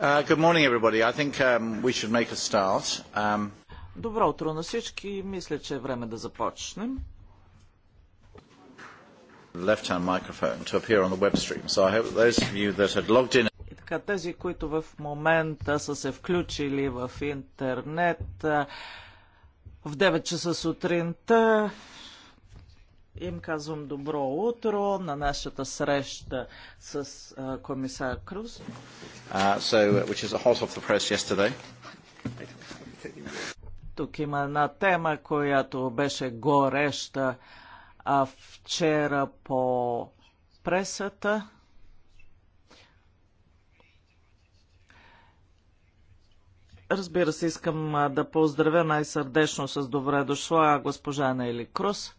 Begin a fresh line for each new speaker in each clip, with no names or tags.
Good morning, everybody. I think we should make a start. Добро утро на всички. Мисля, че е време да започнем. Left-hand microphone to appear on the web stream. So I hope that those of you that had logged in
така, тези, които в момента са се включили в интернет в 9 часа сутринта, им казвам добро утро на нашата среща с uh, комисар Круз.
Uh, so, uh, which is a hot off the press yesterday.
Тук има една тема, която беше гореща а вчера по пресата. Разбира се, искам да поздравя най-сърдечно с добре дошла госпожа Нели Круз.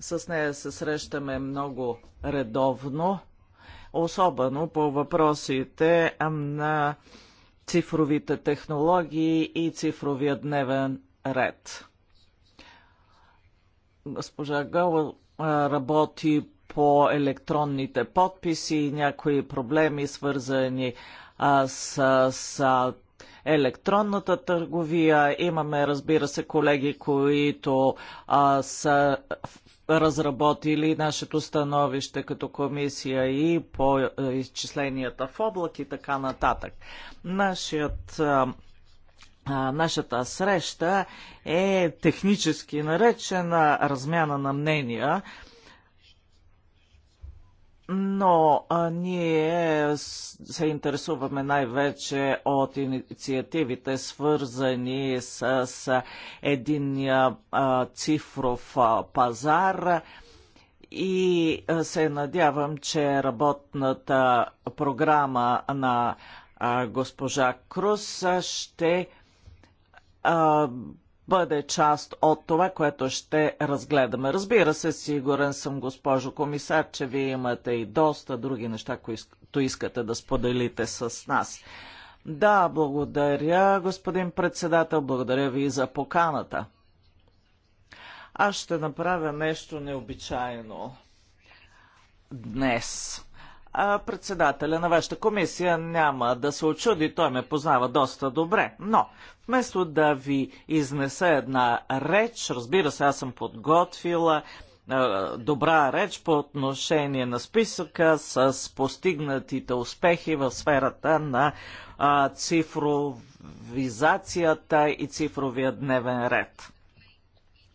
С нея се срещаме много редовно, особено по въпросите на цифровите технологии и цифровия дневен ред. Госпожа Гъл работи по електронните подписи и някои проблеми, свързани а, с, с електронната търговия. Имаме, разбира се, колеги, които а, са разработили нашето становище като комисия и по е, изчисленията в облак и така нататък. Нашият е, е, нашата среща е технически наречена размяна на мнения но а, ние се интересуваме най-вече от инициативите, свързани с, с един а, цифров а, пазар и се надявам, че работната програма на а, госпожа Крус ще а, бъде част от това, което ще разгледаме. Разбира се, сигурен съм, госпожо комисар, че вие имате и доста други неща, които искате да споделите с нас. Да, благодаря, господин председател, благодаря ви за поканата. Аз ще направя нещо необичайно днес а, председателя на вашата комисия няма да се очуди, той ме познава доста добре. Но, вместо да ви изнеса една реч, разбира се, аз съм подготвила добра реч по отношение на списъка с постигнатите успехи в сферата на а, цифровизацията и цифровия дневен ред.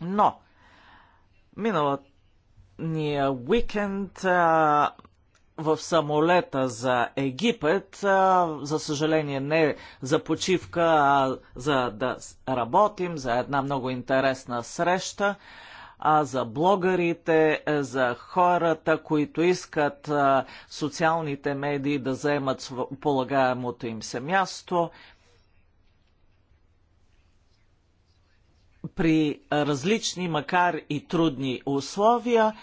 Но, миналата ние уикенд в самолета за Египет, за съжаление не за почивка, а за да работим, за една много интересна среща, а за блогърите, е, за хората, които искат социалните медии да заемат полагаемото им се място. При различни, макар и трудни условия,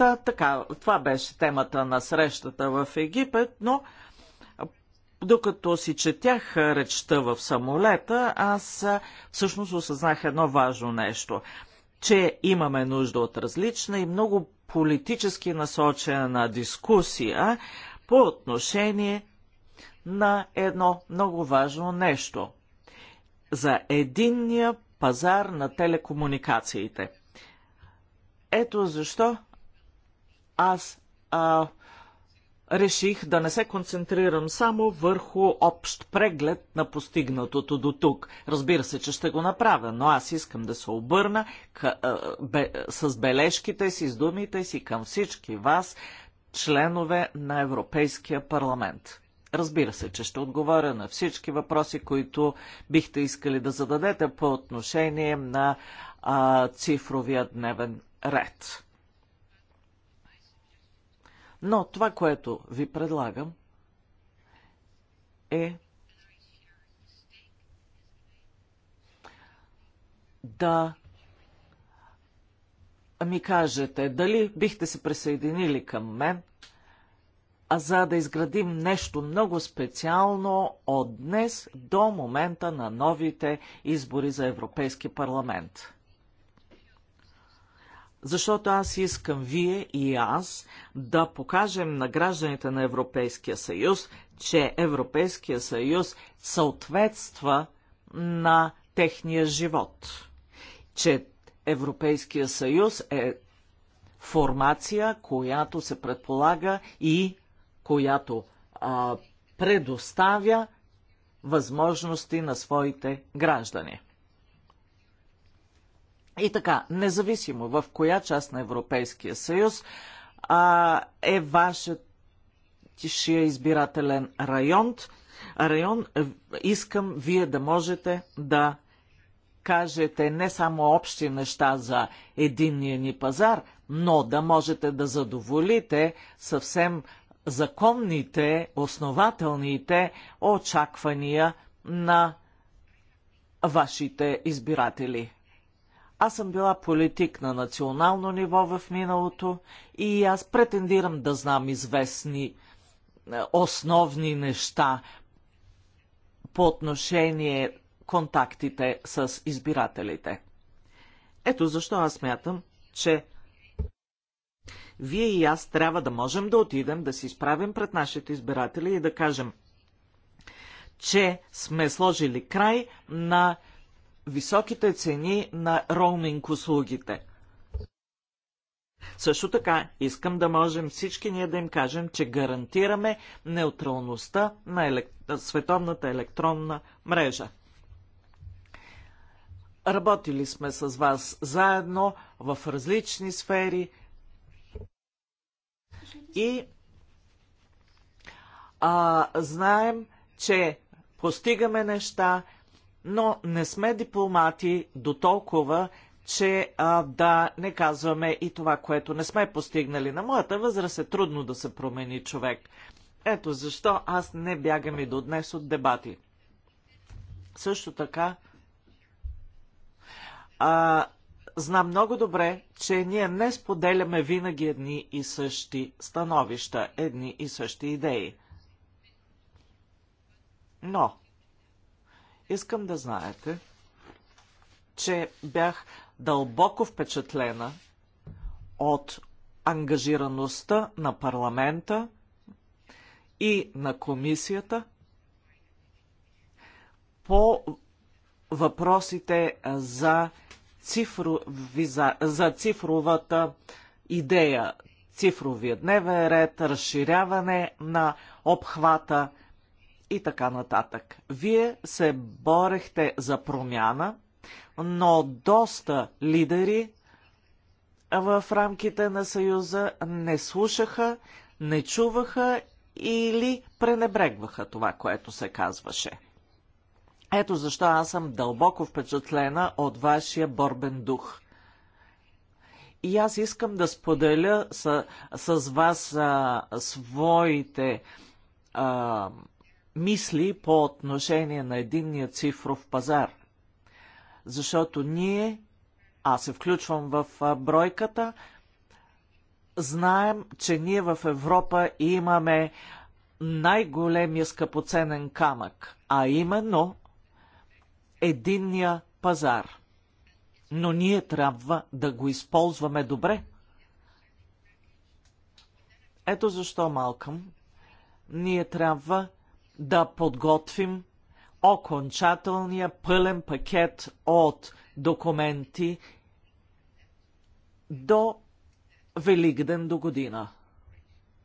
Та, така, това беше темата на срещата в Египет, но докато си четях речта в самолета, аз всъщност осъзнах едно важно нещо, че имаме нужда от различна и много политически насочена дискусия по отношение на едно много важно нещо за единния пазар на телекомуникациите. Ето защо аз а, реших да не се концентрирам само върху общ преглед на постигнатото до тук. Разбира се, че ще го направя, но аз искам да се обърна къ, а, бе, с бележките си, с думите си към всички вас, членове на Европейския парламент. Разбира се, че ще отговоря на всички въпроси, които бихте искали да зададете по отношение на а, цифровия дневен ред. Но това, което ви предлагам, е да ми кажете дали бихте се присъединили към мен, а за да изградим нещо много специално от днес до момента на новите избори за Европейски парламент защото аз искам вие и аз да покажем на гражданите на Европейския съюз, че Европейския съюз съответства на техния живот, че Европейския съюз е формация, която се предполага и която а, предоставя възможности на своите граждани. И така, независимо в коя част на Европейския съюз а, е вашият избирателен район, район, е, искам вие да можете да кажете не само общи неща за единния ни пазар, но да можете да задоволите съвсем законните, основателните очаквания на вашите избиратели. Аз съм била политик на национално ниво в миналото и аз претендирам да знам известни е, основни неща по отношение контактите с избирателите. Ето защо аз мятам, че вие и аз трябва да можем да отидем, да се изправим пред нашите избиратели и да кажем, че сме сложили край на високите цени на роуминг услугите. Също така искам да можем всички ние да им кажем, че гарантираме неутралността на елек... световната електронна мрежа. Работили сме с вас заедно в различни сфери и а, знаем, че постигаме неща, но не сме дипломати до толкова, че а, да не казваме и това, което не сме постигнали. На моята възраст е трудно да се промени човек. Ето защо аз не бягам и до днес от дебати. Също така, а, знам много добре, че ние не споделяме винаги едни и същи становища, едни и същи идеи. Но, Искам да знаете, че бях дълбоко впечатлена от ангажираността на парламента и на комисията по въпросите за, цифровиза, за цифровата идея, цифровия дневен ред, разширяване на обхвата и така нататък. Вие се борехте за промяна, но доста лидери в рамките на Съюза не слушаха, не чуваха или пренебрегваха това, което се казваше. Ето защо аз съм дълбоко впечатлена от вашия борбен дух. И аз искам да споделя с, с вас а, своите а, мисли по отношение на единния цифров пазар. Защото ние, аз се включвам в бройката, знаем, че ние в Европа имаме най-големия скъпоценен камък, а именно единния пазар. Но ние трябва да го използваме добре. Ето защо, Малкъм, ние трябва да подготвим окончателния пълен пакет от документи до Великден до година.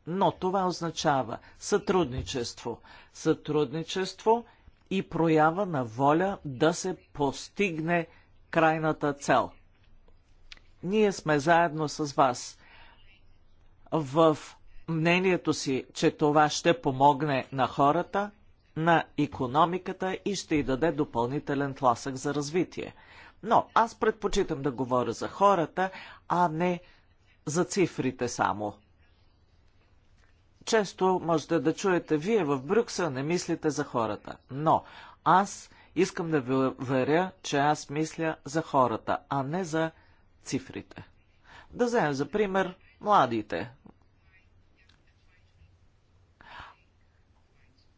Но това означава сътрудничество. Сътрудничество и проява на воля да се постигне крайната цел. Ние сме заедно с вас в мнението си, че това ще помогне на хората, на економиката и ще й даде допълнителен тласък за развитие. Но аз предпочитам да говоря за хората, а не за цифрите само. Често можете да чуете, вие в Брюксел не мислите за хората, но аз искам да ви веря, че аз мисля за хората, а не за цифрите. Да вземем за пример младите,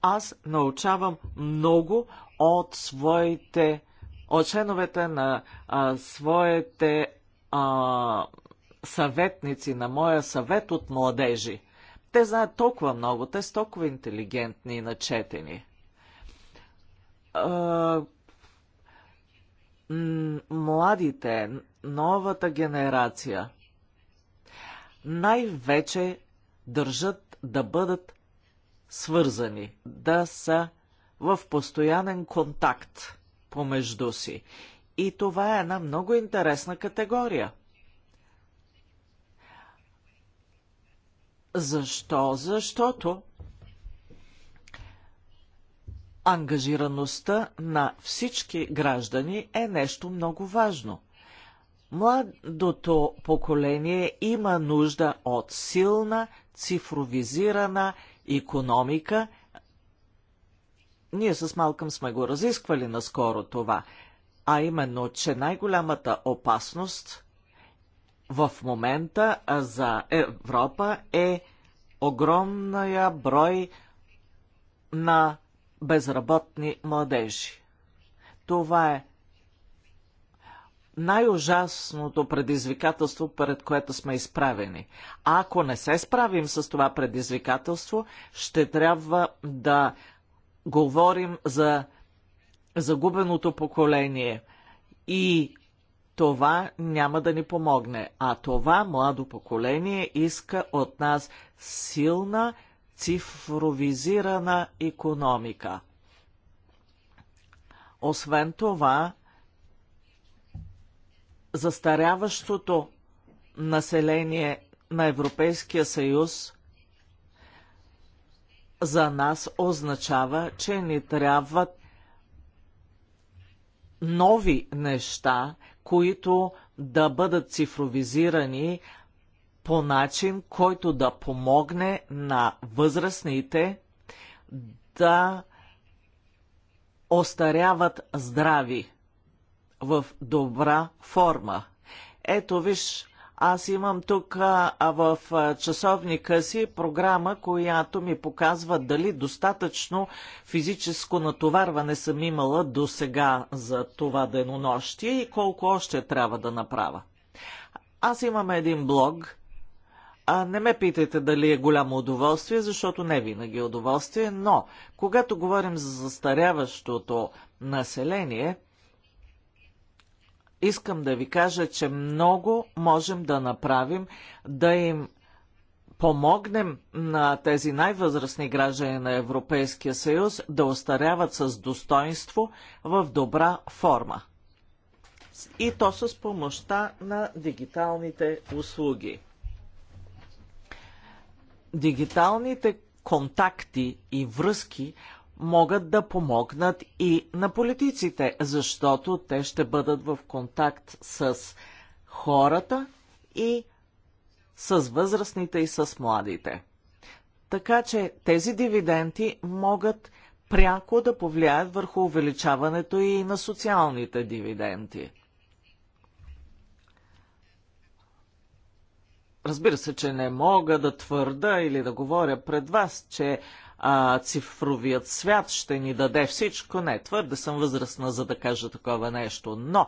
аз научавам много от своите, от членовете на а, своите а, съветници, на моя съвет от младежи. Те знаят толкова много, те са толкова интелигентни и начетени. А, младите, новата генерация най-вече държат да бъдат свързани, да са в постоянен контакт помежду си. И това е една много интересна категория. Защо? Защото ангажираността на всички граждани е нещо много важно. Младото поколение има нужда от силна, цифровизирана, економика. Ние с Малкъм сме го разисквали наскоро това, а именно, че най-голямата опасност в момента за Европа е огромния брой на безработни младежи. Това е най-ужасното предизвикателство, пред което сме изправени. А ако не се справим с това предизвикателство, ще трябва да говорим за загубеното поколение. И това няма да ни помогне. А това младо поколение иска от нас силна цифровизирана економика. Освен това, застаряващото население на Европейския съюз за нас означава, че ни трябват нови неща, които да бъдат цифровизирани по начин, който да помогне на възрастните да остаряват здрави в добра форма. Ето виж, аз имам тук а, в а, часовника си програма, която ми показва дали достатъчно физическо натоварване съм имала до сега за това денонощие и колко още трябва да направя. Аз имам един блог. А не ме питайте дали е голямо удоволствие, защото не е винаги е удоволствие, но когато говорим за застаряващото население – искам да ви кажа, че много можем да направим, да им помогнем на тези най-възрастни граждани на Европейския съюз да остаряват с достоинство в добра форма. И то с помощта на дигиталните услуги. Дигиталните контакти и връзки могат да помогнат и на политиците, защото те ще бъдат в контакт с хората и с възрастните и с младите. Така че тези дивиденти могат пряко да повлияят върху увеличаването и на социалните дивиденти. Разбира се, че не мога да твърда или да говоря пред вас, че а, цифровият свят ще ни даде всичко. Не, твърде съм възрастна, за да кажа такова нещо. Но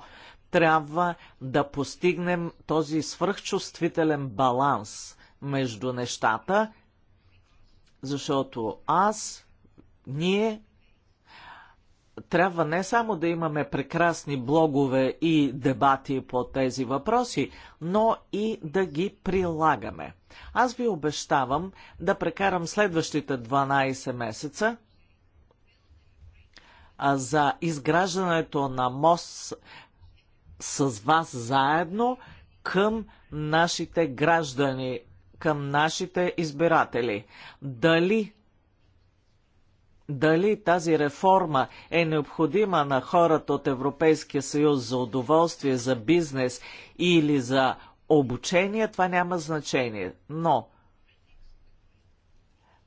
трябва да постигнем този свръхчувствителен баланс между нещата, защото аз, ние трябва не само да имаме прекрасни блогове и дебати по тези въпроси, но и да ги прилагаме. Аз ви обещавам да прекарам следващите 12 месеца за изграждането на мост с вас заедно към нашите граждани, към нашите избиратели. Дали дали тази реформа е необходима на хората от Европейския съюз за удоволствие, за бизнес или за обучение, това няма значение. Но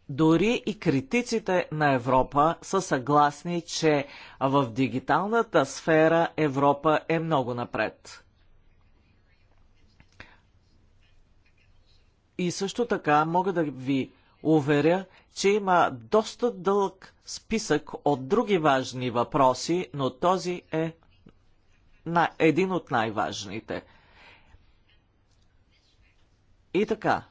дори и критиците на Европа са съгласни, че в дигиталната сфера Европа е много напред. И също така мога да ви уверя, че има доста дълъг списък от други важни въпроси, но този е на един от най-важните. И така,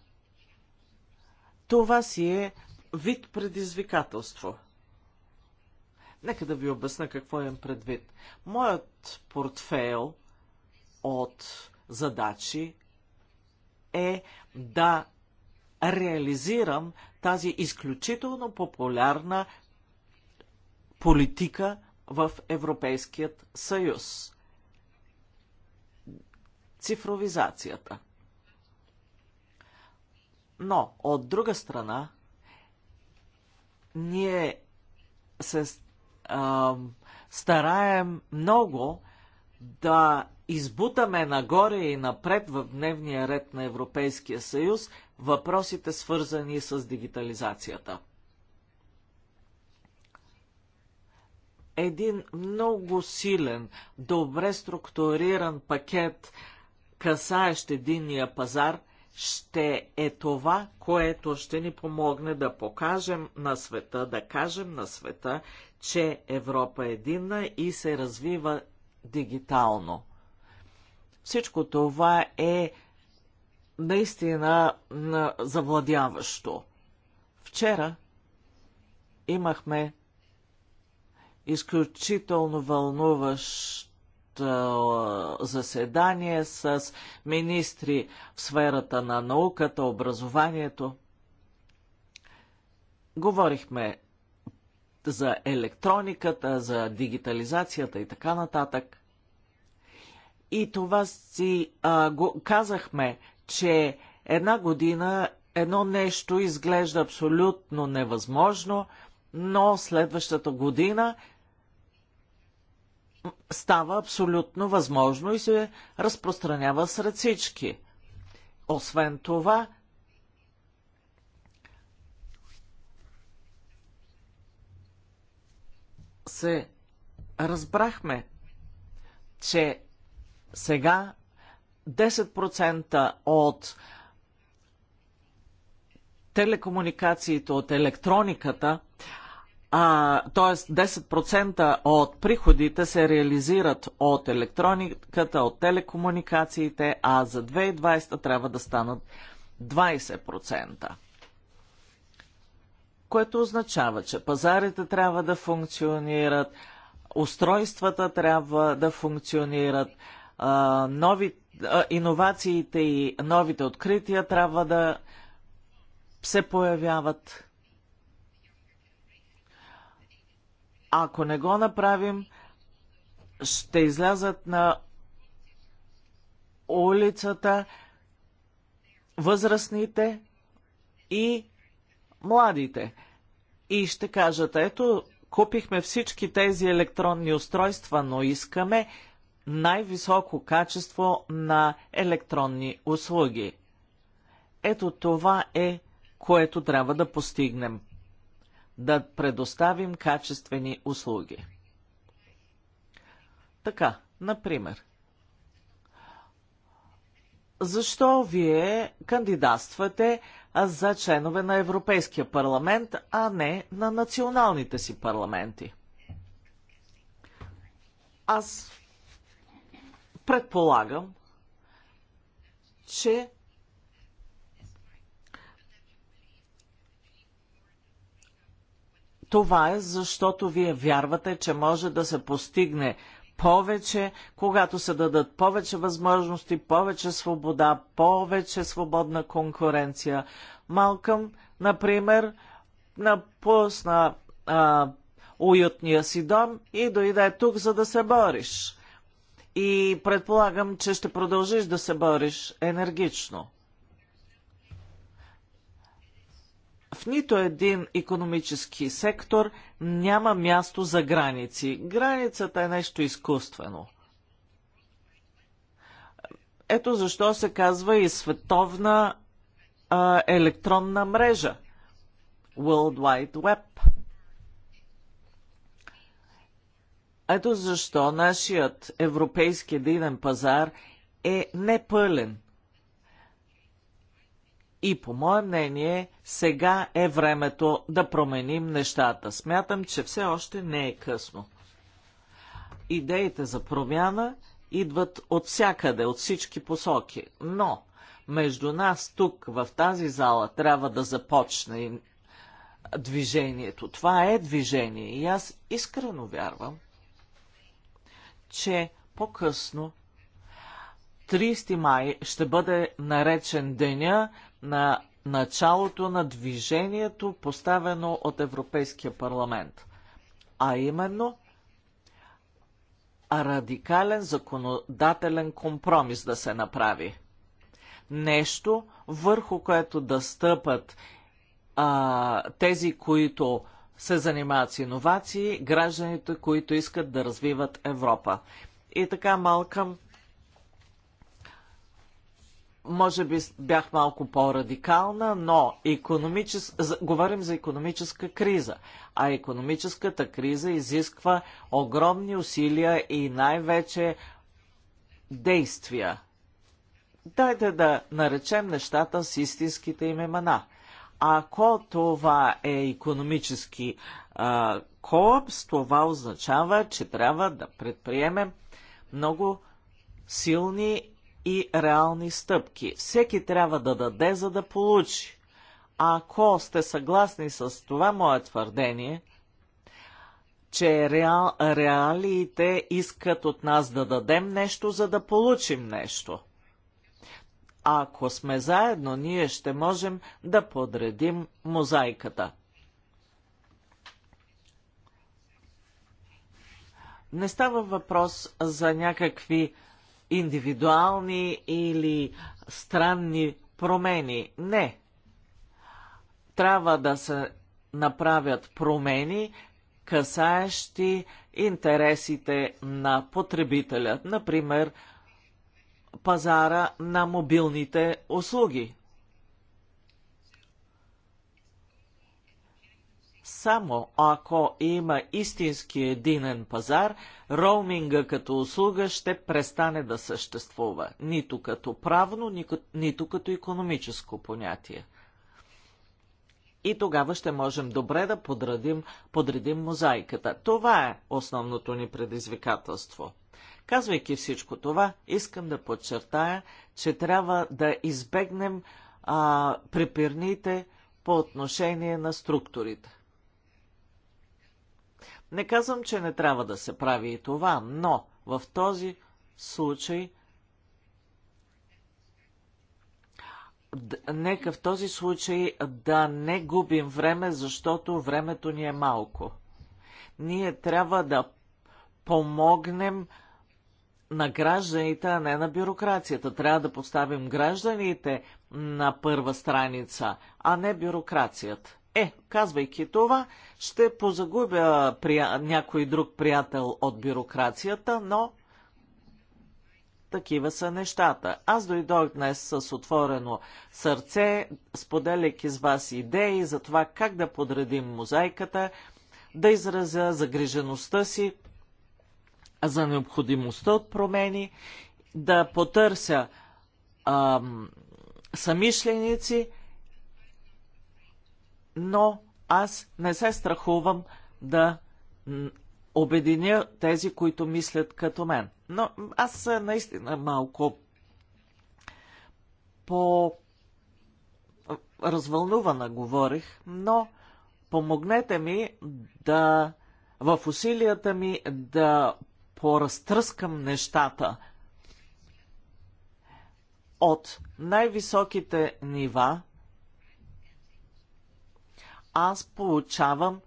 това си е вид предизвикателство. Нека да ви обясна какво имам предвид. Моят портфейл от задачи е да реализирам тази изключително популярна политика в Европейският съюз. Цифровизацията. Но, от друга страна, ние се а, стараем много да избутаме нагоре и напред в дневния ред на Европейския съюз въпросите, свързани с дигитализацията. Един много силен, добре структуриран пакет, касаещ единния пазар, ще е това, което ще ни помогне да покажем на света, да кажем на света, че Европа е единна и се развива дигитално. Всичко това е наистина завладяващо. Вчера имахме изключително вълнуващ заседание с министри в сферата на науката, образованието. Говорихме за електрониката, за дигитализацията и така нататък. И това си а, го казахме че една година едно нещо изглежда абсолютно невъзможно, но следващата година става абсолютно възможно и се разпространява сред всички. Освен това, се разбрахме, че сега 10% от телекомуникациите, от електрониката, а, т.е. 10% от приходите се реализират от електрониката, от телекомуникациите, а за 2020 трябва да станат 20%. Което означава, че пазарите трябва да функционират, устройствата трябва да функционират, нови иновациите и новите открития трябва да се появяват. Ако не го направим, ще излязат на улицата възрастните и младите. И ще кажат, ето, купихме всички тези електронни устройства, но искаме най-високо качество на електронни услуги. Ето това е, което трябва да постигнем. Да предоставим качествени услуги. Така, например, защо вие кандидатствате за членове на Европейския парламент, а не на националните си парламенти? Аз Предполагам, че това е защото вие вярвате, че може да се постигне повече, когато се дадат повече възможности, повече свобода, повече свободна конкуренция. Малкъм, например, напусна а, уютния си дом и дойде тук, за да се бориш и предполагам, че ще продължиш да се бориш енергично. В нито един економически сектор няма място за граници. Границата е нещо изкуствено. Ето защо се казва и световна а, електронна мрежа. World Wide Web. Ето защо нашият европейски дивен пазар е непълен. И по мое мнение, сега е времето да променим нещата. Смятам, че все още не е късно. Идеите за промяна идват от всякъде, от всички посоки. Но между нас тук, в тази зала, трябва да започне движението. Това е движение и аз искрено вярвам, че по-късно 30 май ще бъде наречен деня на началото на движението, поставено от Европейския парламент. А именно радикален законодателен компромис да се направи. Нещо, върху което да стъпат а, тези, които се занимават с иновации, гражданите, които искат да развиват Европа. И така, Малкъм, може би бях малко по-радикална, но економичес... говорим за економическа криза. А економическата криза изисква огромни усилия и най-вече действия. Дайте да наречем нещата с истинските им имена – ако това е економически а, колапс, това означава, че трябва да предприемем много силни и реални стъпки. Всеки трябва да даде, за да получи. А ако сте съгласни с това мое твърдение, че реал, реалиите искат от нас да дадем нещо, за да получим нещо – ако сме заедно, ние ще можем да подредим мозайката. Не става въпрос за някакви индивидуални или странни промени. Не. Трябва да се направят промени, касаещи интересите на потребителя, например пазара на мобилните услуги. Само ако има истински единен пазар, роуминга като услуга ще престане да съществува, нито като правно, нито като економическо понятие. И тогава ще можем добре да подредим, подредим мозайката. Това е основното ни предизвикателство. Казвайки всичко това, искам да подчертая, че трябва да избегнем а, препирните по отношение на структурите. Не казвам, че не трябва да се прави и това, но в този случай нека в този случай да не губим време, защото времето ни е малко. Ние трябва да помогнем на гражданите, а не на бюрокрацията. Трябва да поставим гражданите на първа страница, а не бюрокрацията. Е, казвайки това, ще позагубя прия... някой друг приятел от бюрокрацията, но такива са нещата. Аз дойдох днес с отворено сърце, споделяйки с вас идеи за това как да подредим мозайката, да изразя загрижеността си за необходимостта от промени, да потърся а, самишленици, но аз не се страхувам да обединя тези, които мислят като мен. Но аз наистина малко по развълнувана говорих, но помогнете ми да в усилията ми да поразтръскам нещата от най-високите нива, аз получавам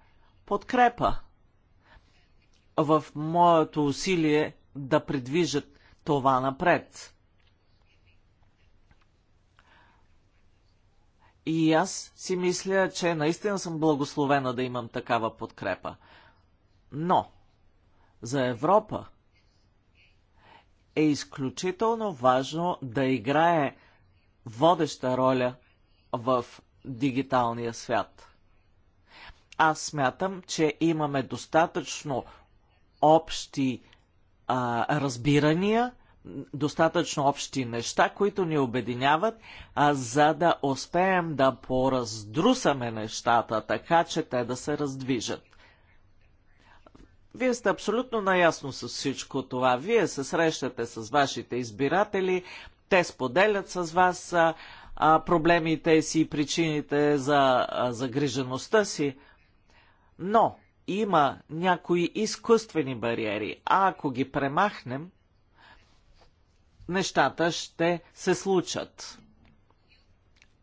подкрепа в моето усилие да придвижат това напред. И аз си мисля, че наистина съм благословена да имам такава подкрепа. Но, за Европа е изключително важно да играе водеща роля в дигиталния свят. Аз смятам, че имаме достатъчно общи а, разбирания, достатъчно общи неща, които ни обединяват, а за да успеем да пораздрусаме нещата, така че те да се раздвижат. Вие сте абсолютно наясно с всичко това. Вие се срещате с вашите избиратели, те споделят с вас а, проблемите си и причините за загрижеността си. Но има някои изкуствени бариери, а ако ги премахнем, нещата ще се случат.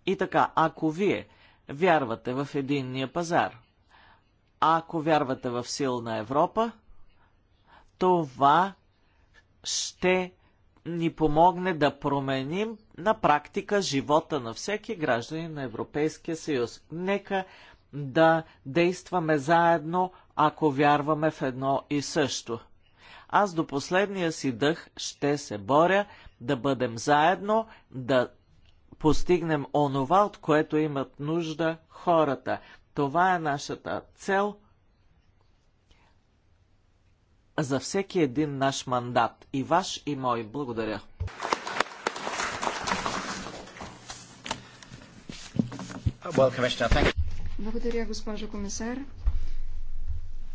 И така, ако вие вярвате в единния пазар – ако вярвате в силна Европа, това ще ни помогне да променим на практика живота на всеки гражданин на Европейския съюз. Нека да действаме заедно, ако вярваме в едно и също. Аз до последния си дъх ще се боря да бъдем заедно, да постигнем онова, от което имат нужда хората. Това е нашата цел за всеки един наш мандат. И ваш, и мой. Благодаря.
Благодаря, госпожо комисар.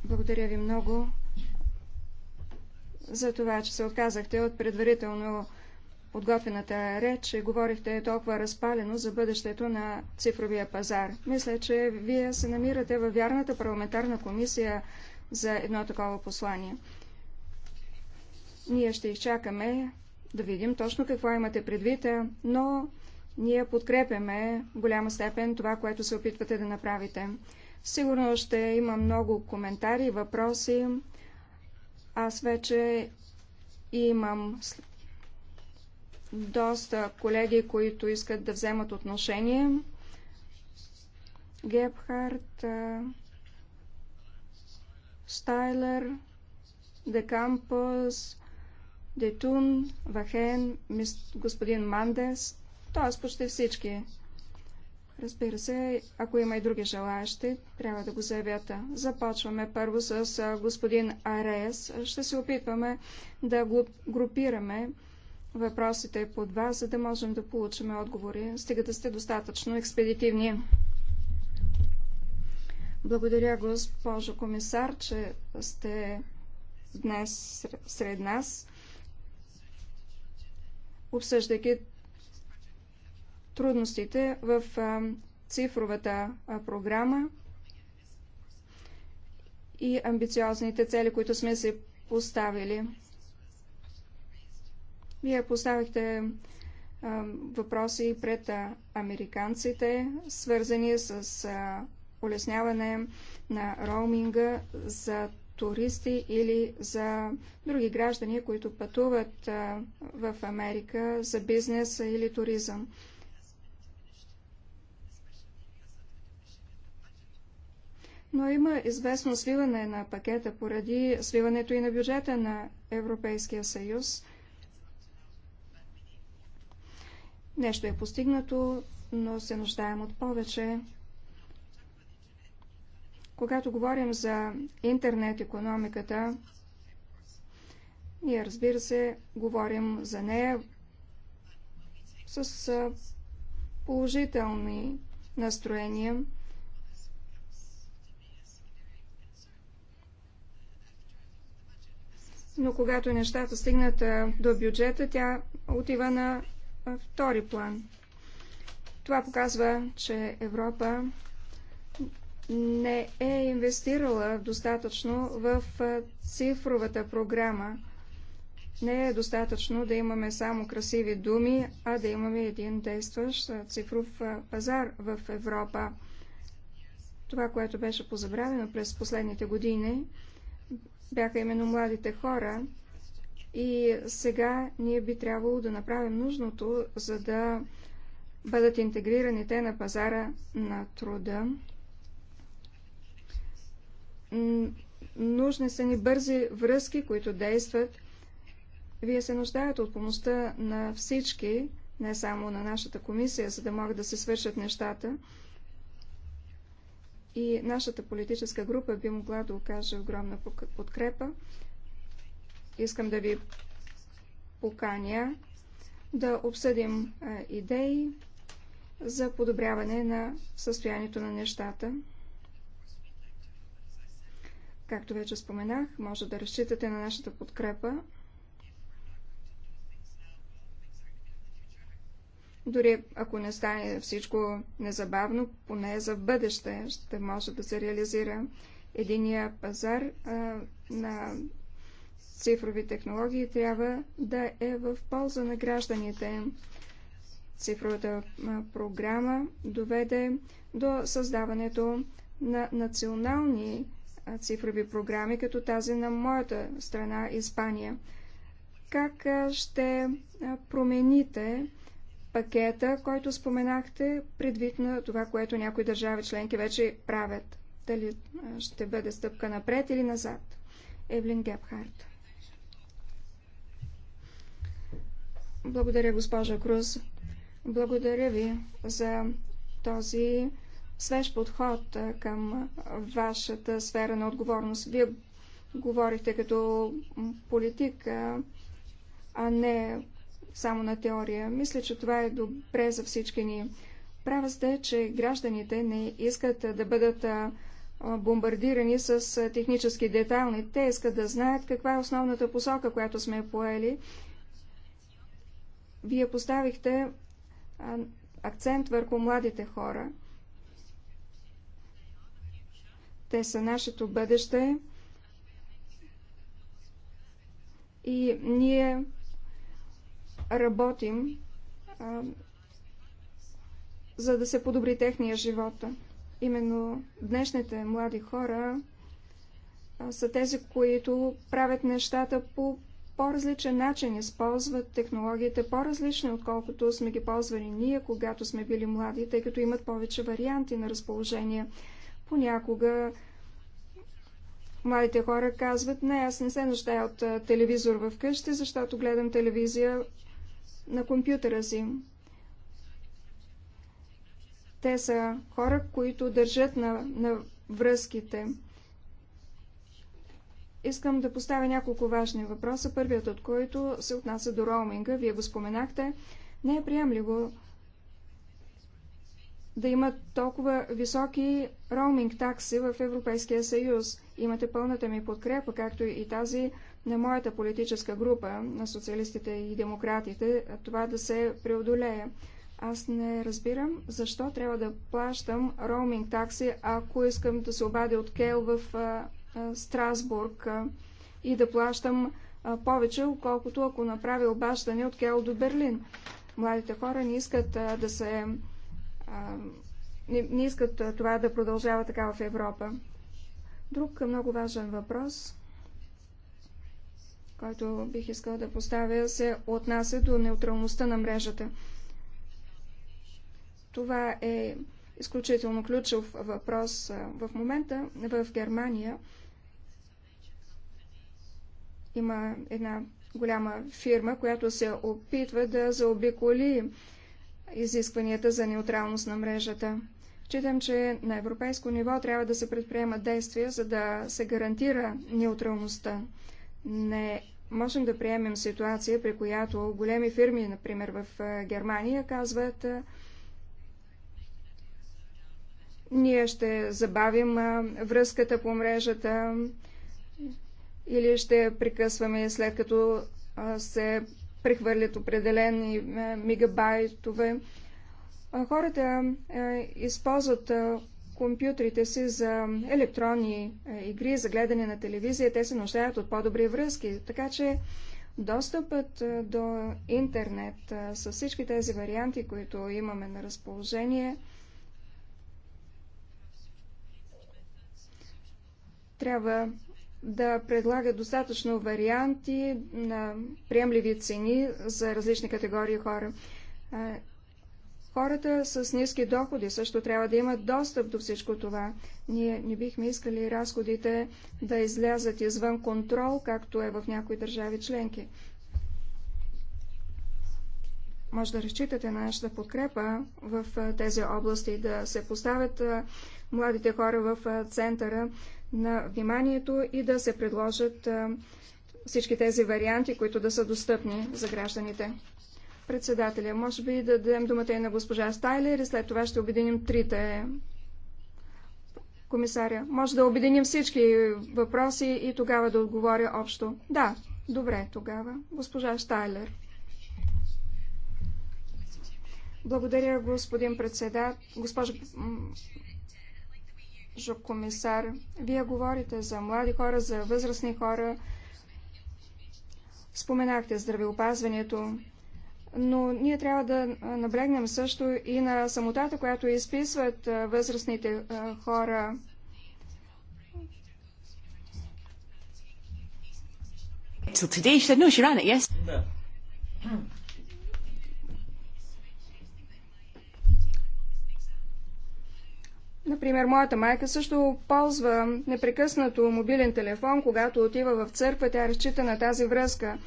Благодаря ви много за това, че се отказахте от предварително подготвената реч говорихте толкова разпалено за бъдещето на цифровия пазар. Мисля, че вие се намирате във вярната парламентарна комисия за едно такова послание. Ние ще изчакаме да видим точно какво имате предвид, но ние подкрепяме в голяма степен това, което се опитвате да направите. Сигурно ще има много коментари, въпроси. Аз вече имам доста колеги, които искат да вземат отношение. Гебхарт, Стайлер, Де Кампус, Детун, Вахен, господин Мандес, т.е. почти всички. Разбира се, ако има и други желаящи, трябва да го заявят. Започваме първо с господин Арес. Ще се опитваме да го групираме въпросите под вас, за да можем да получим отговори, стига да сте достатъчно експедитивни. Благодаря, госпожо комисар, че сте днес сред нас, обсъждайки трудностите в цифровата програма и амбициозните цели, които сме си поставили. Вие поставихте а, въпроси пред а, американците, свързани с а, улесняване на роуминга за туристи или за други граждани, които пътуват а, в Америка за бизнес или туризъм. Но има известно свиване на пакета поради свиването и на бюджета на Европейския съюз – Нещо е постигнато, но се нуждаем от повече. Когато говорим за интернет економиката, ние разбира се говорим за нея с положителни настроения. Но когато нещата стигнат до бюджета, тя отива на втори план. Това показва, че Европа не е инвестирала достатъчно в цифровата програма. Не е достатъчно да имаме само красиви думи, а да имаме един действащ цифров пазар в Европа. Това, което беше позабравено през последните години, бяха именно младите хора, и сега ние би трябвало да направим нужното, за да бъдат интегрирани те на пазара на труда. Нужни са ни бързи връзки, които действат. Вие се нуждаете от помощта на всички, не само на нашата комисия, за да могат да се свършат нещата. И нашата политическа група би могла да окаже огромна подкрепа. Искам да ви поканя да обсъдим идеи за подобряване на състоянието на нещата. Както вече споменах, може да разчитате на нашата подкрепа. Дори ако не стане всичко незабавно, поне за бъдеще ще може да се реализира единия пазар а, на цифрови технологии трябва да е в полза на гражданите. Цифровата програма доведе до създаването на национални цифрови програми, като тази на моята страна Испания. Как ще промените пакета, който споменахте, предвид на това, което някои държави членки вече правят? Дали ще бъде стъпка напред или назад? Евлин Гепхарт. Благодаря, госпожа Круз. Благодаря ви за този свеж подход към вашата сфера на отговорност. Вие говорихте като политик, а не само на теория. Мисля, че това е добре за всички ни. Права сте, че гражданите не искат да бъдат бомбардирани с технически детайлни. Те искат да знаят каква е основната посока, която сме поели вие поставихте акцент върху младите хора. Те са нашето бъдеще и ние работим а, за да се подобри техния живот. Именно днешните млади хора а, са тези, които правят нещата по по-различен начин използват технологиите, по-различни, отколкото сме ги ползвали ние, когато сме били млади, тъй като имат повече варианти на разположение. Понякога младите хора казват, не, аз не се нуждая от телевизор вкъщи, къщи, защото гледам телевизия на компютъра си. Те са хора, които държат на, на връзките. Искам да поставя няколко важни въпроса, първият от които се отнася до роуминга. Вие го споменахте. Не е приемливо да има толкова високи роуминг такси в Европейския съюз. Имате пълната ми подкрепа, както и тази на моята политическа група, на социалистите и демократите, това да се преодолее. Аз не разбирам защо трябва да плащам роуминг такси, ако искам да се обадя от Кел в Страсбург и да плащам повече, отколкото ако направя обаждане от Кел до Берлин. Младите хора не искат да се... Не, искат това да продължава така в Европа. Друг много важен въпрос, който бих искал да поставя, се отнася до неутралността на мрежата. Това е изключително ключов въпрос в момента в Германия. Има една голяма фирма, която се опитва да заобиколи изискванията за неутралност на мрежата. Читам, че на европейско ниво трябва да се предприемат действия, за да се гарантира неутралността. Не можем да приемем ситуация, при която големи фирми, например в Германия, казват ние ще забавим връзката по мрежата, или ще прекъсваме след като се прехвърлят определени мегабайтове. Хората използват компютрите си за електронни игри, за гледане на телевизия. Те се нуждаят от по-добри връзки. Така че достъпът до интернет с всички тези варианти, които имаме на разположение, трябва да предлага достатъчно варианти на приемливи цени за различни категории хора. Хората с ниски доходи също трябва да имат достъп до всичко това. Ние не бихме искали разходите да излязат извън контрол, както е в някои държави членки. Може да разчитате на нашата подкрепа в тези области да се поставят младите хора в центъра на вниманието и да се предложат всички тези варианти, които да са достъпни за гражданите. Председателя, може би да дадем думата и на госпожа Стайлер и след това ще обединим трите комисаря. Може да обединим всички въпроси и тогава да отговоря общо. Да, добре тогава. Госпожа Стайлер. Благодаря, господин председател. Госпожо госпожо комисар. Вие говорите за млади хора, за възрастни хора. Споменахте здравеопазването, но ние трябва да наблегнем също и на самотата, която изписват възрастните хора.
Till today, she said, no, she ran it, yes.
Например, моята майка също ползва непрекъснато мобилен телефон, когато отива в църква, тя разчита на тази връзка.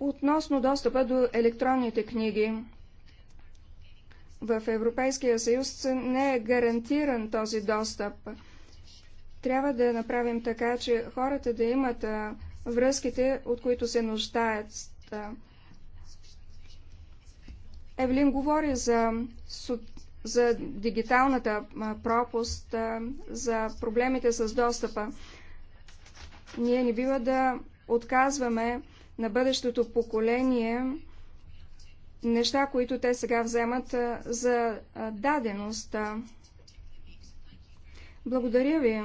Относно достъпа до електронните книги, в Европейския съюз не е гарантиран този достъп. Трябва да направим така, че хората да имат връзките, от които се нуждаят. Евелин говори за, за дигиталната пропуст, за проблемите с достъпа. Ние не бива да отказваме на бъдещото поколение неща, които те сега вземат за даденост. Благодаря ви,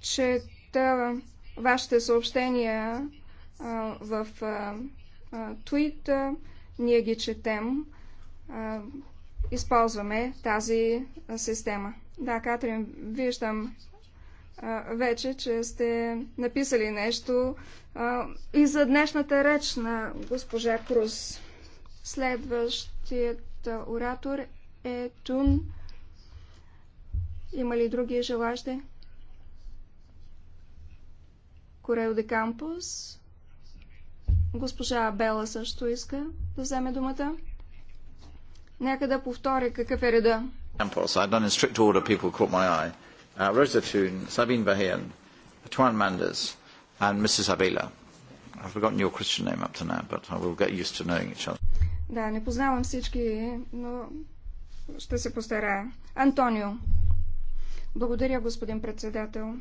че вашите съобщения в твит, ние ги четем, използваме тази система. Да, Катрин, виждам вече, че сте написали нещо и за днешната реч на госпожа Круз. Следващият оратор е Тун. Има ли други желащи? Корел де Кампус. Госпожа Бела също иска да вземе думата. Нека да повторя какъв е реда.
Uh, I've forgotten your Christian name up to now, but I will get used to knowing each other.
Да, не познавам всички, но ще се постарая. Антонио. Благодаря, господин председател.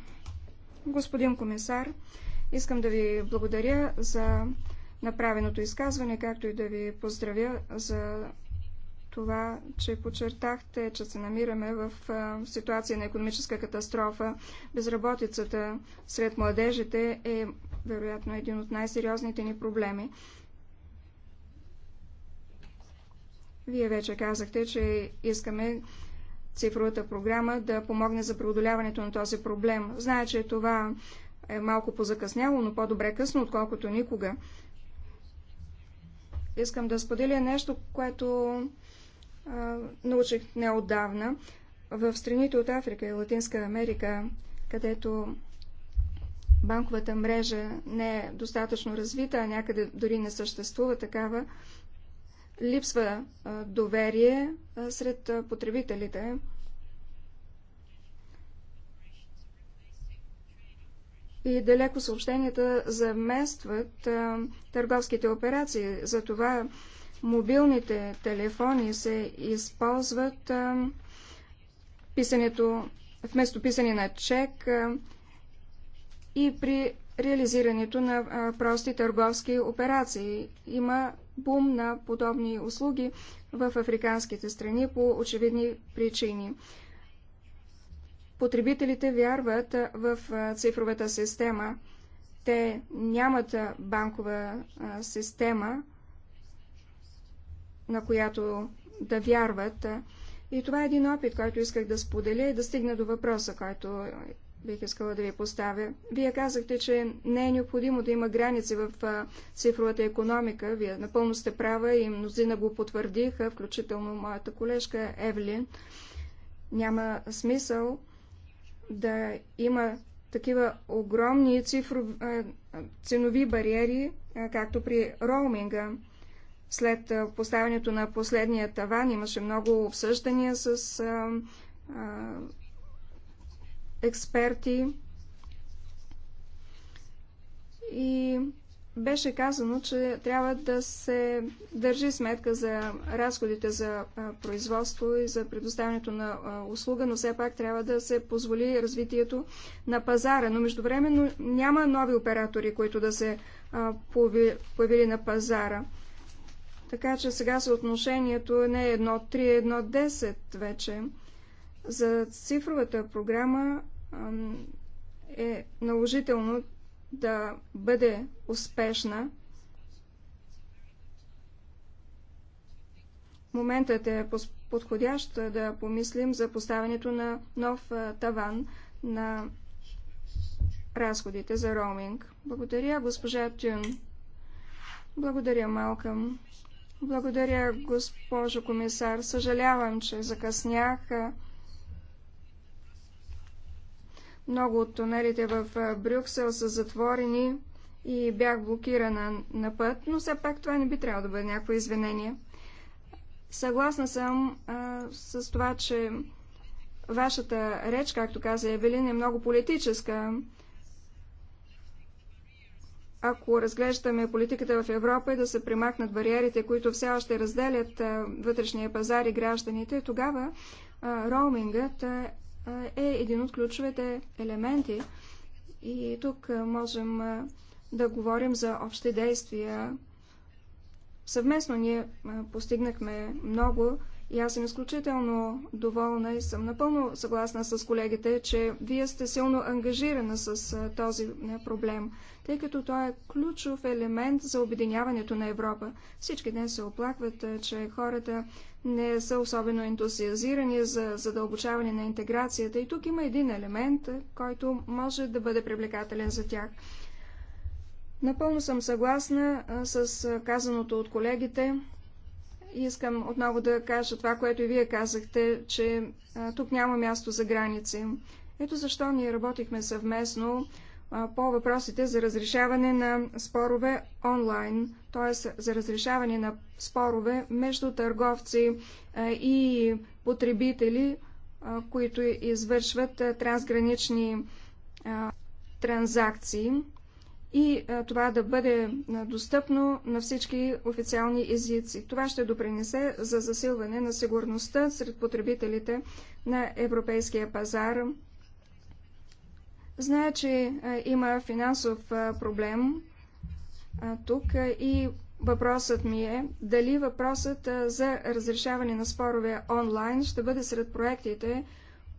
Господин комисар, искам да ви благодаря за направеното изказване, както и да ви поздравя за това, че подчертахте, че се намираме в ситуация на економическа катастрофа. Безработицата сред младежите е вероятно един от най-сериозните ни проблеми. Вие вече казахте, че искаме цифровата програма да помогне за преодоляването на този проблем. Зная, че това е малко позакъсняло, но по-добре късно, отколкото никога. Искам да споделя нещо, което а, научих неодавна. В страните от Африка и Латинска Америка, където банковата мрежа не е достатъчно развита, а някъде дори не съществува такава, липсва доверие сред потребителите и далеко съобщенията заместват а, търговските операции. Затова мобилните телефони се използват а, писането, вместо писане на чек а, и при реализирането на а, прости търговски операции. Има бум на подобни услуги в африканските страни по очевидни причини. Потребителите вярват в цифровата система. Те нямат банкова система, на която да вярват. И това е един опит, който исках да споделя и да стигна до въпроса, който бих искала да ви поставя. Вие казахте, че не е необходимо да има граници в цифровата економика. Вие напълно сте права и мнозина го потвърдиха, включително моята колежка Евлин. Няма смисъл да има такива огромни цифров, ценови бариери, както при роуминга. След поставянето на последния таван имаше много обсъждания с а, а, експерти и беше казано, че трябва да се държи сметка за разходите за производство и за предоставянето на услуга, но все пак трябва да се позволи развитието на пазара. Но междувременно няма нови оператори, които да се появили на пазара. Така че сега съотношението не е 1-3, 1-10 вече. За цифровата програма е наложително да бъде успешна. Моментът е подходящ да помислим за поставянето на нов таван на разходите за роуминг. Благодаря, госпожа Тюн. Благодаря, Малкъм. Благодаря, госпожо комисар. Съжалявам, че закъснях. Много от тунелите в Брюксел са затворени и бях блокирана на път, но все пак това не би трябвало да бъде някакво извинение. Съгласна съм а, с това, че вашата реч, както каза Евелин, е много политическа. Ако разглеждаме политиката в Европа и да се примахнат бариерите, които все още разделят а, вътрешния пазар и гражданите, тогава а, роумингът е един от ключовете елементи. И тук можем да говорим за общи действия. Съвместно ние постигнахме много и аз съм изключително доволна и съм напълно съгласна с колегите, че вие сте силно ангажирана с този проблем, тъй като той е ключов елемент за обединяването на Европа. Всички днес се оплакват, че хората не са особено ентусиазирани за задълбочаване на интеграцията. И тук има един елемент, е, който може да бъде привлекателен за тях. Напълно съм съгласна с казаното от колегите. Искам отново да кажа това, което и вие казахте, че тук няма място за граници. Ето защо ние работихме съвместно по въпросите за разрешаване на спорове онлайн, т.е. за разрешаване на спорове между търговци и потребители, които извършват трансгранични транзакции и това да бъде достъпно на всички официални езици. Това ще допринесе за засилване на сигурността сред потребителите на европейския пазар Зная, че има финансов проблем тук и въпросът ми е дали въпросът за разрешаване на спорове онлайн ще бъде сред проектите,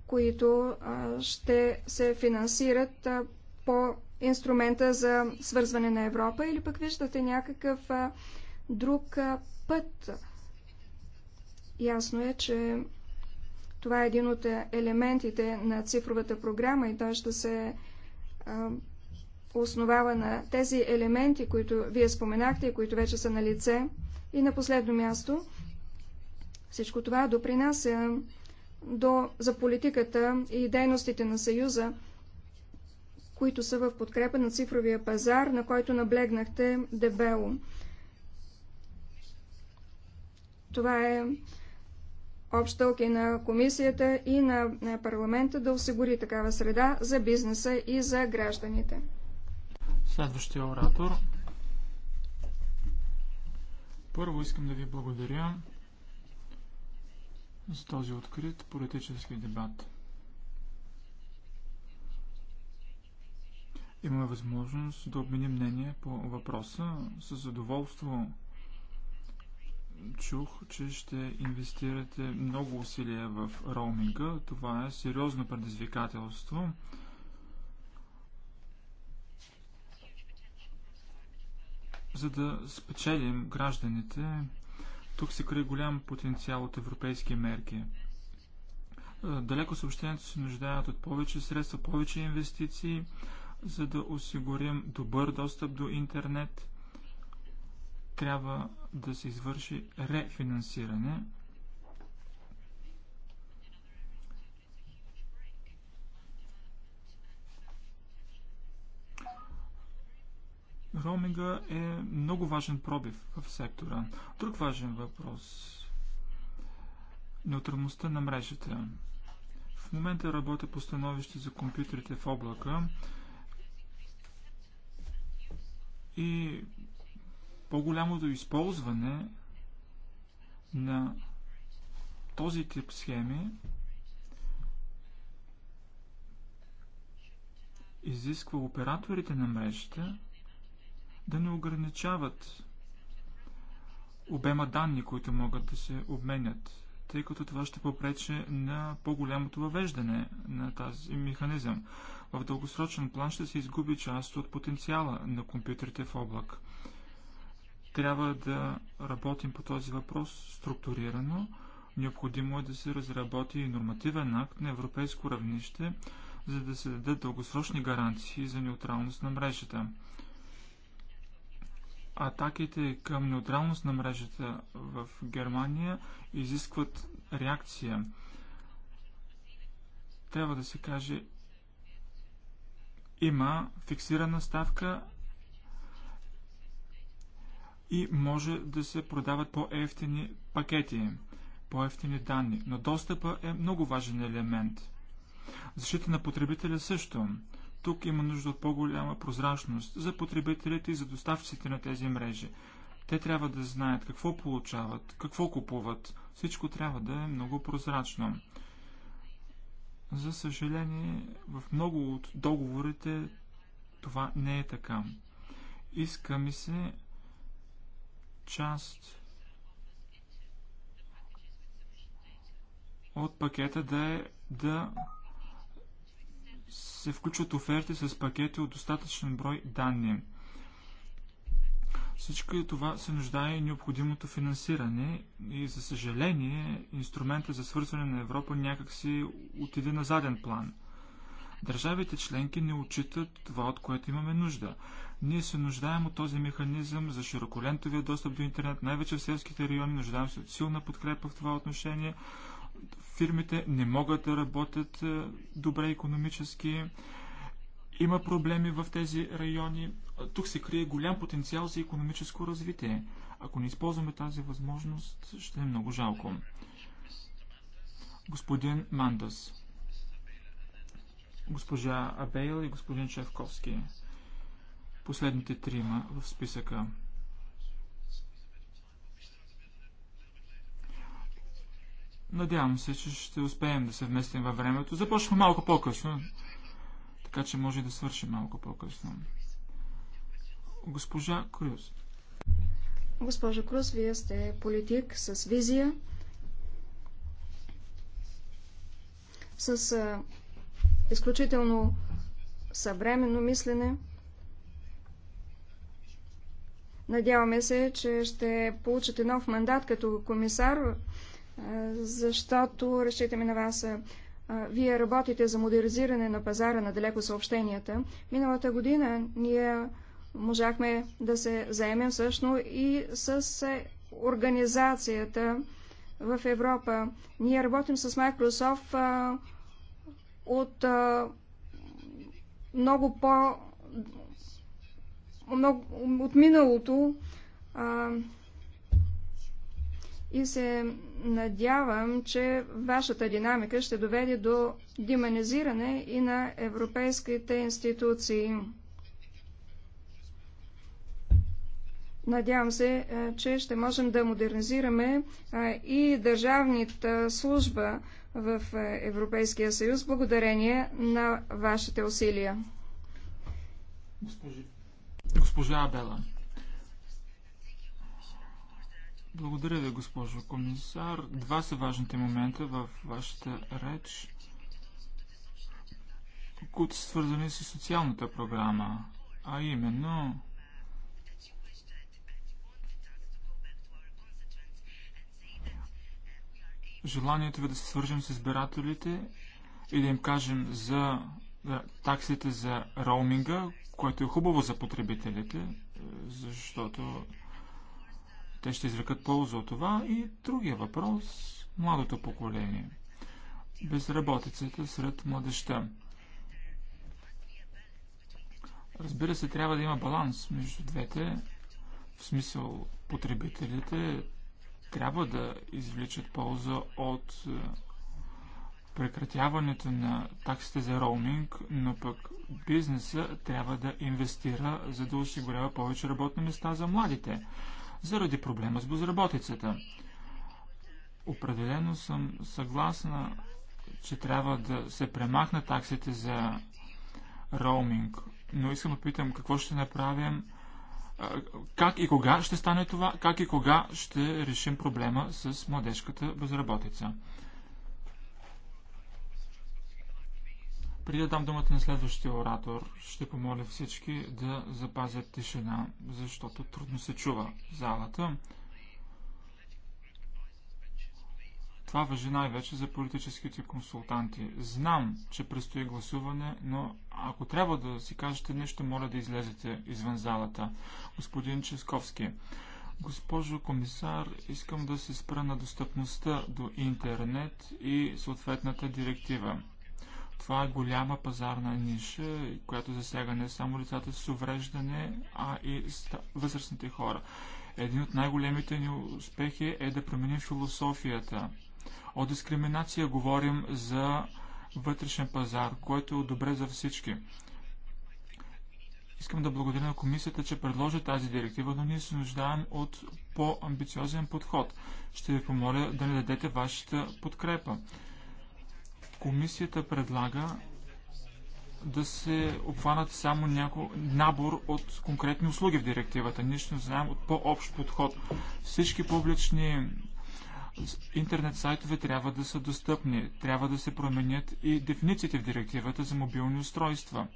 които ще се финансират по инструмента за свързване на Европа или пък виждате някакъв друг път. Ясно е, че това е един от е, елементите на цифровата програма и той ще се основава на тези елементи, които вие споменахте и които вече са на лице. И на последно място, всичко това допринася до, за политиката и дейностите на Съюза, които са в подкрепа на цифровия пазар, на който наблегнахте дебело. Това е общ дълг и на комисията и на парламента да осигури такава среда за бизнеса и за гражданите.
Следващия оратор. Първо искам да ви благодаря за този открит политически дебат. Имаме възможност да обменим мнение по въпроса. С задоволство чух, че ще инвестирате много усилия в роуминга. Това е сериозно предизвикателство. За да спечелим гражданите, тук се крие голям потенциал от европейски мерки. Е, далеко съобщението се нуждаят от повече средства, повече инвестиции, за да осигурим добър достъп до интернет – трябва да се извърши рефинансиране. Роминга е много важен пробив в сектора. Друг важен въпрос неутралността на мрежата. В момента работя по становище за компютрите в облака и по-голямото използване на този тип схеми изисква операторите на мрежите да не ограничават обема данни, които могат да се обменят, тъй като това ще попрече на по-голямото въвеждане на тази механизъм. В дългосрочен план ще се изгуби част от потенциала на компютрите в облак. Трябва да работим по този въпрос структурирано. Необходимо е да се разработи и нормативен акт на европейско равнище, за да се дадат дългосрочни гаранции за неутралност на мрежата. Атаките към неутралност на мрежата в Германия изискват реакция. Трябва да се каже, има фиксирана ставка и може да се продават по-ефтини пакети, по-ефтини данни. Но достъпа е много важен елемент. Защита на потребителя също. Тук има нужда от по-голяма прозрачност за потребителите и за доставчиците на тези мрежи. Те трябва да знаят какво получават, какво купуват. Всичко трябва да е много прозрачно. За съжаление, в много от договорите това не е така. Иска ми се част от пакета да е да се включват оферти с пакети от достатъчен брой данни. Всичко това се нуждае и необходимото финансиране и за съжаление инструмента за свързване на Европа някакси отиде на заден план. Държавите членки не отчитат това, от което имаме нужда. Ние се нуждаем от този механизъм за широколентовия достъп до интернет, най-вече в селските райони. Нуждаем се от силна подкрепа в това отношение. Фирмите не могат да работят е, добре економически. Има проблеми в тези райони. Тук се крие голям потенциал за економическо развитие. Ако не използваме тази възможност, ще е много жалко. Господин Мандас, госпожа Абейл и господин Чевковски последните трима в списъка. Надявам се, че ще успеем да се вместим във времето. Започваме малко по-късно, така че може да свършим малко по-късно. Госпожа Крюс.
Госпожа Крус, вие сте политик с визия, с изключително съвременно мислене. Надяваме се, че ще получите нов мандат като комисар, защото разчитаме на вас. Вие работите за модернизиране на пазара на далеко съобщенията. Миналата година ние можахме да се заемем всъщност и с организацията в Европа. Ние работим с Microsoft от много по- много, от миналото а, и се надявам, че вашата динамика ще доведе до демонизиране и на европейските институции. Надявам се, че ще можем да модернизираме и държавната служба в Европейския съюз благодарение на вашите усилия.
Госпожи. Госпожа Абела. Благодаря ви, госпожо комисар. Два са важните момента в вашата реч, които са свързани с социалната програма, а именно желанието ви да се свържем с избирателите и да им кажем за е, таксите за роуминга, което е хубаво за потребителите, е, защото те ще извлекат полза от това. И другия въпрос – младото поколение. Безработицата сред младеща. Разбира се, трябва да има баланс между двете. В смисъл, потребителите трябва да извличат полза от е, прекратяването на таксите за роуминг, но пък бизнеса трябва да инвестира, за да осигурява повече работни места за младите, заради проблема с безработицата. Определено съм съгласна, че трябва да се премахнат таксите за роуминг, но искам да питам какво ще направим, как и кога ще стане това, как и кога ще решим проблема с младежката безработица. Преди да дам думата на следващия оратор, ще помоля всички да запазят тишина, защото трудно се чува в залата. Това въжи най-вече за политическите консултанти. Знам, че предстои гласуване, но ако трябва да си кажете нещо, моля да излезете извън залата. Господин Ческовски, госпожо комисар, искам да се спра на достъпността до интернет и съответната директива. Това е голяма пазарна ниша, която засяга не само лицата с увреждане, а и възрастните хора. Един от най-големите ни успехи е да променим философията. От дискриминация говорим за вътрешен пазар, който е добре за всички. Искам да благодаря на комисията, че предложи тази директива, но ние се нуждаем от по-амбициозен подход. Ще ви помоля да ни дадете вашата подкрепа. Комисията предлага да се обхванат само няко... набор от конкретни услуги в директивата. Ние ще знаем от по-общ подход. Всички публични интернет сайтове трябва да са достъпни. Трябва да се променят и дефинициите в директивата за мобилни устройства.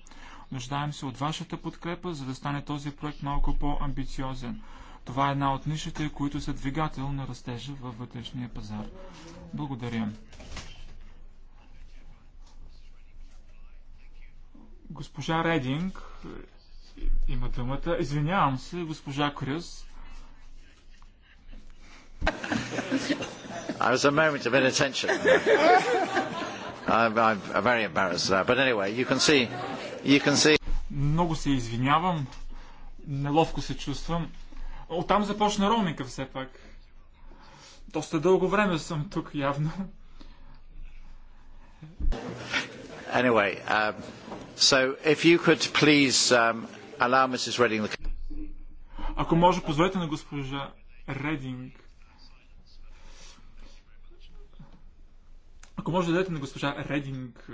Нуждаем се от вашата подкрепа, за да стане този проект малко по-амбициозен. Това е една от нишите, които са двигател на растежа във вътрешния пазар. Благодаря. Госпожа Рединг е, има думата. Извинявам се, госпожа Крюс.
I was a moment of inattention. I'm, I'm very embarrassed of But anyway, you can see, you can see...
Много се извинявам. Неловко се чувствам. Оттам започна роуминга все пак. Доста дълго време съм тук, явно.
Anyway, uh, Um,
Ако може, позволете на госпожа Рединг. Ако може да дадете на госпожа Рединг е,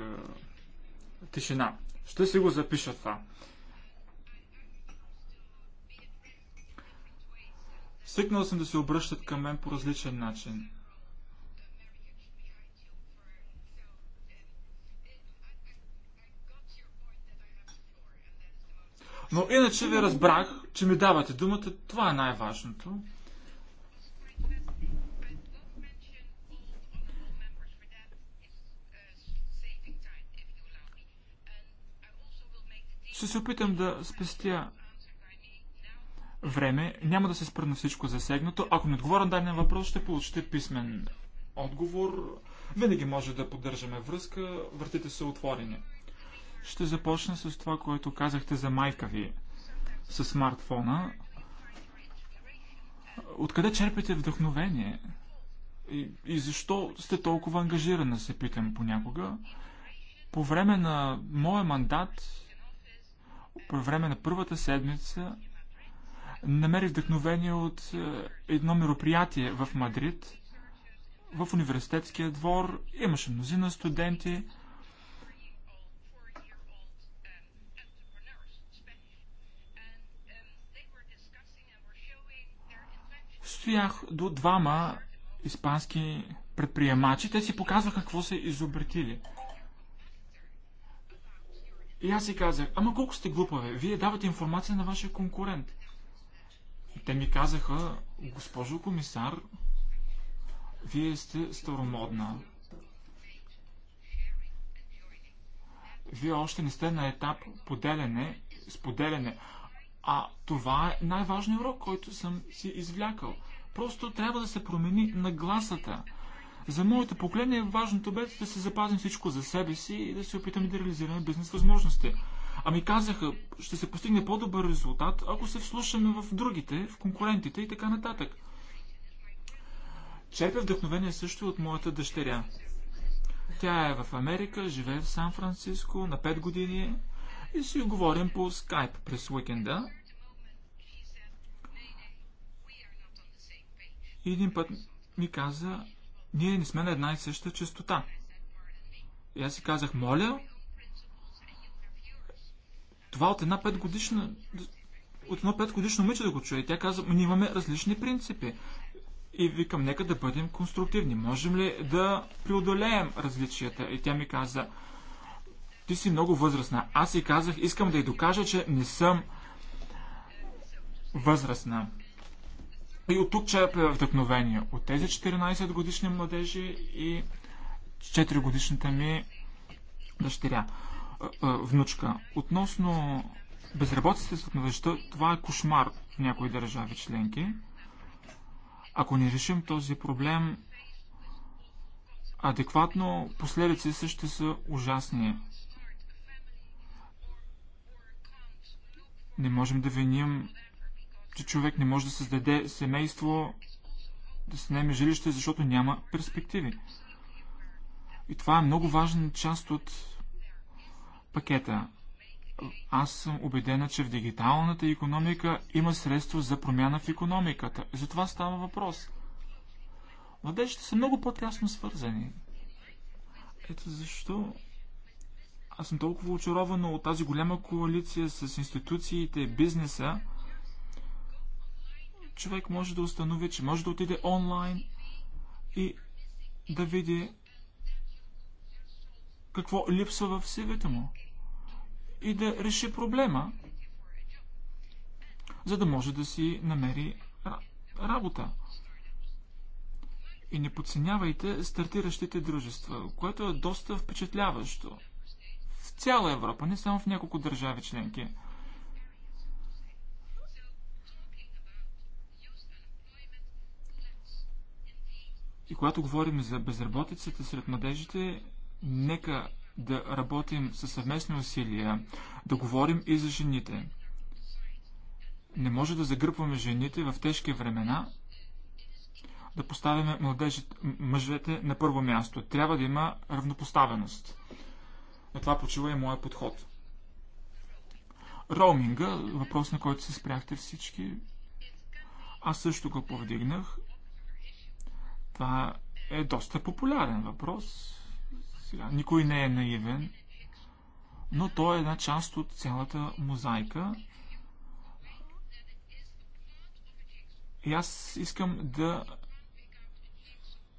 тишина. Ще си го запиша това. Свикнал съм да се обръщат към мен по различен начин. Но иначе ви разбрах, че ми давате думата. Това е най-важното. Ще се опитам да спестя време. Няма да се спра на всичко засегнато. Ако не отговоря на даден въпрос, ще получите писмен отговор. Винаги може да поддържаме връзка. Вратите са отворени. Ще започна с това, което казахте за майка ви с смартфона. Откъде черпите вдъхновение? И, и защо сте толкова ангажирана, се питам понякога. По време на моя мандат, по време на първата седмица, намерих вдъхновение от е, едно мероприятие в Мадрид, в университетския двор. Имаше мнозина студенти, стоях до двама испански предприемачи. Те си показваха какво са изобретили. И аз си казах, ама колко сте глупаве, вие давате информация на вашия конкурент. И те ми казаха, госпожо комисар, вие сте старомодна. Вие още не сте на етап поделяне, споделяне. А това е най-важният урок, който съм си извлякал. Просто трябва да се промени нагласата. За моето поколение е важното бе да се запазим всичко за себе си и да се опитаме да реализираме бизнес възможности. Ами казаха, ще се постигне по-добър резултат, ако се вслушаме в другите, в конкурентите и така нататък. Черпя вдъхновение също от моята дъщеря. Тя е в Америка, живее в Сан-Франциско, на 5 години и си говорим по скайп през уикенда. И един път ми каза, ние не сме на една и съща частота. И аз си казах, моля, това от една петгодишна от едно петгодишно момиче да го чуе. И тя каза, ние имаме различни принципи. И викам, нека да бъдем конструктивни. Можем ли да преодолеем различията? И тя ми каза, ти си много възрастна. Аз си казах, искам да й докажа, че не съм възрастна. И от тук черпя вдъхновение. От тези 14 годишни младежи и 4 годишната ми дъщеря, е, е, внучка. Относно безработицата с младежта, това е кошмар в някои държави членки. Ако не решим този проблем адекватно, последици също са ужасни. Не можем да виним, че човек не може да създаде семейство, да се найме жилище, защото няма перспективи. И това е много важна част от пакета. Аз съм убедена, че в дигиталната економика има средства за промяна в економиката. И за това става въпрос. Младежите са много по-тясно свързани. Ето защо аз съм толкова очарован от тази голяма коалиция с институциите, бизнеса. Човек може да установи, че може да отиде онлайн и да види какво липсва в cv му и да реши проблема, за да може да си намери работа. И не подценявайте стартиращите дружества, което е доста впечатляващо цяла Европа, не само в няколко държави членки. И когато говорим за безработицата сред младежите, нека да работим със съвместни усилия, да говорим и за жените. Не може да загърпваме жените в тежки времена, да поставяме младежите, мъжете на първо място. Трябва да има равнопоставеност. На това почива и моя подход. Роуминга, въпрос на който се спряхте всички, аз също го повдигнах. Това е доста популярен въпрос. Сега, никой не е наивен, но той е една част от цялата мозайка. И аз искам да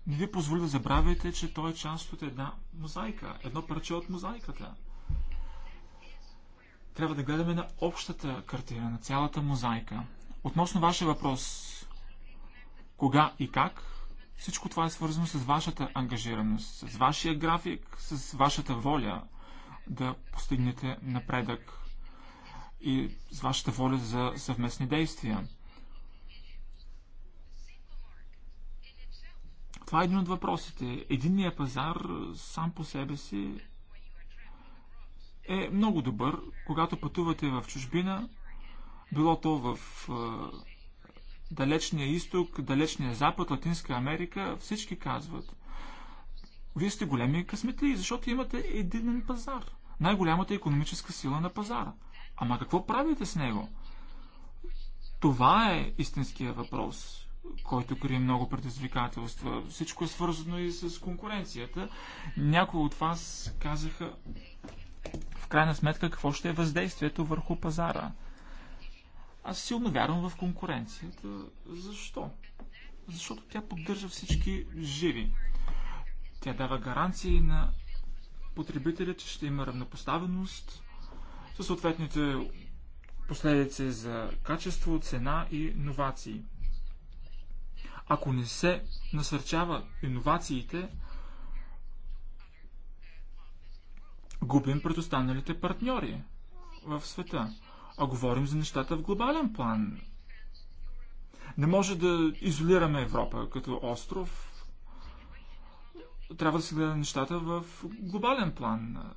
не ви позволи да забравяйте, че той е част от една мозайка, едно парче от мозайката. Трябва да гледаме на общата картина, на цялата мозайка. Относно вашия въпрос, кога и как, всичко това е свързано с вашата ангажираност, с вашия график, с вашата воля да постигнете напредък и с вашата воля за съвместни действия. Това е един от въпросите. Единният пазар е, сам по себе си е много добър, когато пътувате в чужбина, било то в е, далечния изток, далечния запад, Латинска Америка, всички казват. Вие сте големи късметли, защото имате единен пазар. Най-голямата економическа сила на пазара. Ама какво правите с него? Това е истинския въпрос който крие много предизвикателства. Всичко е свързано и с конкуренцията. Някои от вас казаха в крайна сметка какво ще е въздействието върху пазара. Аз силно вярвам в конкуренцията. Защо? Защото тя поддържа всички живи. Тя дава гаранции на потребителя, че ще има равнопоставеност със съответните последици за качество, цена и новации. Ако не се насърчава иновациите, губим пред останалите партньори в света. А говорим за нещата в глобален план. Не може да изолираме Европа като остров. Трябва да се гледа нещата в глобален план.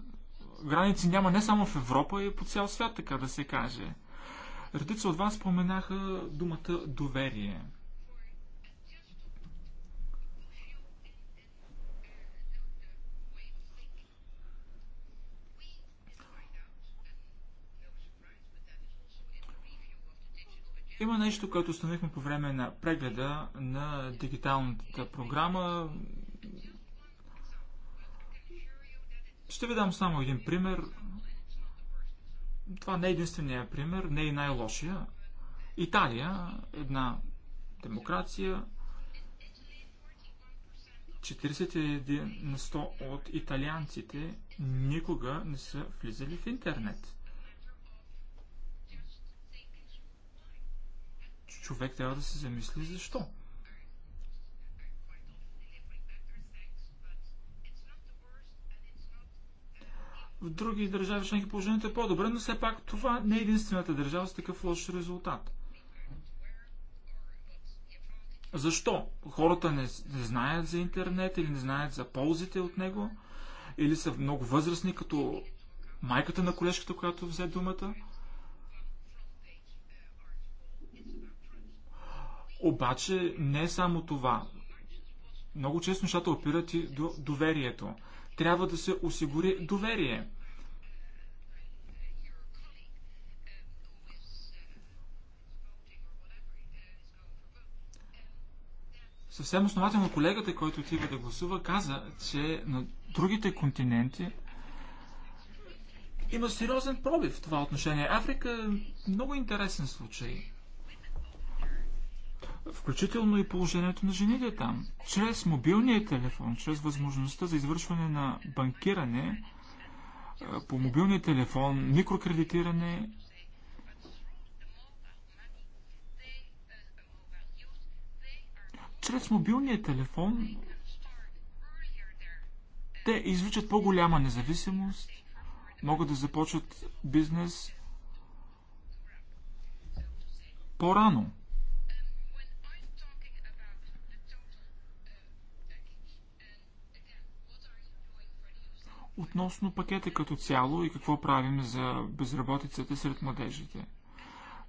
Граници няма не само в Европа, и по цял свят, така да се каже. Редица от вас споменаха думата доверие – Има нещо, което установихме по време на прегледа на дигиталната програма. Ще ви дам само един пример. Това не е единствения пример, не е и най-лошия. Италия, една демокрация, 41 на 100 от италианците никога не са влизали в интернет. човек трябва да се замисли защо. В други държави членки положението е по-добре, но все пак това не е единствената държава с такъв лош резултат. Защо? Хората не, не знаят за интернет или не знаят за ползите от него, или са много възрастни, като майката на колежката, която взе думата. Обаче не е само това. Много често нещата опират и до доверието. Трябва да се осигури доверие. Съвсем основателно колегата, който отива да гласува, каза, че на другите континенти има сериозен пробив в това отношение. Африка е много интересен случай включително и положението на жените там. Чрез мобилния телефон, чрез възможността за извършване на банкиране по мобилния телефон, микрокредитиране, чрез мобилния телефон те извличат по-голяма независимост, могат да започват бизнес по-рано. Относно пакета като цяло и какво правим за безработицата сред младежите.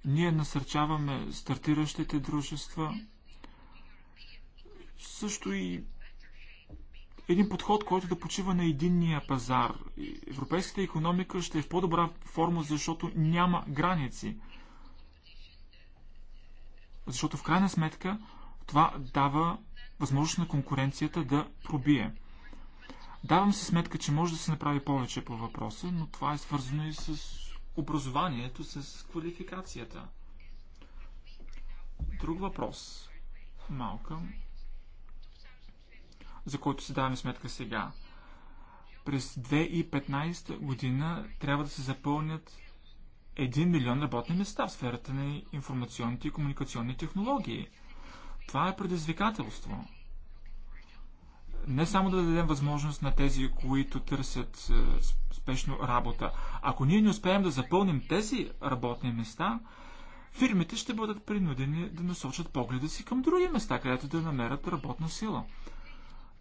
Ние насърчаваме стартиращите дружества, също и един подход, който да почива на единния пазар. Европейската економика ще е в по-добра форма, защото няма граници. Защото в крайна сметка това дава възможност на конкуренцията да пробие. Давам си сметка, че може да се направи повече по въпроса, но това е свързано и с образованието, с квалификацията. Друг въпрос, малка, за който си даваме сметка сега. През 2015 година трябва да се запълнят 1 милион работни места в сферата на информационните и комуникационни технологии. Това е предизвикателство не само да дадем възможност на тези, които търсят е, спешно работа. Ако ние не успеем да запълним тези работни места, фирмите ще бъдат принудени да насочат погледа си към други места, където да намерят работна сила.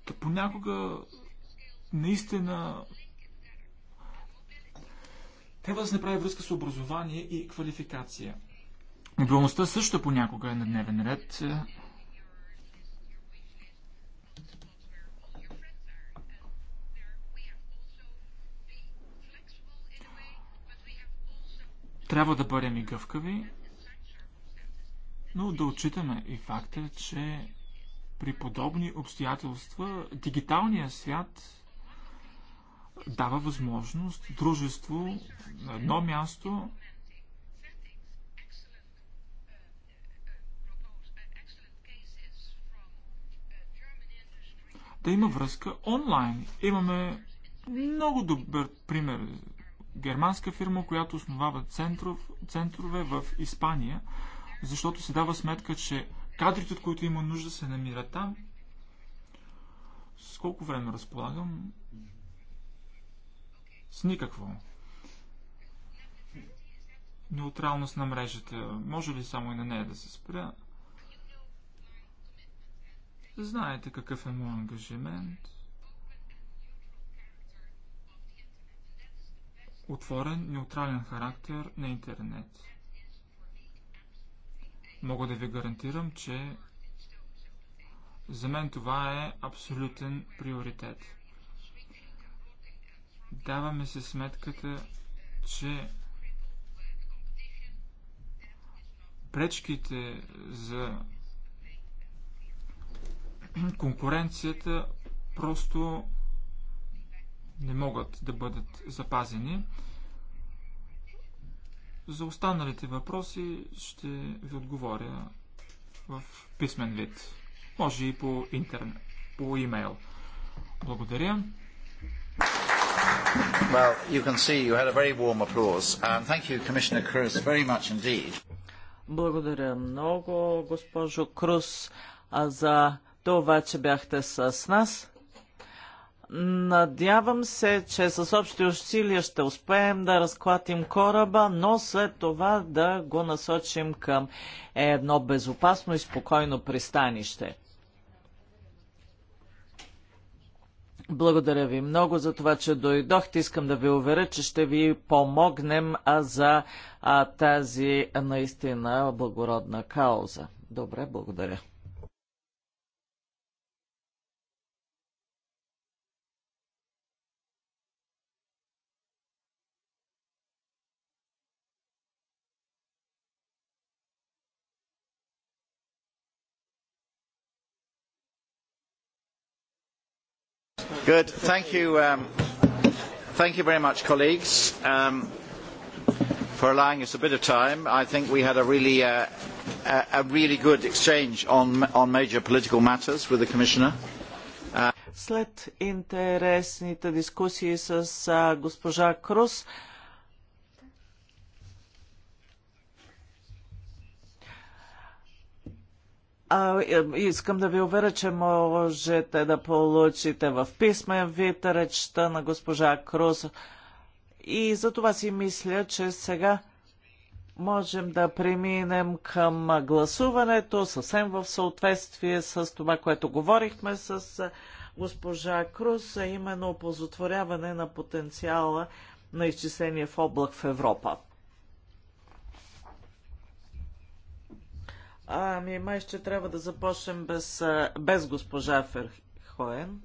Та понякога наистина трябва да се направи връзка с образование и квалификация. Мобилността също понякога е на дневен ред. Е, Трябва да бъдем и гъвкави, но да отчитаме и факта, че при подобни обстоятелства дигиталният свят дава възможност дружество на едно място да има връзка онлайн. Имаме много добър пример германска фирма, която основава центров, центрове в Испания, защото се дава сметка, че кадрите, от които има нужда, се намират там. С колко време разполагам? С никакво. Неутралност на мрежата. Може ли само и на нея да се спря? Знаете какъв е мой ангажимент. отворен, неутрален характер на интернет. Мога да ви гарантирам, че за мен това е абсолютен приоритет. Даваме се сметката, че пречките за конкуренцията просто не могат да бъдат запазени. За останалите въпроси ще ви отговоря в писмен вид. Може и по интернет, по имейл. Благодаря.
Well, you can see you had a very warm applause. And thank you, Commissioner Cruz, very much indeed.
Благодаря много, госпожо Круз, за това, че бяхте с нас. Надявам се, че с общи усилия ще успеем да разклатим кораба, но след това да го насочим към едно безопасно и спокойно пристанище. Благодаря ви много за това, че дойдохте. Искам да ви уверя, че ще ви помогнем за тази наистина благородна кауза. Добре, благодаря.
Good. Thank you. Um, thank you very much, colleagues, um, for allowing us a bit of time. I think we had a really, uh, a, a really good exchange on, on major political matters with the Commissioner. След интересните
дискусии с госпожа Крус, А, искам да ви уверя, че можете да получите в писмен вид речта на госпожа Круз. И за това си мисля, че сега можем да преминем към гласуването съвсем в съответствие с това, което говорихме с госпожа Круз, а именно опозотворяване на потенциала на изчисление в облак в Европа. Ами, май ще трябва да започнем без, без госпожа Ферхоен.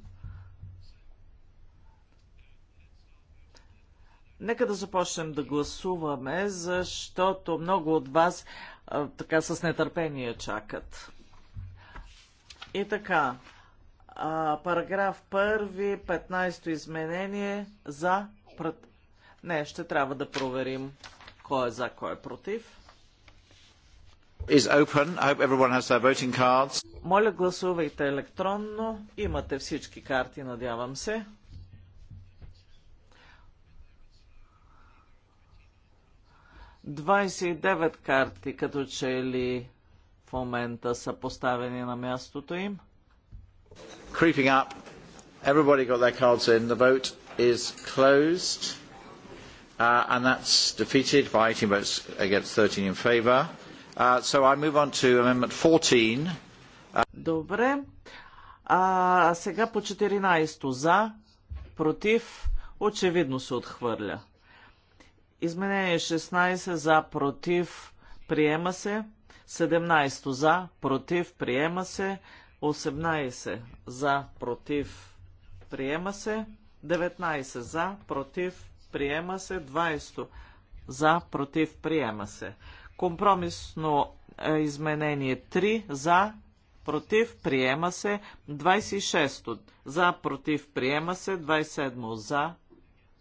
Нека да започнем да гласуваме, защото много от вас а, така с нетърпение чакат. И така, а, параграф 1, 15 изменение за... Не, ще трябва да проверим кой е за, кой е
против. Моля,
гласувайте електронно. Имате всички карти, надявам се. Двадесет и девет карти, като че ли в момента са поставени на мястото им.
Creeping up. Everybody got their cards in. The vote is closed. Uh, and that's defeated by 18 votes against 13 in favour. Uh, so I move on to amendment 14. Добре. А сега по 14 за, против,
очевидно се отхвърля. Изменение 16 за, против, приема се. 17 за, против, приема се. 18 за, против, приема се. 19 за, против, приема се. 20 за, против, приема се. Компромисно е, изменение 3 за, против, приема се. 26 за, против, приема се. 27 за,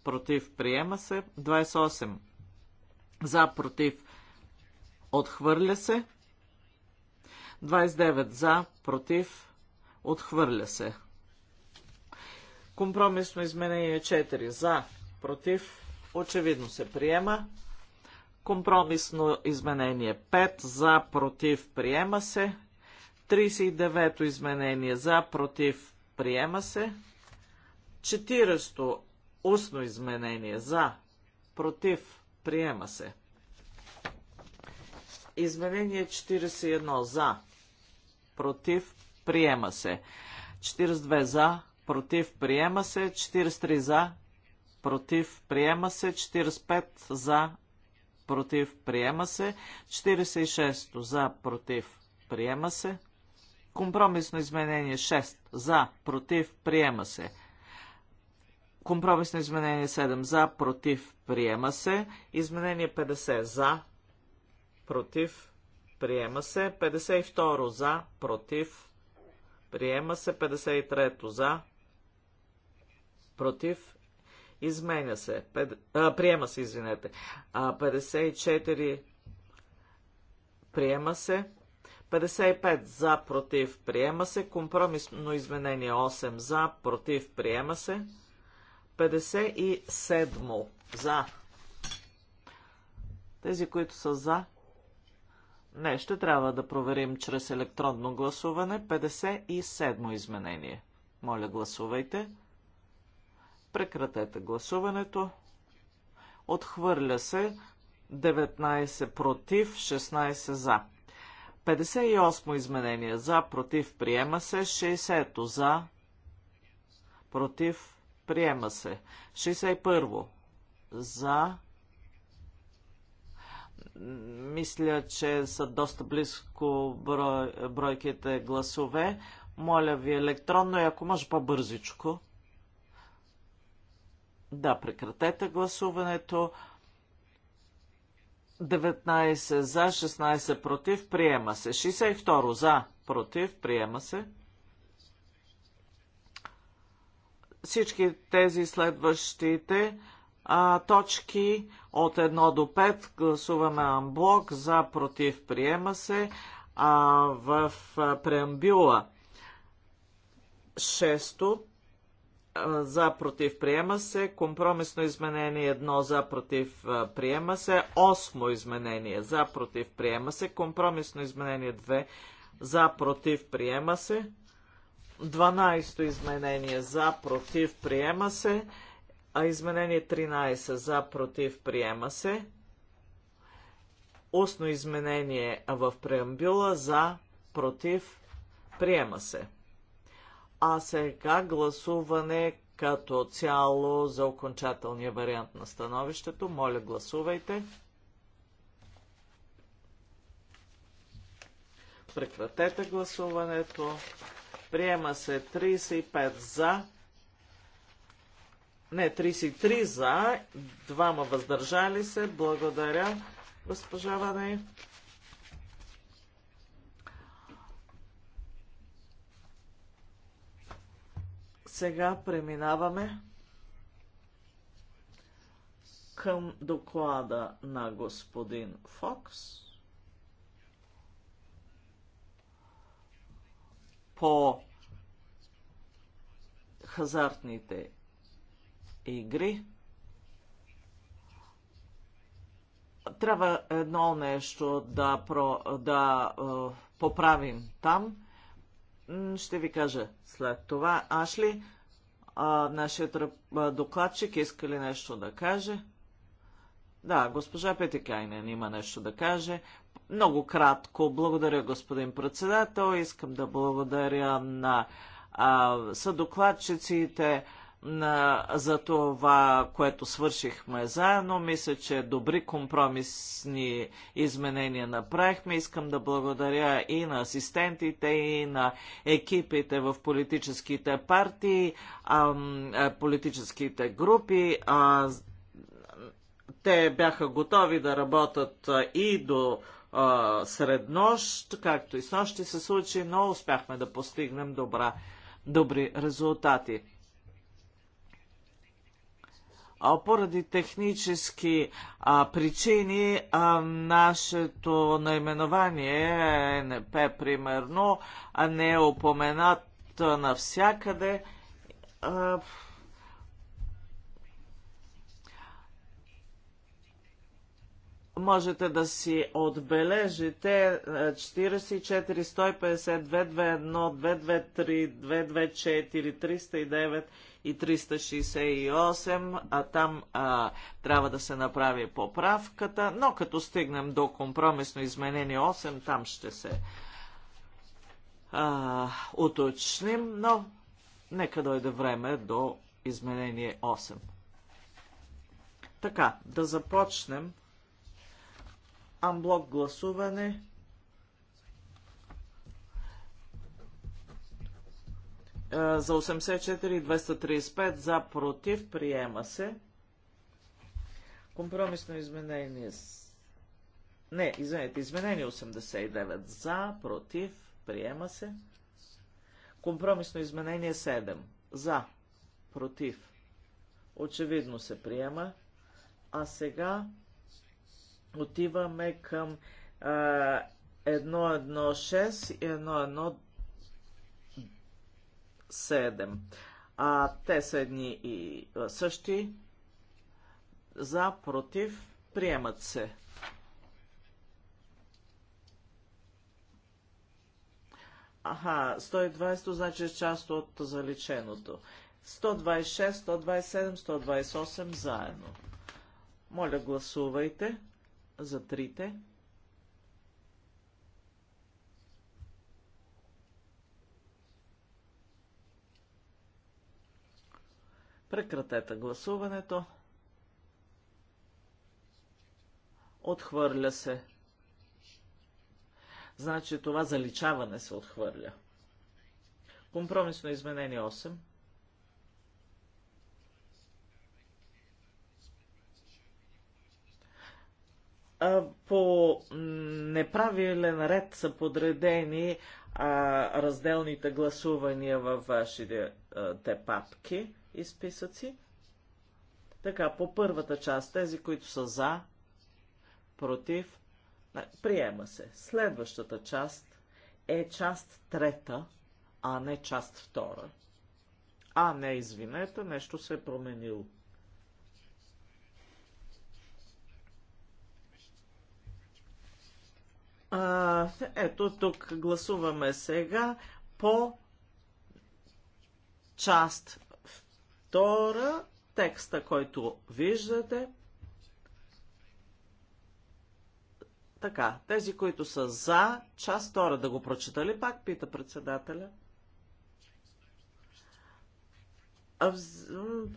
против, приема се. 28 за, против, отхвърля се. 29 за, против, отхвърля се. Компромисно изменение 4 за, против, очевидно се приема. Компромисно изменение 5 за, против, приема се. 39-то изменение за, против, приема се. 40-то устно изменение за, против, приема се. Изменение 41 за, против, приема се. 42 за, против, приема се. 43 за, против, приема се. 45 за, против, приема се. 46 за, против, приема се. Компромисно изменение 6 за, против, приема се. Компромисно изменение 7 за, против, приема се. Изменение 50 за, против, приема се. 52 за, против, приема се. 53 за, против, Изменя се. А, приема се, извинете. А, 54. Приема се. 55 за, против, приема се. Компромисно изменение 8 за, против, приема се. 57 за. Тези, които са за, не, ще трябва да проверим чрез електронно гласуване 57 изменение. Моля, гласувайте. Прекратете гласуването. Отхвърля се 19 против, 16 за. 58 изменение за, против, приема се. 60 за, против, приема се. 61 за. Мисля, че са доста близко брой, бройките гласове. Моля ви електронно и ако може по-бързичко. Да, прекратете гласуването. 19 за, 16 против, приема се. 62 за, против, приема се. Всички тези следващите а, точки от 1 до 5 гласуваме анблок, за, против, приема се. А, в а, преамбюла 6 за против приема се, компромисно изменение 1 за против приема се, осмо изменение за против приема се, компромисно изменение 2 за против приема се, 12 изменение за против приема се, а изменение 13 за против приема се, устно изменение в преамбюла за против приема се. А сега гласуване като цяло за окончателния вариант на становището. Моля, гласувайте. Прекратете гласуването. Приема се 35 за. Не, 33 за. Двама въздържали се. Благодаря, госпожа Ване. Сега преминаваме към доклада на господин Фокс по хазартните игри. Трябва едно нещо да, про, да е, поправим там – ще ви кажа след това. Ашли, а, нашият докладчик иска ли нещо да каже? Да, госпожа Петикайнен има нещо да каже. Много кратко. Благодаря, господин председател. Искам да благодаря на а, съдокладчиците, на, за това, което свършихме заедно. Мисля, че добри компромисни изменения направихме. Искам да благодаря и на асистентите, и на екипите в политическите партии, е, политическите групи. А, те бяха готови да работят и до среднощ, сред нощ, както и с нощи се случи, но успяхме да постигнем добра, добри резултати поради технически а, причини а, нашето наименование НП, примерно, а не е упоменат навсякъде. А, можете да си отбележите 44, 150 221 223, 224, 309 и 368, а там а, трябва да се направи поправката, но като стигнем до компромисно изменение 8, там ще се а, уточним, но нека дойде време до изменение 8. Така, да започнем. Амблок гласуване Е, за 84 235 за против приема се. Компромисно изменение. Не, извинете, изменение 89 за против приема се. Компромисно изменение 7 за против. Очевидно се приема. А сега отиваме към 116 е, и 119 7. А, те са едни и същи. За, против, приемат се. Аха, 120 значи част от заличеното. 126, 127, 128 заедно. Моля, гласувайте за трите. Прекратете гласуването. Отхвърля се. Значи това заличаване се отхвърля. Компромисно изменение 8. по неправилен ред са подредени а, разделните гласувания във вашите а, те папки и списъци. Така, по първата част, тези, които са за, против, приема се. Следващата част е част трета, а не част втора. А, не, извинете, нещо се е променило. А, ето тук гласуваме сега по част Втора, текста, който виждате. Така, тези, които са за, част втора да го прочита ли пак, пита председателя.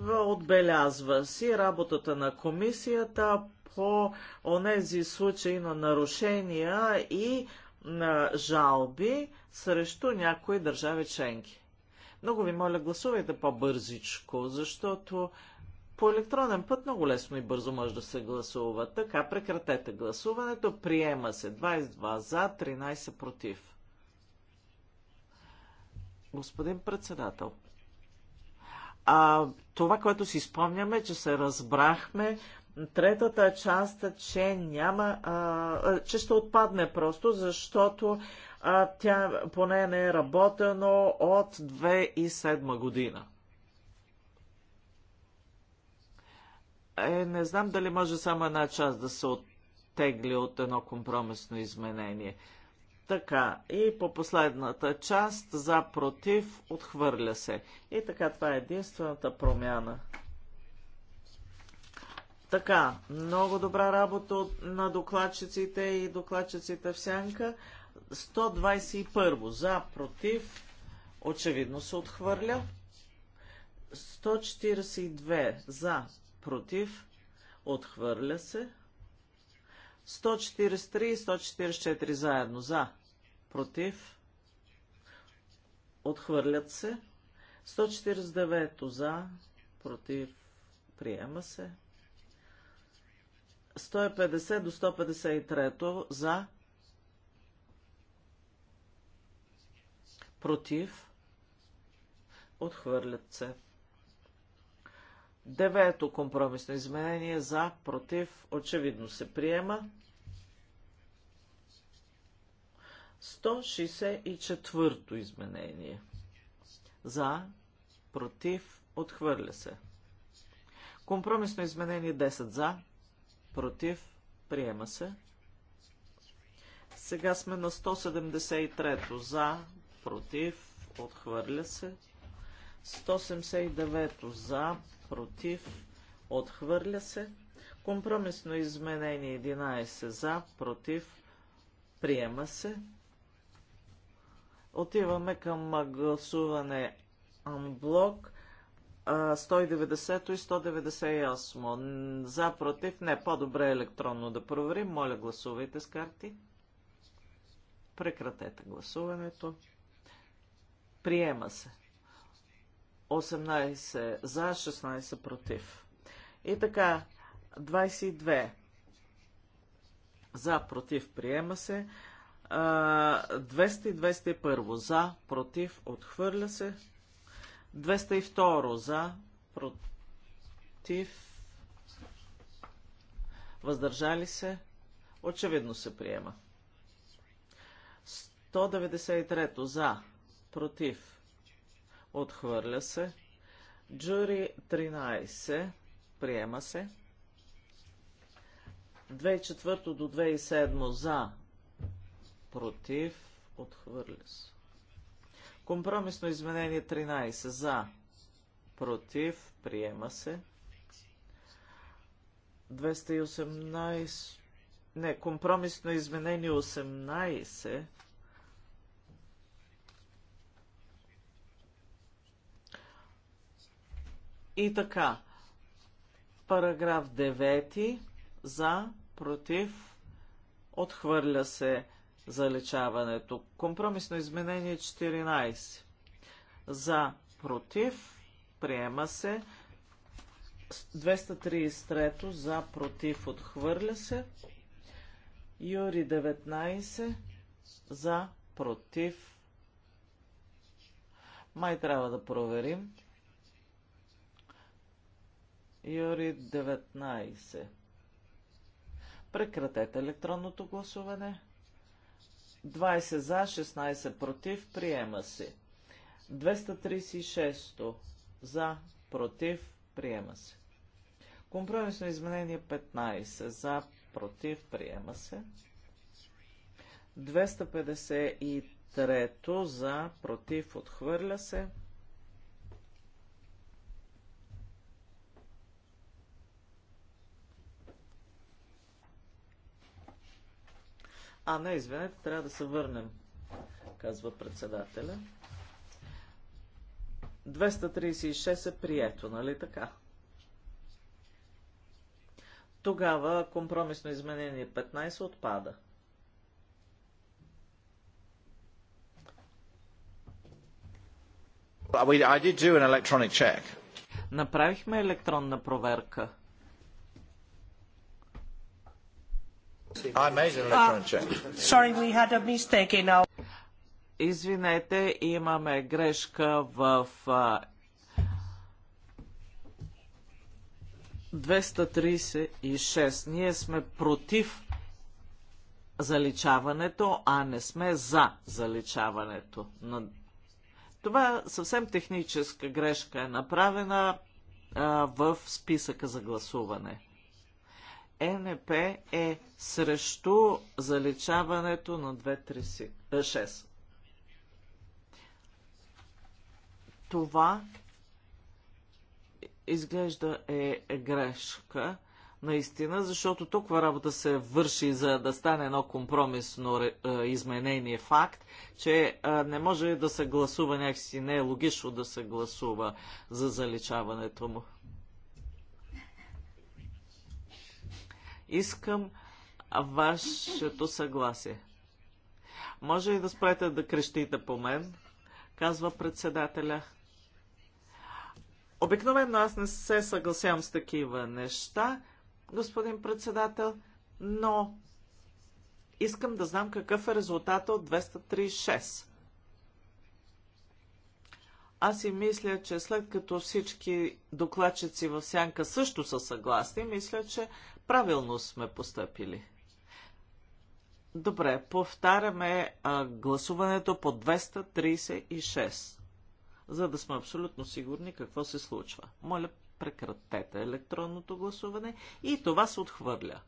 Отбелязва си работата на комисията по онези случаи на нарушения и на жалби срещу някои държави членки. Много ви моля, гласувайте по-бързичко, защото по електронен път много лесно и бързо може да се гласува. Така, прекратете гласуването. Приема се 22 за, 13 против. Господин председател, а, това, което си спомняме, че се разбрахме, третата част, че няма, а, че ще отпадне просто, защото а тя поне не е работено от 2007 година. Е, не знам дали може само една част да се оттегли от едно компромисно изменение. Така, и по последната част, за против, отхвърля се. И така, това е единствената промяна. Така, много добра работа на докладчиците и докладчиците в сянка. 121 за, против, очевидно се отхвърля. 142 за, против, отхвърля се. 143 и 144 заедно за, против, отхвърлят се. 149 за, против, приема се. 150 до 153 за, против, отхвърлят се. Девето компромисно изменение за, против, очевидно се приема. 164-то изменение. За, против, отхвърля се. Компромисно изменение 10 за, против, приема се. Сега сме на 173-то за, против, отхвърля се. 179 за, против, отхвърля се. Компромисно изменение 11 за, против, приема се. Отиваме към гласуване блок 190 и 198. За, против, не, по-добре е електронно да проверим. Моля, гласувайте с карти. Прекратете гласуването. Приема се. 18 за, 16 против. И така, 22 за, против, приема се. 200 и 201 за, против, отхвърля се. 202 за, против, въздържали се. Очевидно се приема. 193 за, против, отхвърля се. Джури 13, приема се. 2004 до 2007 за, против, отхвърля се. Компромисно изменение 13 за, против, приема се. 218, не, компромисно изменение 18 И така. Параграф 9. За, против, отхвърля се залечаването. Компромисно изменение 14. За, против, приема се. 233 за, против, отхвърля се. Юри 19 за, против. Май трябва да проверим. Юри 19. Прекратете електронното гласуване. 20 за, 16 против, приема се. 236 за, против, приема се. Компромисно изменение 15 за, против, приема се. 253 за, против, отхвърля се. А, не, извинете, трябва да се върнем, казва председателя. 236 е прието, нали така? Тогава компромисно изменение 15 отпада. Направихме електронна проверка. Sorry, Извинете, имаме грешка в 236. Ние сме против заличаването, а не сме за заличаването. Това съвсем техническа грешка е направена а, в списъка за гласуване. ЕНП е срещу заличаването на 236. Е, Това изглежда е грешка, наистина, защото толкова работа се върши, за да стане едно компромисно е, изменение факт, че е, не може да се гласува някакси, не е логично да се гласува за заличаването му. Искам вашето съгласие. Може и да спрете да крещите по мен? Казва председателя. Обикновено аз не се съгласявам с такива неща, господин председател, но искам да знам какъв е резултата от 236. Аз и мисля, че след като всички докладчици в Сянка също са съгласни, мисля, че правилно сме постъпили. Добре, повтаряме а, гласуването по 236, за да сме абсолютно сигурни какво се случва. Моля, прекратете електронното гласуване и това се отхвърля.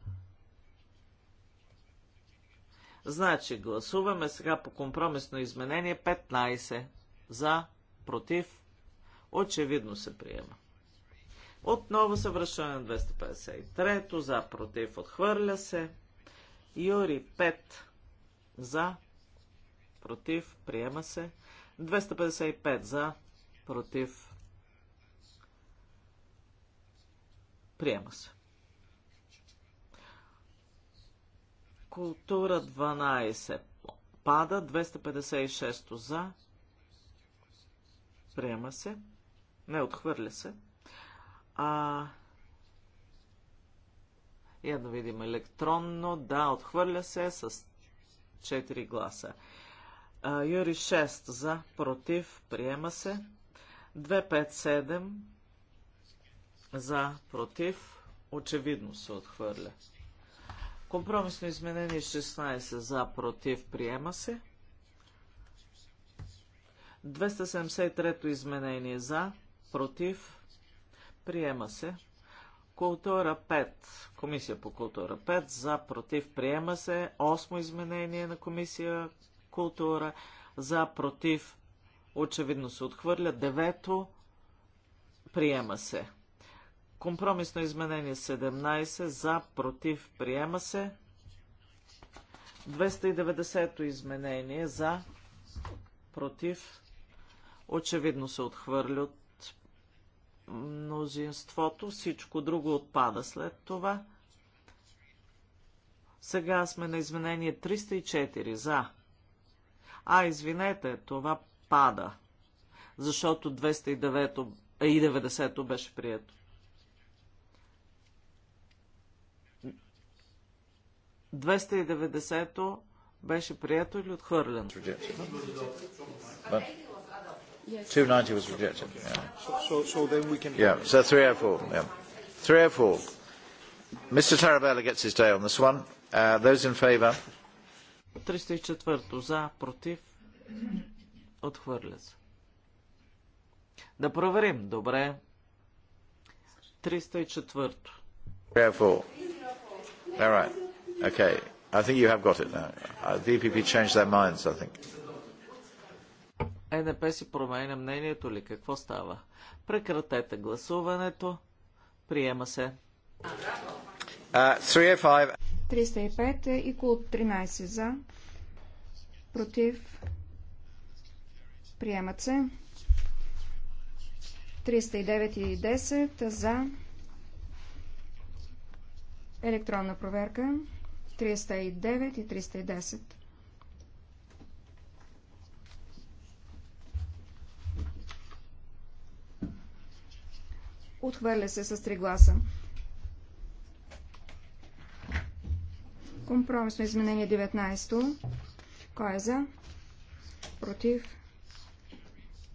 Значи, гласуваме сега по компромисно изменение 15. За, против, очевидно се приема. Отново съвършване на 253 за против отхвърля се. Юри 5 за против приема се. 255 за против приема се. Култура 12 пада 256 за приема се. Не отхвърля се. А... Я да видим електронно. Да, отхвърля се с 4 гласа. Юри 6 за, против, приема се. 257 за, против, очевидно се отхвърля. Компромисно изменение 16 за, против, приема се. 273 изменение за, против, Приема се. Култура 5. Комисия по култура 5. За, против, приема се. Осмо изменение на комисия култура. За, против, очевидно се отхвърля. Девето, приема се. Компромисно изменение 17. За, против, приема се. 290-то изменение. За, против, очевидно се отхвърля от мнозинството, всичко друго отпада след това. Сега сме на изменение 304 за. А, извинете, това пада, защото 209 и 90 беше прието. 290 беше прието или отхвърлено?
290 was rejected. Yeah. So, so, so then we can. Yeah. So 304. Yeah. 304. Mr. Tarabella gets his day on this one. Uh, those in favour.
304 за, против, отхвърля се. Да проверим, добре. 304.
304. All right. Okay. I think you have got it now. Uh, the EPP changed their minds, I think.
ЕНП си променя мнението ли? Какво става? Прекратете гласуването. Приема
се. 305
и кул 13 за. Против. Приемат се. 309 и 10 за. Електронна проверка. 309 и 310. Отхвърля се с 3 гласа. Компромисно изменение 19. Кой е за? Против?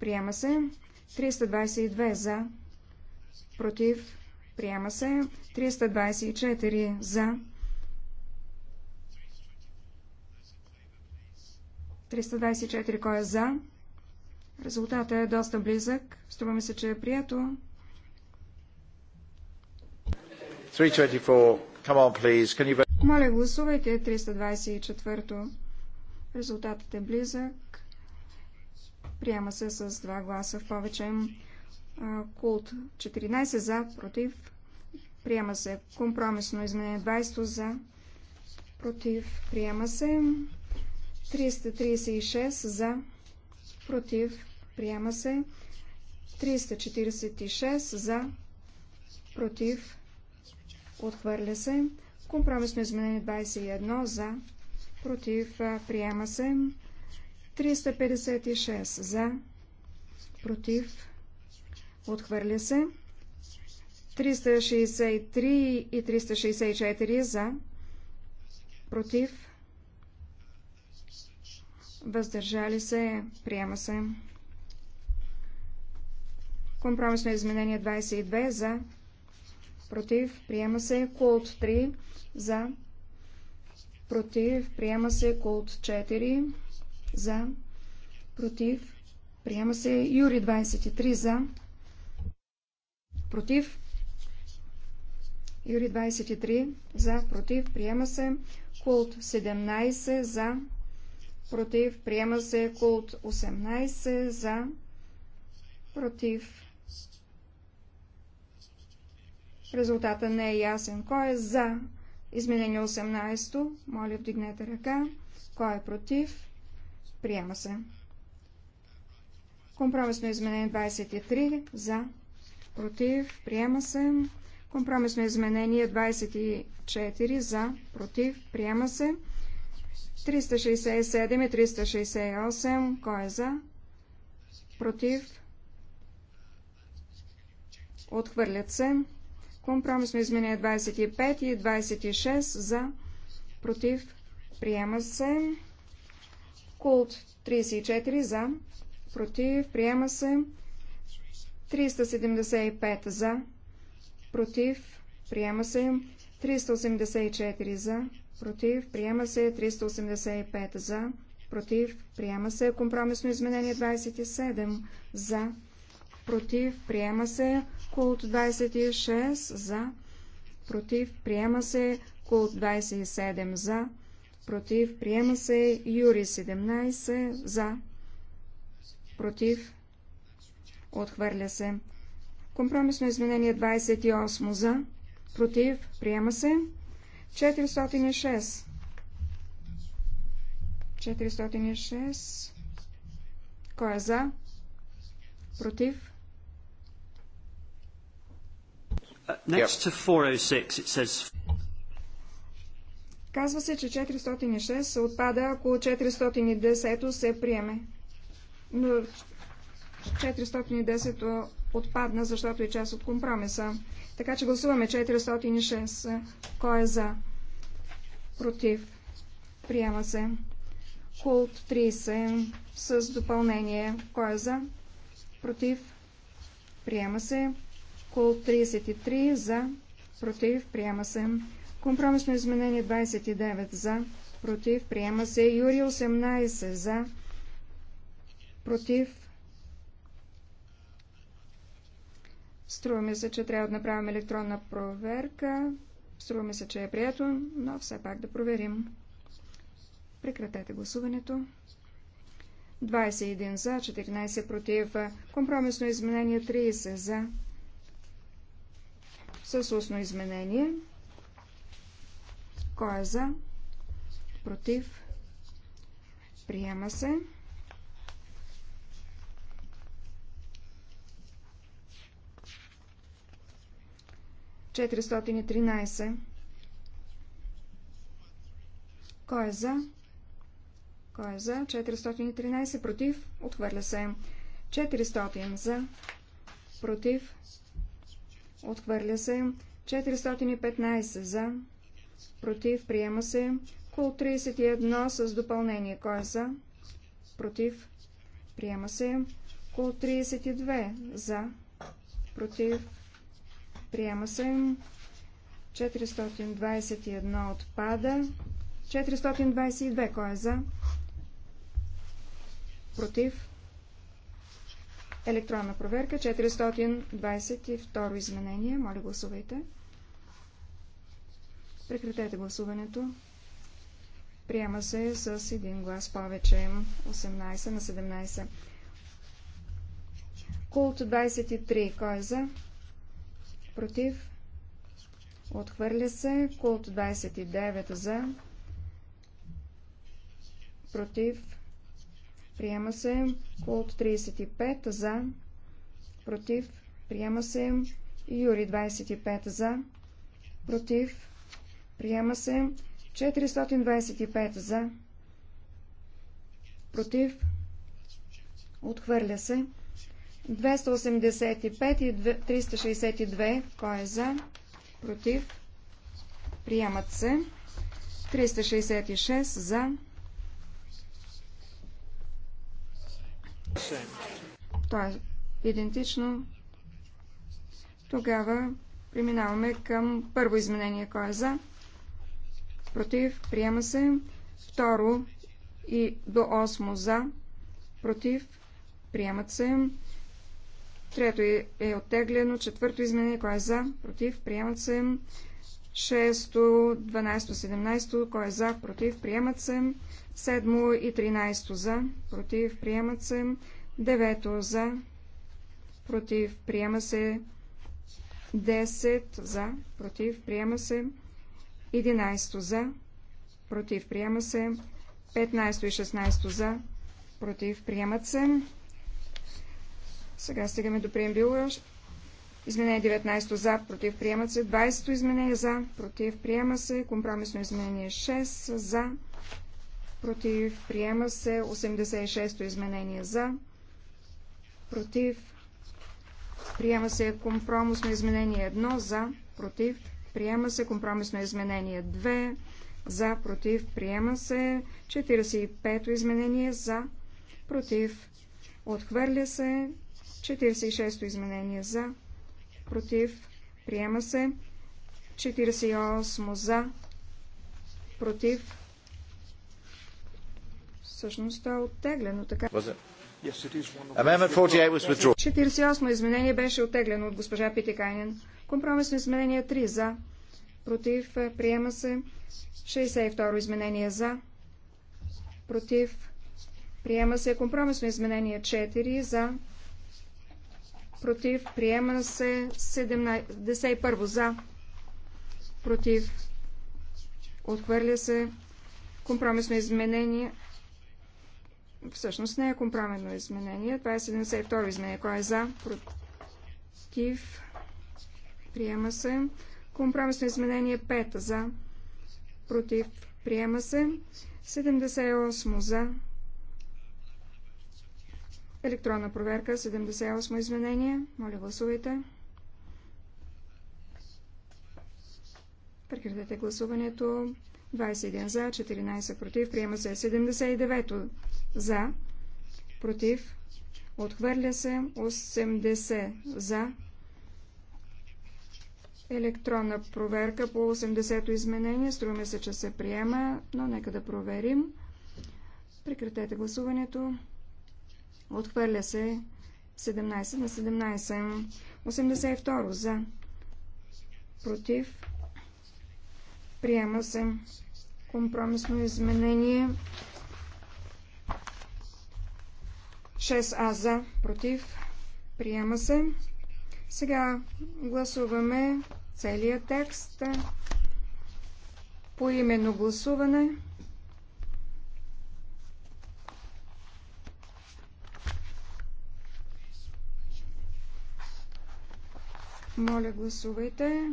Приема се. 322 за. Против? Приема се. 324 за. 324 кой е за? Резултатът е доста близък. Струва ми се, че е прието.
Come on, please. Can you vote?
Моля, гласувайте 324-то. Резултатът е близък. Приема се с два гласа в повече. Култ 14 за, против. Приема се компромисно изменение 20 за, против. Приема се 336 за, против. Приема се 346 за, против. Отхвърля се. Компромисно изменение 21 за. Против. Приема се. 356 за. Против. Отхвърля се. 363 и 364 за. Против. Въздържали се. Приема се. Компромисно изменение 22 за против, приема се. Култ 3 за, против, приема се. Култ 4 за, против, приема се. Юри 23 за, против, Юри 23 за, против, приема се. Култ 17 за, против, приема се. Култ 18 за, против, Резултата не е ясен. Кой е за изменение 18? Моля, вдигнете ръка. Кой е против? Приема се. Компромисно изменение 23. За. Против. Приема се. Компромисно изменение 24. За. Против. Приема се. 367 и 368. Кой е за? Против. Отхвърлят се. Компромисно изменение 25 и 26 за против. Приема се. Култ 34 за против. Приема се. 375 за против. Приема се. 384 за против. Приема се. 385 за против. Приема се. Компромисно изменение 27 за против. Приема се. Култ 26 за, против, приема се. Култ 27 за, против, приема се. Юри 17 за, против, отхвърля се. Компромисно изменение 28 за, против, приема се. 406. 406. Кой е за? Против?
Uh, next to 406 it says...
Казва се, че 406 се отпада, ако 410 се приеме. Но 410 отпадна, защото е част от компромиса. Така че гласуваме 406. Кой е за? Против. Приема се. Култ 30 с допълнение. Кой е за? Против. Приема се. Имко 33 за, против, приема се. Компромисно изменение 29 за, против, приема се. Юри 18 за, против. Струва ми се, че трябва да направим електронна проверка. Струва ми се, че е прието, но все пак да проверим. Прекратете гласуването. 21 за, 14 против. Компромисно изменение 30 за, с устно изменение. Кой е за? Против? Приема се. Четиристотин Кой е за? Кой е за? 413 против. Отхвърля се. 400 за. Против. Отхвърля се. 415 за. Против. Приема се. Кул 31 с допълнение. Кой е за? Против. Приема се. Кул 32 за. Против. Приема се. 421 отпада. 422 кой е за? Против. Електронна проверка 422 изменение. Моля гласувайте. Прекратете гласуването. Приема се с един глас повече. 18 на 17. Култ 23. Кой е за? Против? Отхвърля се. Култ 29 за. Против? Приема се. Култ 35 за. Против. Приема се. Юри 25 за. Против. Приема се. 425 за. Против. Отхвърля се. 285 и 362. Кой е за? Против. Приемат се. 366 за. То е идентично. Тогава преминаваме към първо изменение. Кой е за? Против. Приема се. Второ и до 8 за. Против. Приемат се. Трето е, е оттеглено. Четвърто изменение. Кой е за? Против. Приемат се. 6, 12, 17, кой е за, против, приемат се. 7 и 13 за, против, приемат се. 9 за, против, приема се. 10 за, против, приема се. 11 за, против, приема се. 15 и 16 за, против, приемат се. Сега стигаме до преембила Изменение 19 за, против, приема се. 20 изменение за, против, приема се. Компромисно изменение 6 за, против, приема се. 86 изменение за, против, приема се. Компромисно изменение 1 за, против, приема се. Компромисно изменение 2 за, против, приема се. 45 то изменение за, против, отхвърля се. 46 изменение за, против, приема се. 48 за, против. Всъщност е оттеглено, така.
48
изменение беше оттеглено от госпожа Питикайнен. Компромисно изменение 3 за, против, приема се. 62 изменение за, против, приема се. Компромисно изменение 4 за, против, приема се 71 за, против, отхвърля се компромисно изменение. Всъщност не е компромисно изменение, това е 72 изменение. Кой е за, против, приема се. Компромисно изменение 5 за, против, приема се. 78 за, Електронна проверка, 78 изменение. Моля, гласувайте. Прекратете гласуването. 21 за, 14 против. Приема се 79 за, против. Отхвърля се 80 за. Електронна проверка по 80-то изменение. Струваме се, че се приема, но нека да проверим. Прекратете гласуването. Отхвърля се 17 на 17. 82 за. Против. Приема се компромисно изменение. 6А за. Против. Приема се. Сега гласуваме целият текст по именно гласуване. Моля, гласувайте.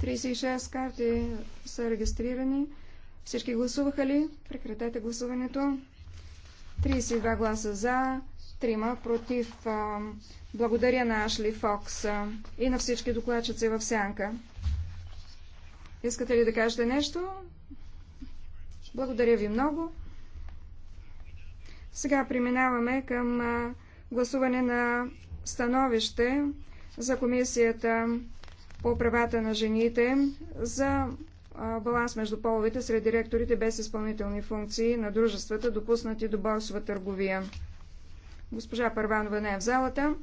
Тридесет и шест карти са регистрирани. Всички гласуваха ли? Прекратете гласуването. 32 гласа за, 3 против. Благодаря на Ашли Фокс и на всички докладчици в сянка. Искате ли да кажете нещо? Благодаря ви много. Сега преминаваме към гласуване на становище за Комисията по правата на жените за баланс между половите сред директорите без изпълнителни функции на дружествата, допуснати до борсова търговия. Госпожа Първанова не е в залата.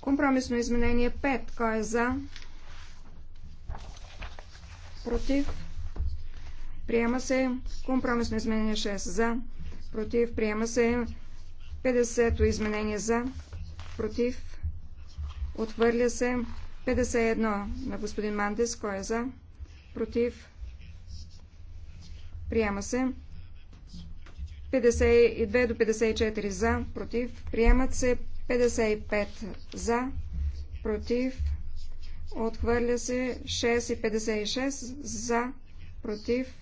Компромисно изменение 5. Кой е за? Против? Приема се. Компромисно изменение 6. За? против, приема се 50-то изменение за, против, отвърля се 51 на господин Мандес, кой е за, против, приема се 52 до 54 за, против, приемат се 55 за, против, отхвърля се 6 и 56 за, против,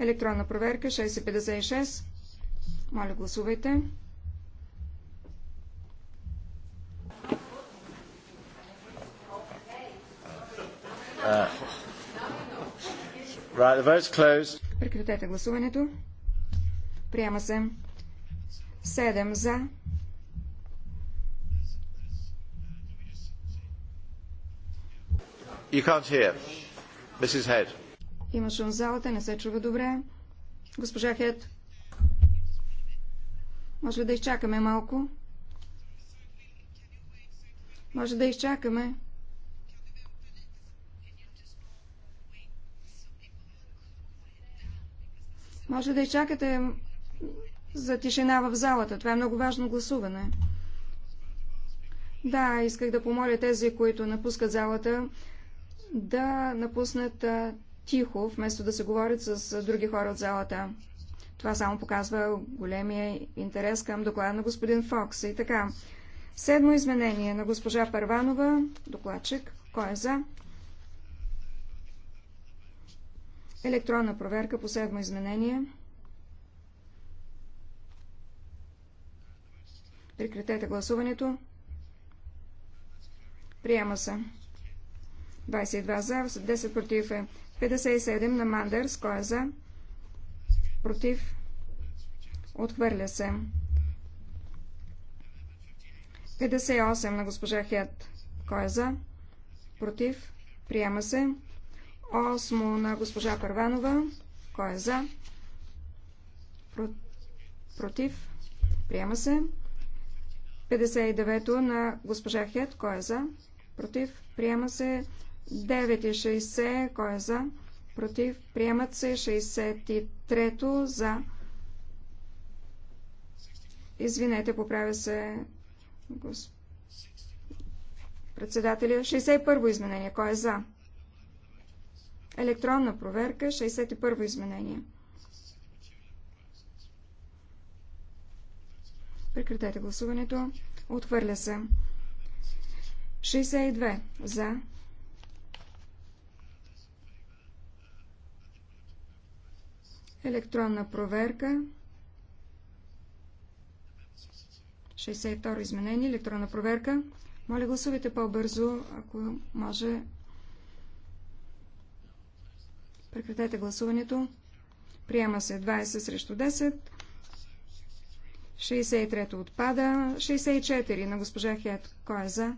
Електронна проверка 656. Моля, гласувайте.
Uh, right, the vote's closed.
Прекратете гласуването. Приема се. 7 за.
You can't hear. Mrs. Head.
Има шум в залата, не се чува добре. Госпожа Хет. може ли да изчакаме малко? Може да изчакаме. Може да изчакате за тишина в залата. Това е много важно гласуване. Да, исках да помоля тези, които напускат залата, да напуснат тихо, вместо да се говорят с други хора от залата. Това само показва големия интерес към доклада на господин Фокс. И така, седмо изменение на госпожа Парванова, докладчик. Кой е за? Електронна проверка по седмо изменение. Прекратете гласуването. Приема се. 22 за, 10 против е. 57 на Мандърс. Кой е за? Против. Отхвърля се. 58 на госпожа Хет. Кой е за? Против. Приема се. 8 на госпожа Първанова. Кой е за? Про... Против. Приема се. 59 на госпожа Хет. Кой е за? Против. Приема се. 9,60. Кой е за? Против. Приемат се. 63-то за. Извинете, поправя се председателя. 61-во изменение. Кой е за? Електронна проверка. 61-во изменение. Прекратете гласуването. Отхвърля се. 62 за. Електронна проверка. 62 изменение. Електронна проверка. Моля, гласувайте по-бързо, ако може. Прекратете гласуването. Приема се 20 срещу 10. 63-то отпада. 64 на госпожа Хет. Кой е за?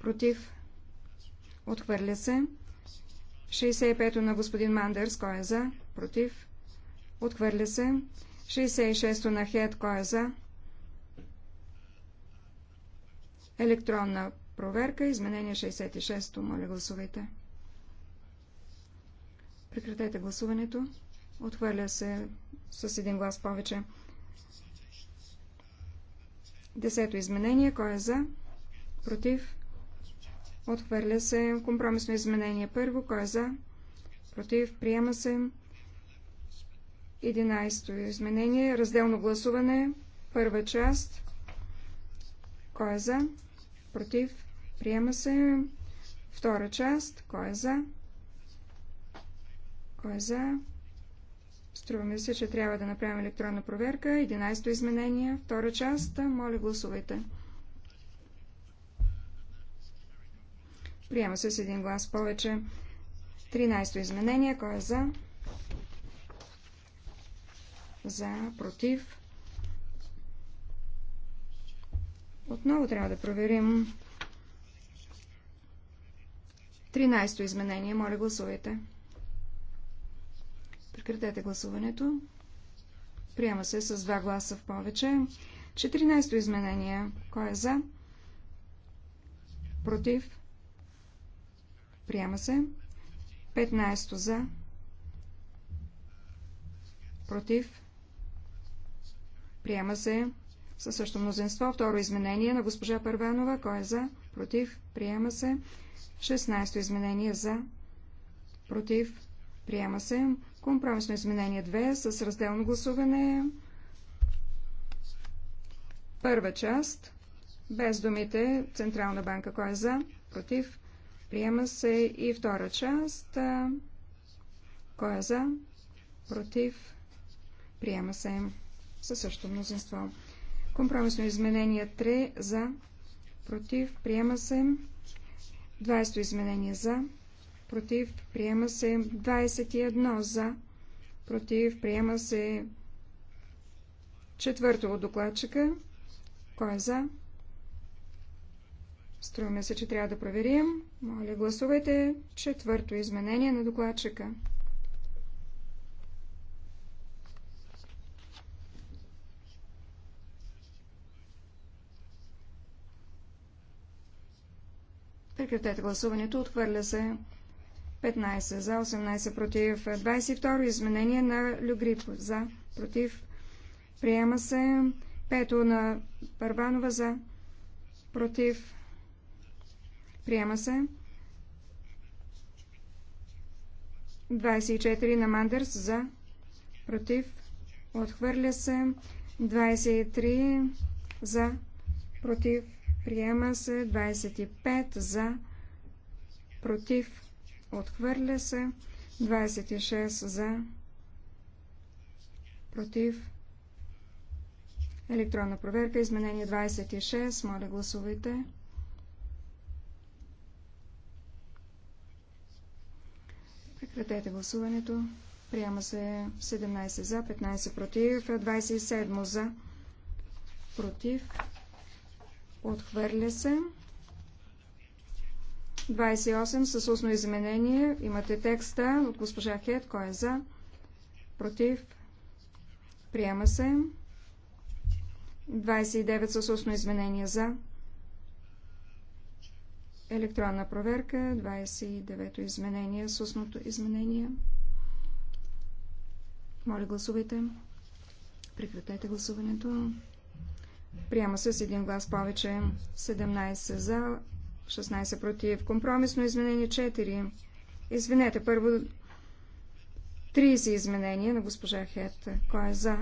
Против? Отхвърля се. 65-то на господин Мандърс, кой е за? Против. Отхвърля се. 66-то на Хед, кой е за? Електронна проверка. Изменение 66-то. Моля, гласувайте. Прекратете гласуването. Отхвърля се с един глас повече. Десето изменение. Кой е за? Против? Отхвърля се компромисно изменение първо. Кой е за? Против. Приема се. 11-то изменение. Разделно гласуване. Първа част. Кой е за? Против. Приема се. Втора част. Кой е за? Кой е за? Струваме се, че трябва да направим електронна проверка. 11-то изменение. Втора част. Моля, гласувайте. Приема се с един глас повече. 13-то изменение. Кой е за? За, против. Отново трябва да проверим. 13-то изменение. Моля, гласувайте. Прекратете гласуването. Приема се с два гласа в повече. 14-то изменение. Кой е за? Против. Приема се. 15 за. Против. Приема се. Със също мнозинство. Второ изменение на госпожа Първанова. Кой е за? Против. Приема се. 16 изменение за. Против. Приема се. Компромисно изменение 2 с разделно гласуване. Първа част. Без думите Централна банка. Кой е за? Против. Приема се и втора част. Кой е за? Против? Приема се със същото мнозинство. Компромисно изменение 3 за. Против? Приема се. 20 изменение за. Против? Приема се. 21 за. Против? Приема се. Четвърто от докладчика. Кой е за? Струваме се, че трябва да проверим. Моля, гласувайте четвърто изменение на докладчика. Прекратете гласуването. Отхвърля се 15 за, 18 против. 22 изменение на Люгрип за, против. Приема се 5 на Парванова за, против. Приема се. 24 на Мандърс за. Против. Отхвърля се. 23 за. Против. Приема се. 25 за. Против. Отхвърля се. 26 за. Против. Електронна проверка. Изменение 26. Моля гласувайте. Прекратете гласуването. Приема се 17 за, 15 против, 27 за, против. Отхвърля се. 28 с устно изменение. Имате текста от госпожа Хет. Кой е за? Против. Приема се. 29 с устно изменение за. Електронна проверка, 29-то изменение, сусното изменение. Моля, гласувайте. Прекратете гласуването. Приема се с един глас повече. 17 за, 16 против. Компромисно изменение 4. Извинете, първо 30 изменения на госпожа Хет. Кой е за?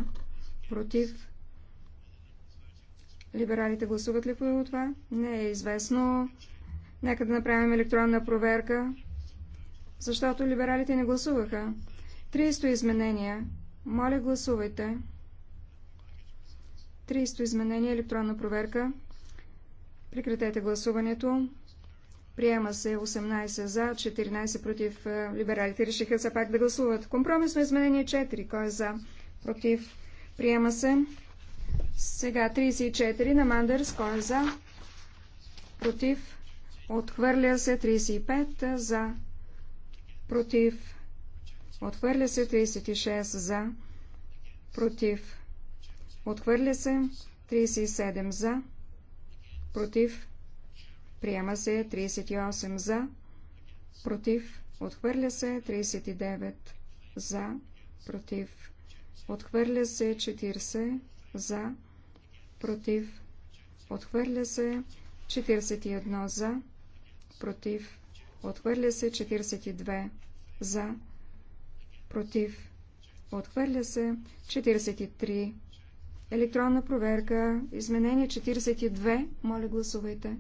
Против? Либералите гласуват ли по това? Не е известно. Нека да направим електронна проверка, защото либералите не гласуваха. 300 изменения. Моля, гласувайте. 300 изменения, електронна проверка. Прекратете гласуването. Приема се 18 за, 14 против. Е, либералите решиха все пак да гласуват. Компромисно изменение 4. Кой е за? Против. Приема се. Сега 34 на Мандърс. Кой е за? Против. Отхвърля се 35 за. Против. Отхвърля се 36 за. Против. Отхвърля се 37 за. Против. Приема се 38 за. Против. Отхвърля се 39 за. Против. Отхвърля се 40 за. Против. Отхвърля се 41 за против, отхвърля се 42 за, против, отхвърля се 43. Електронна проверка, изменение 42, моля гласувайте.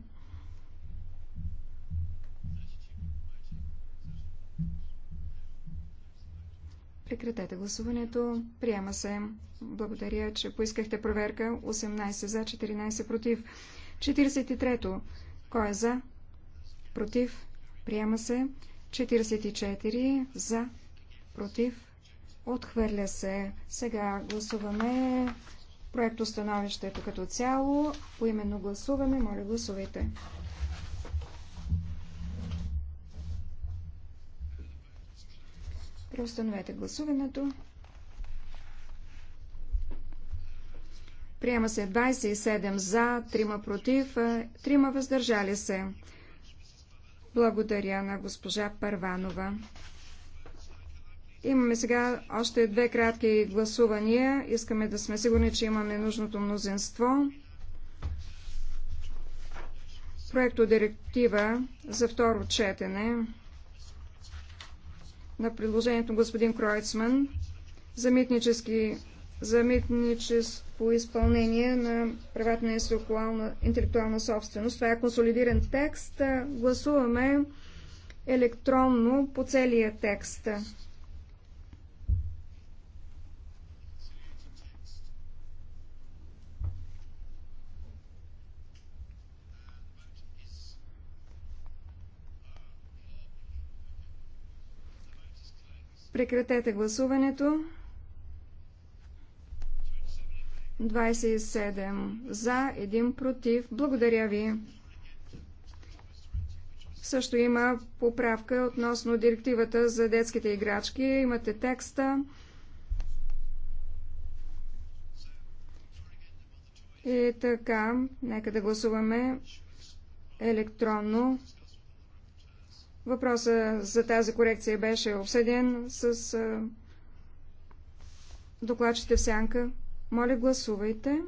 Прекратете гласуването. Приема се. Благодаря, че поискахте проверка. 18 за, 14 против. 43-то. Кой е за? против, приема се. 44 за, против, отхвърля се. Сега гласуваме проекто становището като цяло. Поименно гласуваме. Моля, гласувайте. Преустановете гласуването. Приема се 27 за, 3 против, 3 въздържали се. Благодаря на госпожа Първанова. Имаме сега още две кратки гласувания. Искаме да сме сигурни, че имаме нужното мнозинство. Проекто директива за второ четене на предложението господин Кройцман за митнически за митническо изпълнение на правата на интелектуална, интелектуална собственост. Това е консолидиран текст. Гласуваме електронно по целия текст. Прекратете гласуването. 27 за, 1 против. Благодаря ви. Също има поправка относно директивата за детските играчки. Имате текста. И така, нека да гласуваме електронно. Въпросът за тази корекция беше обсъден с докладчите в сянка. Моля, гласувайте.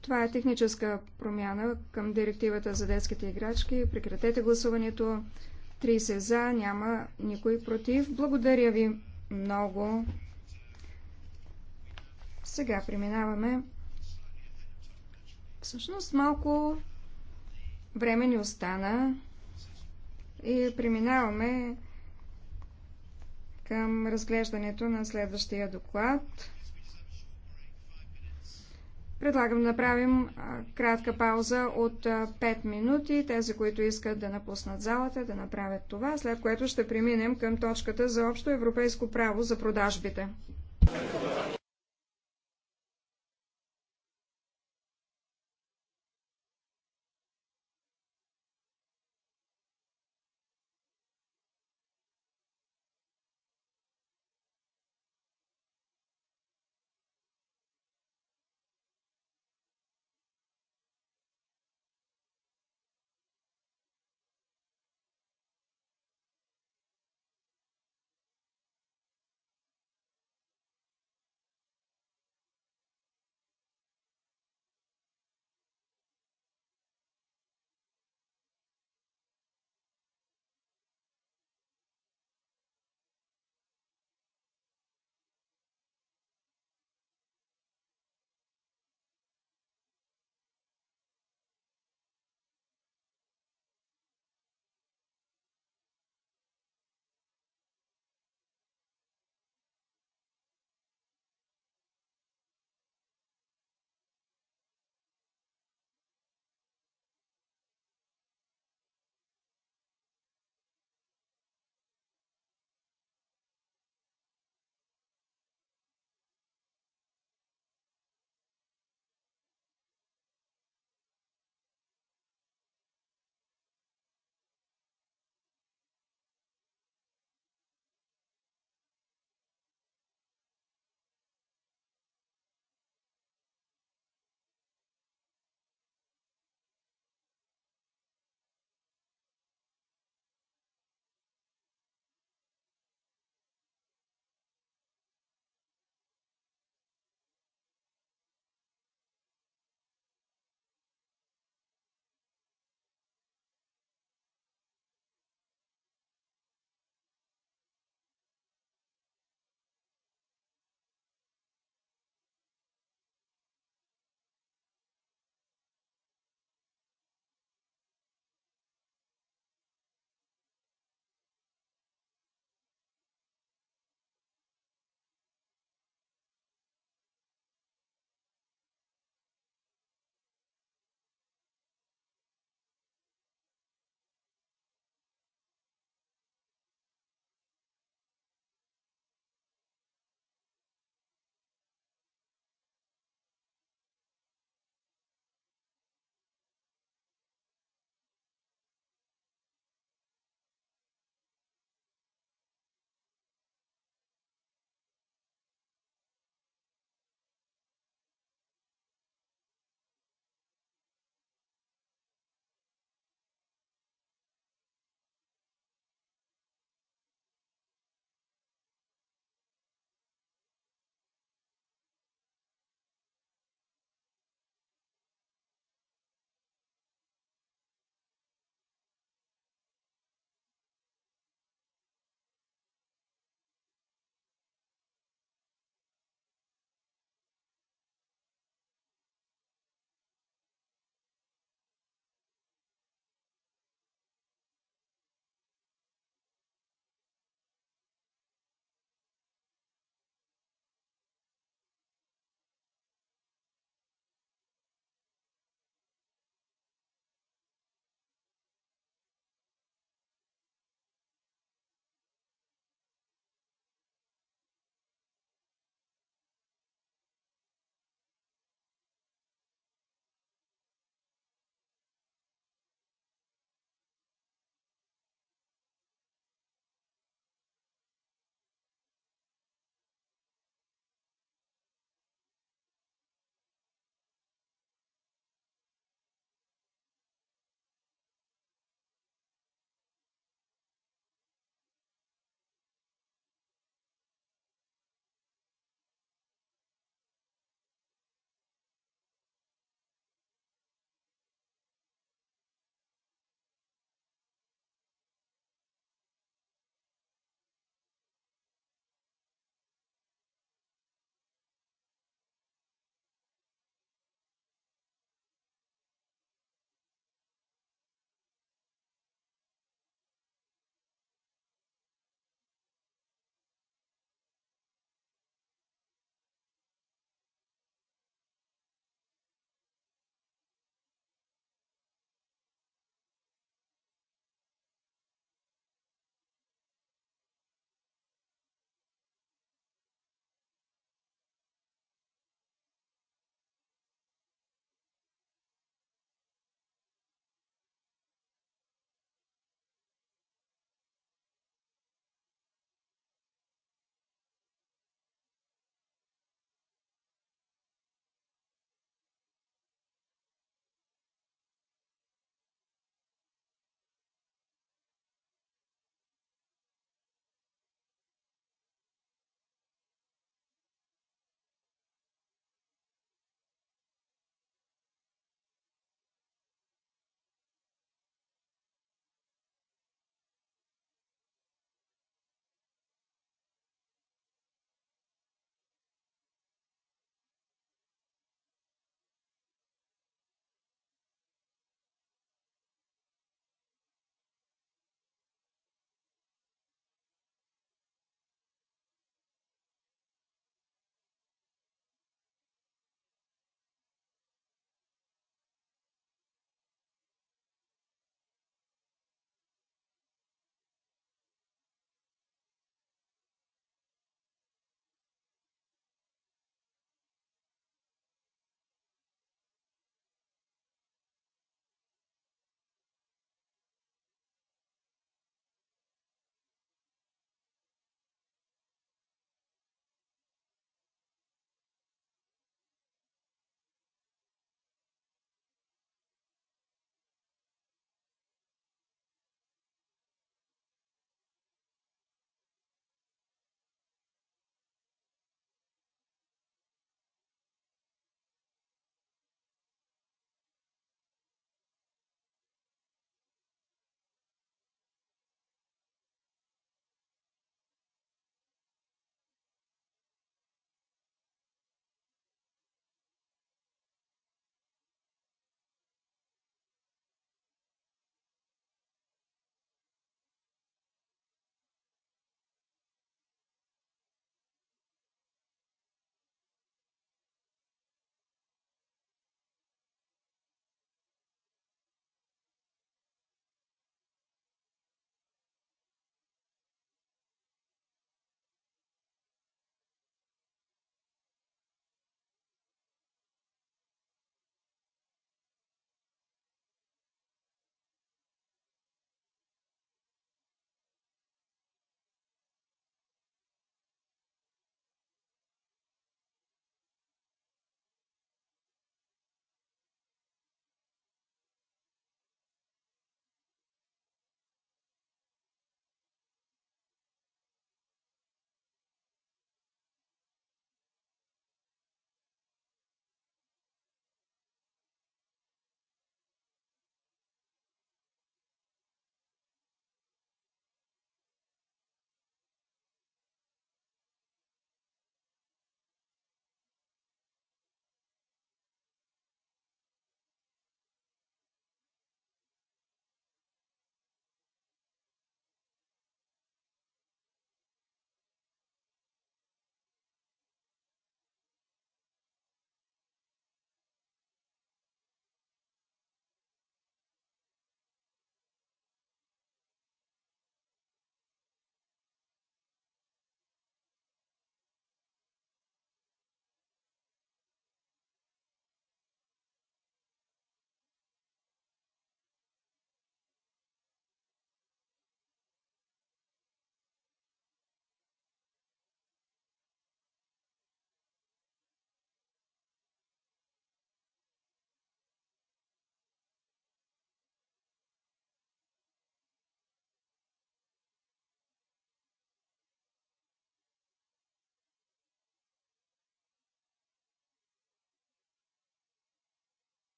Това е техническа промяна към директивата за детските играчки. Прекратете гласуването. 30 за, няма никой против. Благодаря ви много. Сега преминаваме. Всъщност малко време ни остана и преминаваме към разглеждането на следващия доклад. Предлагам да направим кратка пауза от 5 минути. Тези, които искат да напуснат залата, да направят това, след което ще преминем към точката за общо европейско право за продажбите.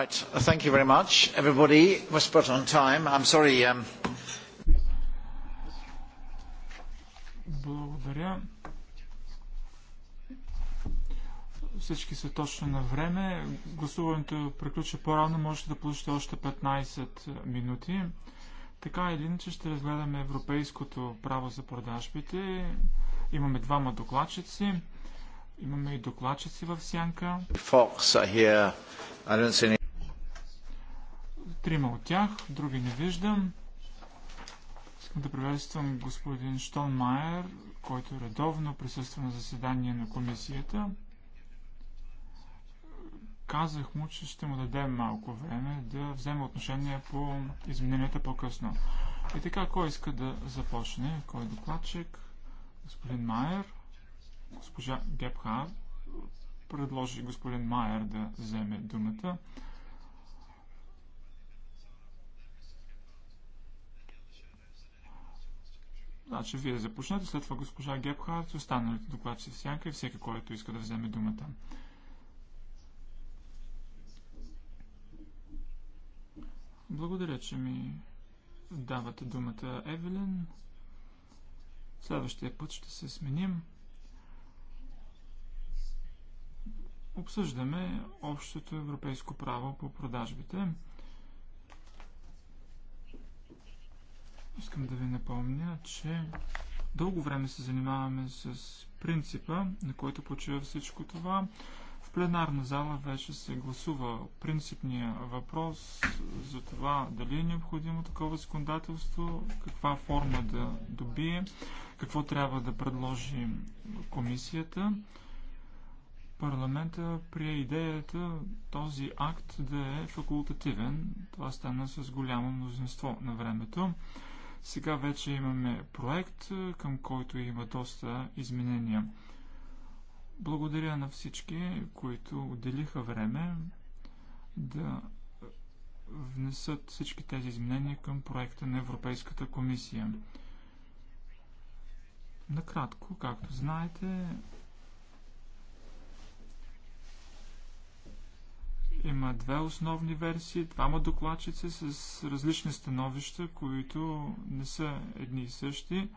Right. Thank you very much, everybody. We're spot on time. I'm sorry. Um,
Благодаря. Всички са точно на време. Гласуването приключи по-рано. Можете да получите още 15 минути. Така или иначе ще разгледаме европейското право за продажбите. Имаме двама докладчици. Имаме и докладчици в сянка.
Fox, I don't see any...
Трима от тях, други не виждам. Искам да приветствам господин Штон Майер, който редовно присъства на заседание на комисията. Казах му, че ще му дадем малко време да вземе отношение по измененията по-късно. И така, кой иска да започне? Кой е докладчик? Господин Майер? Госпожа Гепхар предложи господин Майер да вземе думата. Значи вие започнете, след това госпожа Гепхарт, останалите докладчици в сянка и всеки, който иска да вземе думата. Благодаря, че ми давате думата, Евелин. Следващия път ще се сменим. Обсъждаме общото европейско право по продажбите. Искам да ви напомня, че дълго време се занимаваме с принципа, на който почива всичко това. В пленарна зала вече се гласува принципния въпрос за това дали е необходимо такова законодателство, каква форма да добие, какво трябва да предложи комисията. Парламента прие идеята този акт да е факултативен. Това стана с голямо мнозинство на времето. Сега вече имаме проект, е, към който има доста изменения. Благодаря на всички, които отделиха време да внесат всички тези изменения към проекта на Европейската комисия. Накратко, както знаете, Има две основни версии, двама докладчици с различни становища, които не са едни и същи.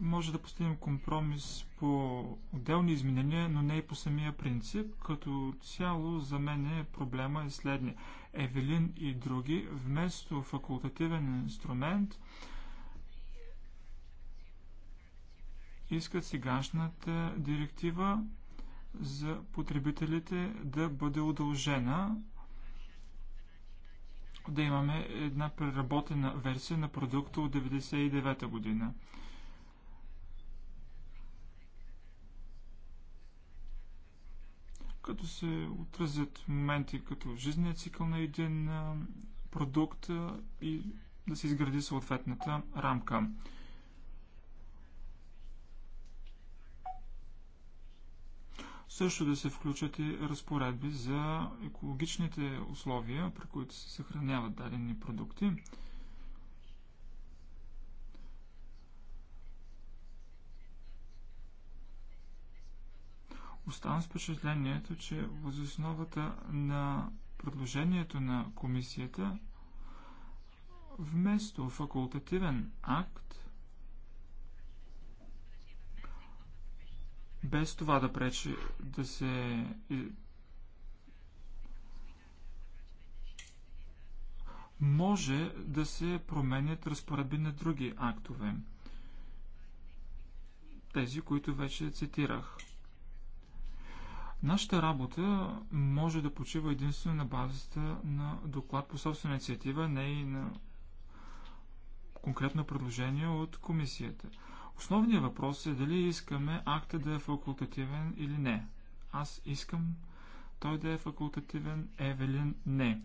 Може да постигнем компромис по отделни изменения, но не и по самия принцип. Като цяло за мен е проблема е следния. Евелин и други, вместо факултативен инструмент, искат сегашната директива за потребителите да бъде удължена, да имаме една преработена версия на продукта от 1999 година. като се отразят моменти като жизненият цикъл на един продукт и да се изгради съответната рамка. Също да се включат и разпоредби за екологичните условия, при които се съхраняват дадени продукти. Оставам с впечатлението, че възосновата на предложението на комисията вместо факултативен акт без това да пречи да се може да се променят разпоредби на други актове. Тези, които вече цитирах. Нашата работа може да почива единствено на базата на доклад по собствена инициатива, не и на конкретно предложение от комисията. Основният въпрос е дали искаме акта да е факултативен или не. Аз искам той да е факултативен, Евелин не.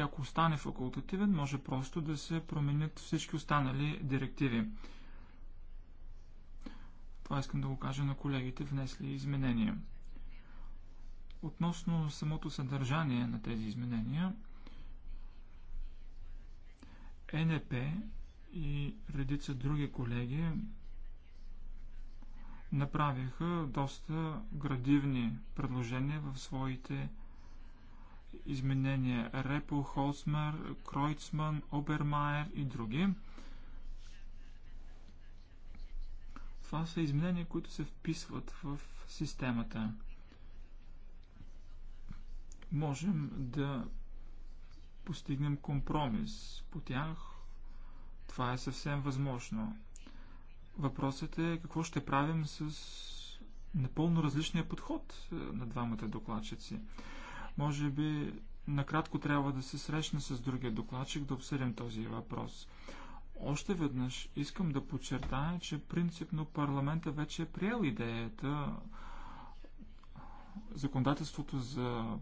И ако остане факултативен, може просто да се променят всички останали директиви. Това искам да го кажа на колегите, внесли изменения. Относно самото съдържание на тези изменения, НП и редица други колеги направиха доста градивни предложения в своите изменения Репо, Холсмер, Кройцман, Обермайер и други. Това са изменения, които се вписват в системата. Можем да постигнем компромис по тях. Това е съвсем възможно. Въпросът е какво ще правим с напълно различния подход е, на двамата докладчици. Може би накратко трябва да се срещна с другия докладчик да обсъдим този въпрос. Още веднъж искам да подчертая, че принципно парламента вече е приел идеята законодателството за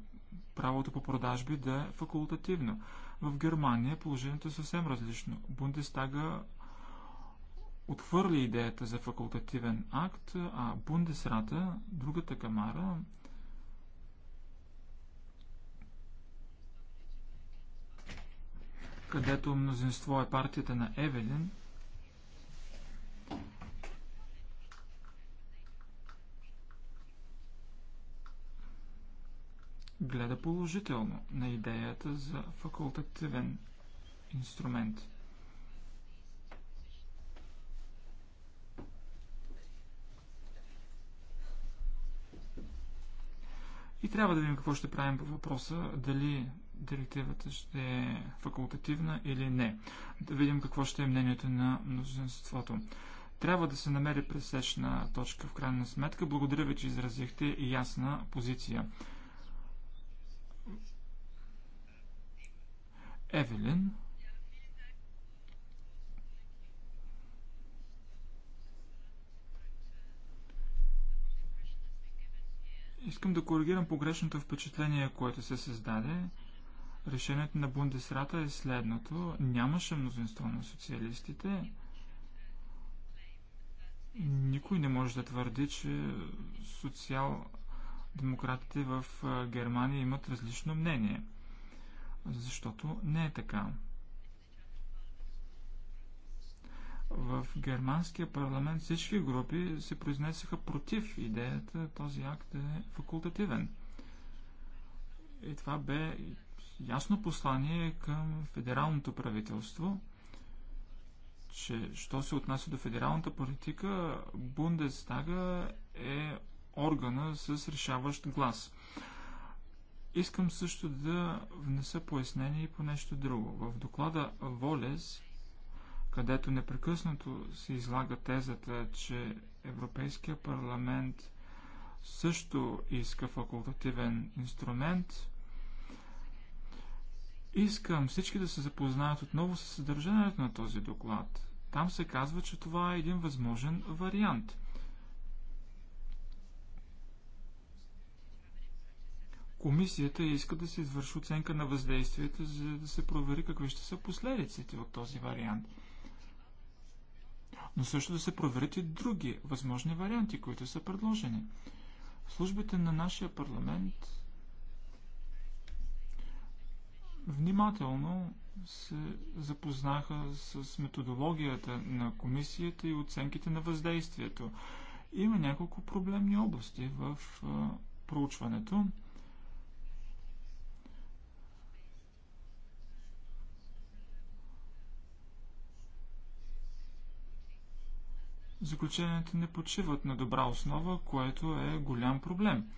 правото по продажби да е факултативно. В Германия положението е съвсем различно. Бундестага отхвърли идеята за факултативен акт, а Бундесрата, другата камара, където мнозинство е партията на Евелин, гледа положително на идеята за факултативен инструмент. И трябва да видим какво ще правим по въпроса дали директивата ще е факултативна или не. Да видим какво ще е мнението на мнозинството. Трябва да се намери пресечна точка в крайна сметка. Благодаря ви, че изразихте и ясна позиция. Евелин. Искам да коригирам погрешното впечатление, което се създаде. Решението на Бундесрата е следното. Нямаше мнозинство на социалистите. Никой не може да твърди, че социал-демократите в Германия имат различно мнение. Защото не е така. В германския парламент всички групи се произнесаха против идеята този акт е факултативен. И това бе ясно послание към федералното правителство, че що се отнася до федералната политика, Бундестага е органа с решаващ глас. Искам също да внеса пояснение и по нещо друго. В доклада Волес, където непрекъснато се излага тезата, че Европейския парламент също иска факултативен инструмент, Искам всички да се запознаят отново с съдържанието на този доклад. Там се казва, че това е един възможен вариант. Комисията иска да се извърши оценка на въздействието, за да се провери какви ще са последиците от този вариант. Но също да се проверят и други възможни варианти, които са предложени. Службите на нашия парламент внимателно се запознаха с методологията на комисията и оценките на въздействието. Има няколко проблемни области в проучването. Заключенията не почиват на добра основа, което е голям проблем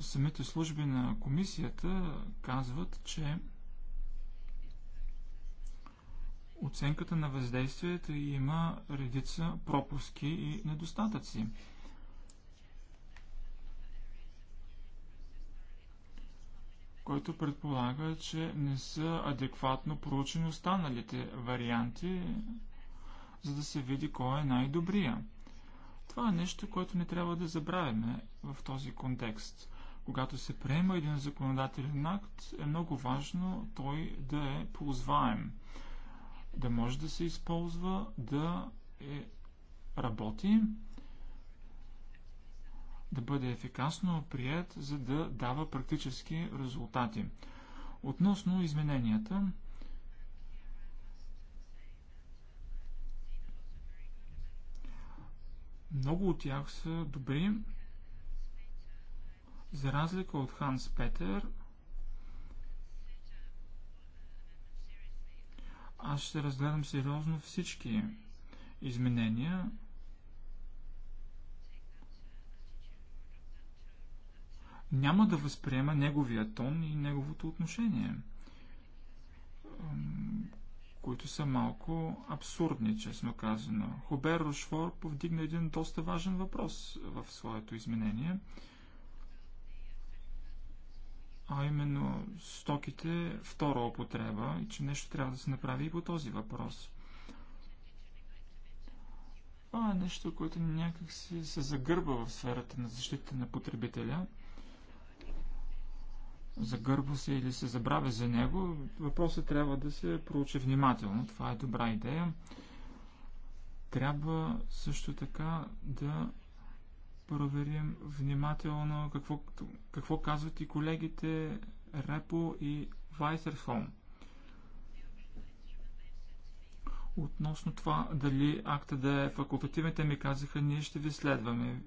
самите служби на комисията казват, че оценката на въздействието има редица пропуски и недостатъци. който предполага, че не са адекватно проучени останалите варианти, за да се види кой е най-добрия. Това е нещо, което не трябва да забравяме в този контекст. Когато се приема един законодателен акт, е много важно той да е ползваем, да може да се използва, да е, работи, да бъде ефикасно прият, за да дава практически резултати. Относно измененията, много от тях са добри. За разлика от Ханс Петер, аз ще разгледам сериозно всички изменения. Няма да възприема неговия тон и неговото отношение, които са малко абсурдни, честно казано. Хубер Рошфор повдигна един доста важен въпрос в своето изменение – а именно стоките втора употреба и че нещо трябва да се направи и по този въпрос. Това е нещо, което някак си се загърба в сферата на защита на потребителя. Загърба се или се забравя за него. Въпросът трябва да се проучи внимателно. Това е добра идея. Трябва също така да проверим внимателно какво, какво казват и колегите Репо и Вайсерхолм. Относно това дали акта да е факултативен, те ми казаха, ние ще ви следваме.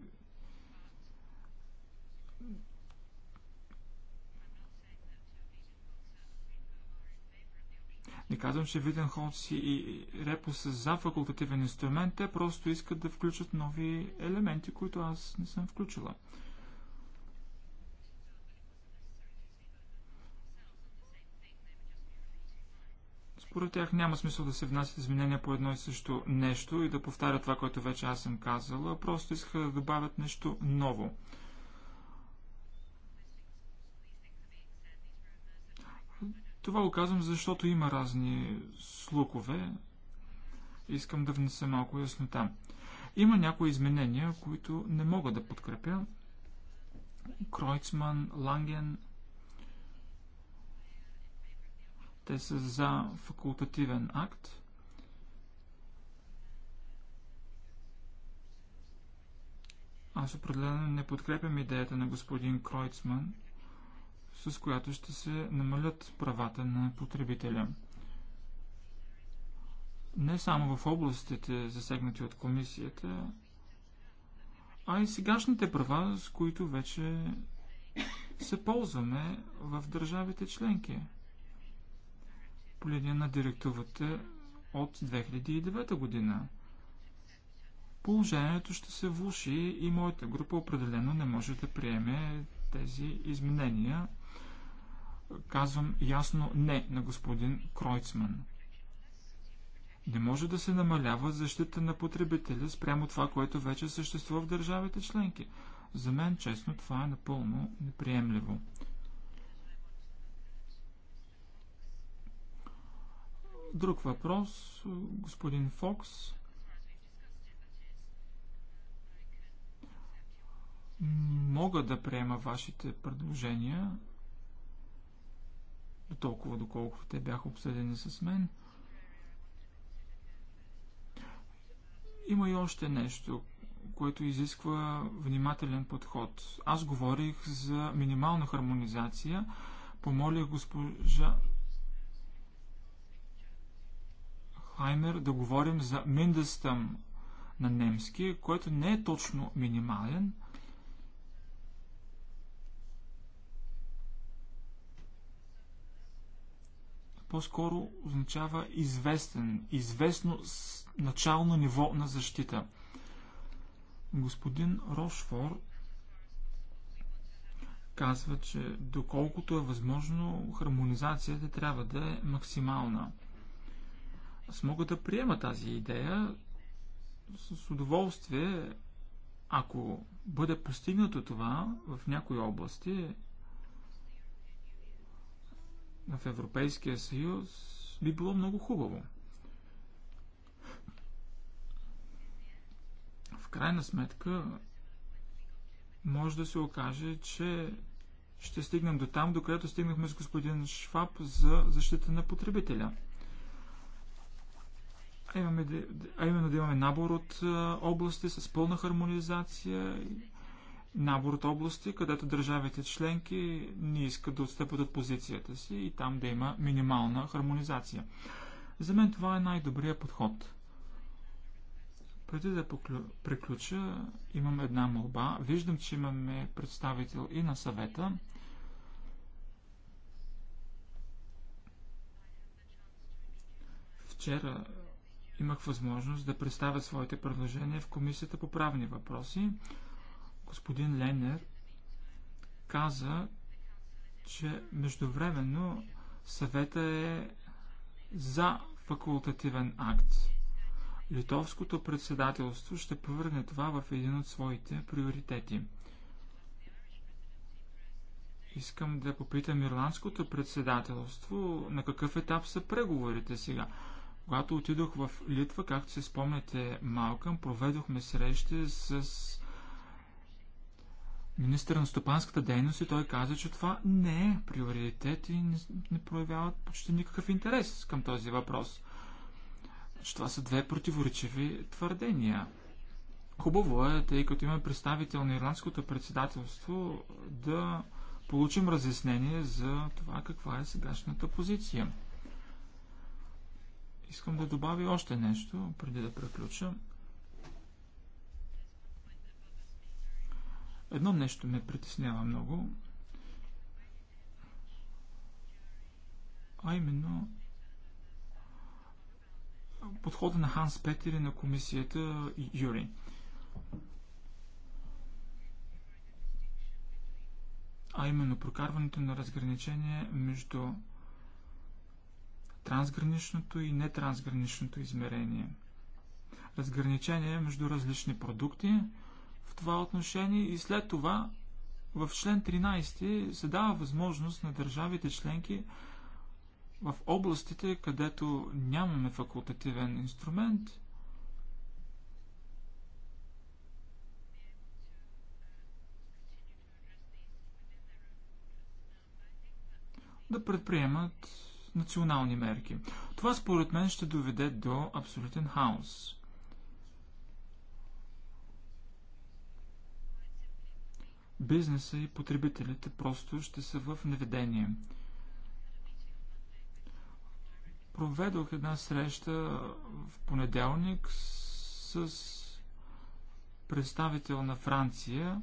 Не казвам, че Виденхолц и Репо са за факултативен инструмент, те просто искат да включат нови елементи, които аз не съм включила. Според тях няма смисъл да се внасят изменения по едно и също нещо и да повтарят това, което вече аз съм казала, просто искат да добавят нещо ново. Това го казвам, защото има разни слухове. Искам да внеса малко яснота. Има някои изменения, които не мога да подкрепя. Кройцман, Ланген, те са за факултативен акт. Аз определено не подкрепям идеята на господин Кройцман – с която ще се намалят правата на потребителя. Не само в областите, засегнати от комисията, а и сегашните права, с които вече се ползваме в държавите членки по линия на директивата от 2009 година. Положението ще се влуши и моята група определено не може да приеме тези изменения казвам ясно не на господин Кройцман. Не може да се намалява защита на потребителя спрямо това, което вече съществува в държавите членки. За мен, честно, това е напълно неприемливо. Друг въпрос, господин Фокс. Мога да приема вашите предложения, до толкова доколкото те бяха обсъдени с мен. Има и още нещо, което изисква внимателен подход. Аз говорих за минимална хармонизация. Помолих госпожа Хаймер да говорим за Mindestam на немски, който не е точно минимален – по-скоро означава известен, известно начално ниво на защита. Господин Рошфор казва, че доколкото е възможно, хармонизацията трябва да е максимална. Аз мога да приема тази идея с удоволствие, ако бъде постигнато това в някои области, в Европейския съюз би било много хубаво. В крайна сметка може да се окаже, че ще стигнем до там, до където стигнахме с господин Шваб за защита на потребителя. А, имаме, а именно да имаме набор от области с пълна хармонизация набор от области, където държавите членки не искат да отстъпят от позицията си и там да има минимална хармонизация. За мен това е най-добрият подход. Преди да приключа, имам една молба. Виждам, че имаме представител и на съвета. Вчера имах възможност да представя своите предложения в Комисията по правни въпроси. Господин Ленер каза, че междувременно съвета е за факултативен акт. Литовското председателство ще повърне това в един от своите приоритети. Искам да попитам Ирландското председателство на какъв етап са преговорите сега. Когато отидох в Литва, както се спомняте, малкам, проведохме срещи с министър на стопанската дейност и той каза, че това не е приоритет и не, не проявяват почти никакъв интерес към този въпрос. Че това са две противоречиви твърдения. Хубаво е, тъй като има представител на Ирландското председателство, да получим разяснение за това каква е сегашната позиция. Искам да добавя още нещо, преди да преключа. Едно нещо ме притеснява много, а именно подхода на Ханс Петер и на комисията Юри. А именно прокарването на разграничение между трансграничното и нетрансграничното измерение. Разграничение между различни продукти – в това отношение и след това в член 13 се дава възможност на държавите членки в областите, където нямаме факултативен инструмент, да предприемат национални мерки. Това според мен ще доведе до абсолютен хаос. бизнеса и потребителите просто ще са в неведение. Проведох една среща в понеделник с представител на Франция,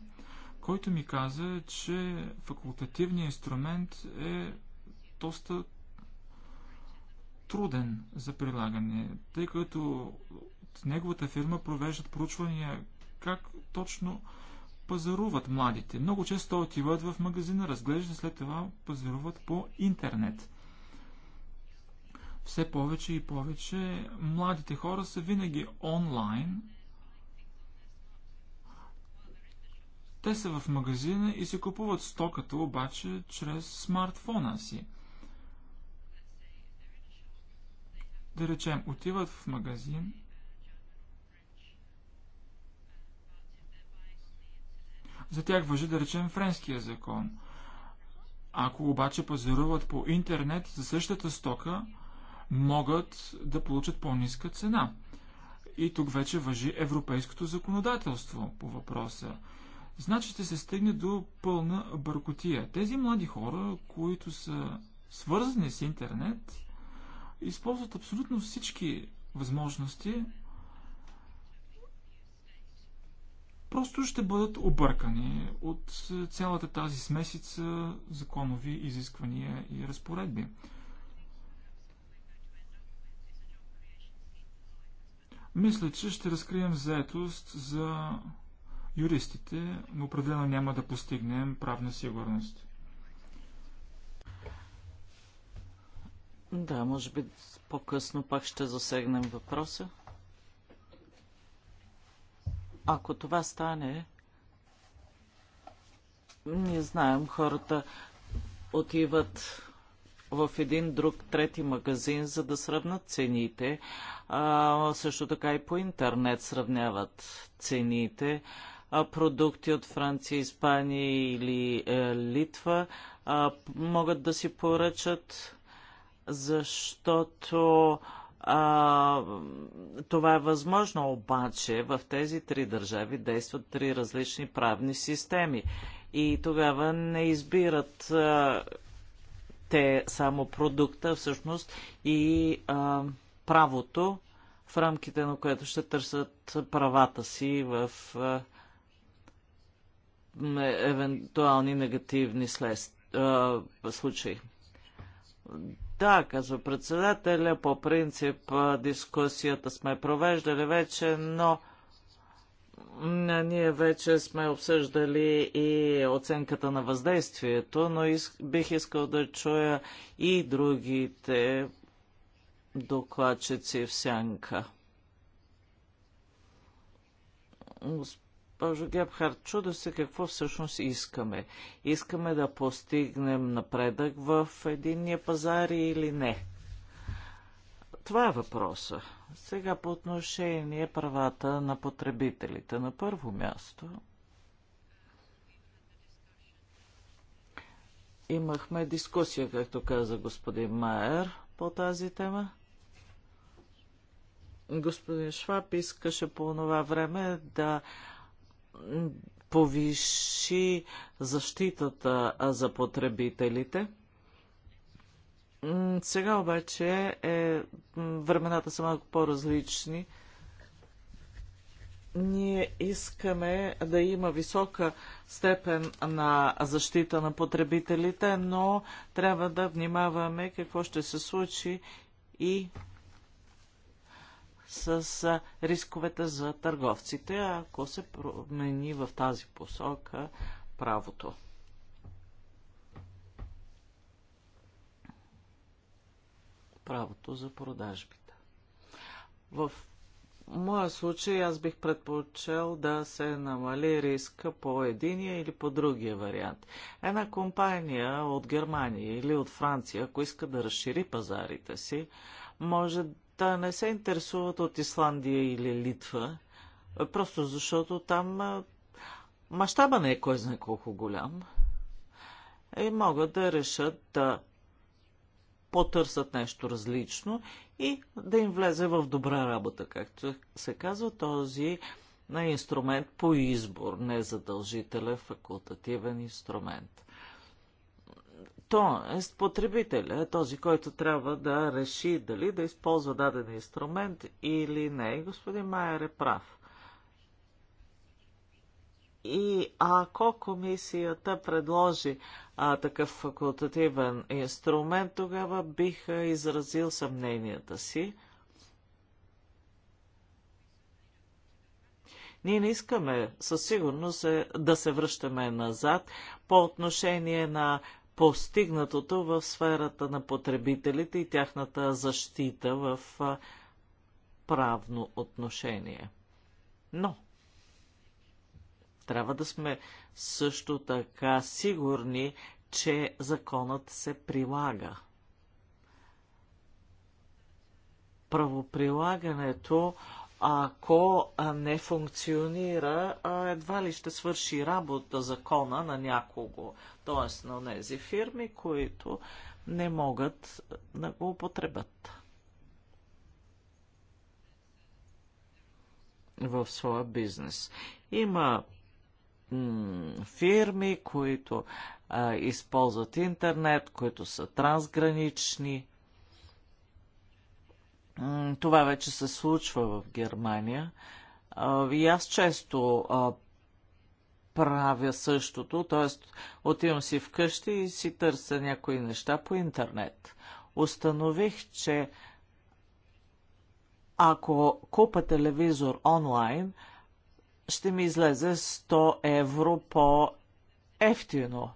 който ми каза, че факултативният инструмент е доста труден за прилагане, тъй като неговата фирма провеждат проучвания как точно пазаруват младите. Много често отиват в магазина, разглеждат и след това пазаруват по интернет. Все повече и повече младите хора са винаги онлайн. Те са в магазина и се купуват стоката обаче чрез смартфона си. Да речем, отиват в магазин – За тях въжи да речем френския закон. Ако обаче пазаруват по интернет за същата стока, могат да получат по-ниска цена. И тук вече въжи европейското законодателство по въпроса. Значи ще се стигне до пълна бъркотия. Тези млади хора, които са свързани с интернет, използват абсолютно всички възможности просто ще бъдат объркани от е, цялата тази смесица законови изисквания и разпоредби. Мисля, че ще разкрием заетост за юристите, но определено няма да постигнем правна сигурност.
Да, може би по-късно пак ще засегнем въпроса. Ако това стане, ние знаем, хората отиват в един друг трети магазин, за да сравнат цените. А, също така и по интернет сравняват цените. А, продукти от Франция, Испания или е, Литва а, могат да си поръчат, защото а, това е възможно, обаче в тези три държави действат три различни правни системи и тогава не избират а, те само продукта, всъщност и а, правото, в рамките на което ще търсят правата си в а, евентуални негативни след, а, случаи. Да, казва председателя, по принцип дискусията сме провеждали вече, но ние вече сме обсъждали и оценката на въздействието, но бих искал да чуя и другите докладчици в сянка. Господин госпожо Гебхард, чудо се какво всъщност искаме. Искаме да постигнем напредък в единния пазар или не? Това е въпроса. Сега по отношение правата на потребителите. На първо място имахме дискусия, както каза господин Майер, по тази тема. Господин Шваб искаше по това време да повиши защитата за потребителите. Сега обаче е, времената са малко по-различни. Ние искаме да има висока степен на защита на потребителите, но трябва да внимаваме какво ще се случи и с рисковете за търговците, ако се промени в тази посока правото. Правото за продажбите. В моя случай аз бих предпочел да се намали риска по единия или по другия вариант. Една компания от Германия или от Франция, ако иска да разшири пазарите си, може не се интересуват от Исландия или Литва, просто защото там мащаба не е кой знае колко голям. И могат да решат да потърсят нещо различно и да им влезе в добра работа, както се казва този на инструмент по избор, не задължителен, факултативен инструмент. Тоест, потребителя е този, който трябва да реши дали да използва даден инструмент или не. Господин Майер е прав. И ако комисията предложи а, такъв факултативен инструмент, тогава бих изразил съмненията си. Ние не искаме със сигурност да се връщаме назад по отношение на постигнатото в сферата на потребителите и тяхната защита в правно отношение. Но трябва да сме също така сигурни, че законът се прилага. Правоприлагането ако не функционира, едва ли ще свърши работа закона на някого, т.е. на тези фирми, които не могат да го употребят в своя бизнес. Има фирми, които а, използват интернет, които са трансгранични това вече се случва в Германия. И аз често правя същото, т.е. отивам си вкъщи и си търся някои неща по интернет. Установих, че ако купа телевизор онлайн, ще ми излезе 100 евро по-ефтино.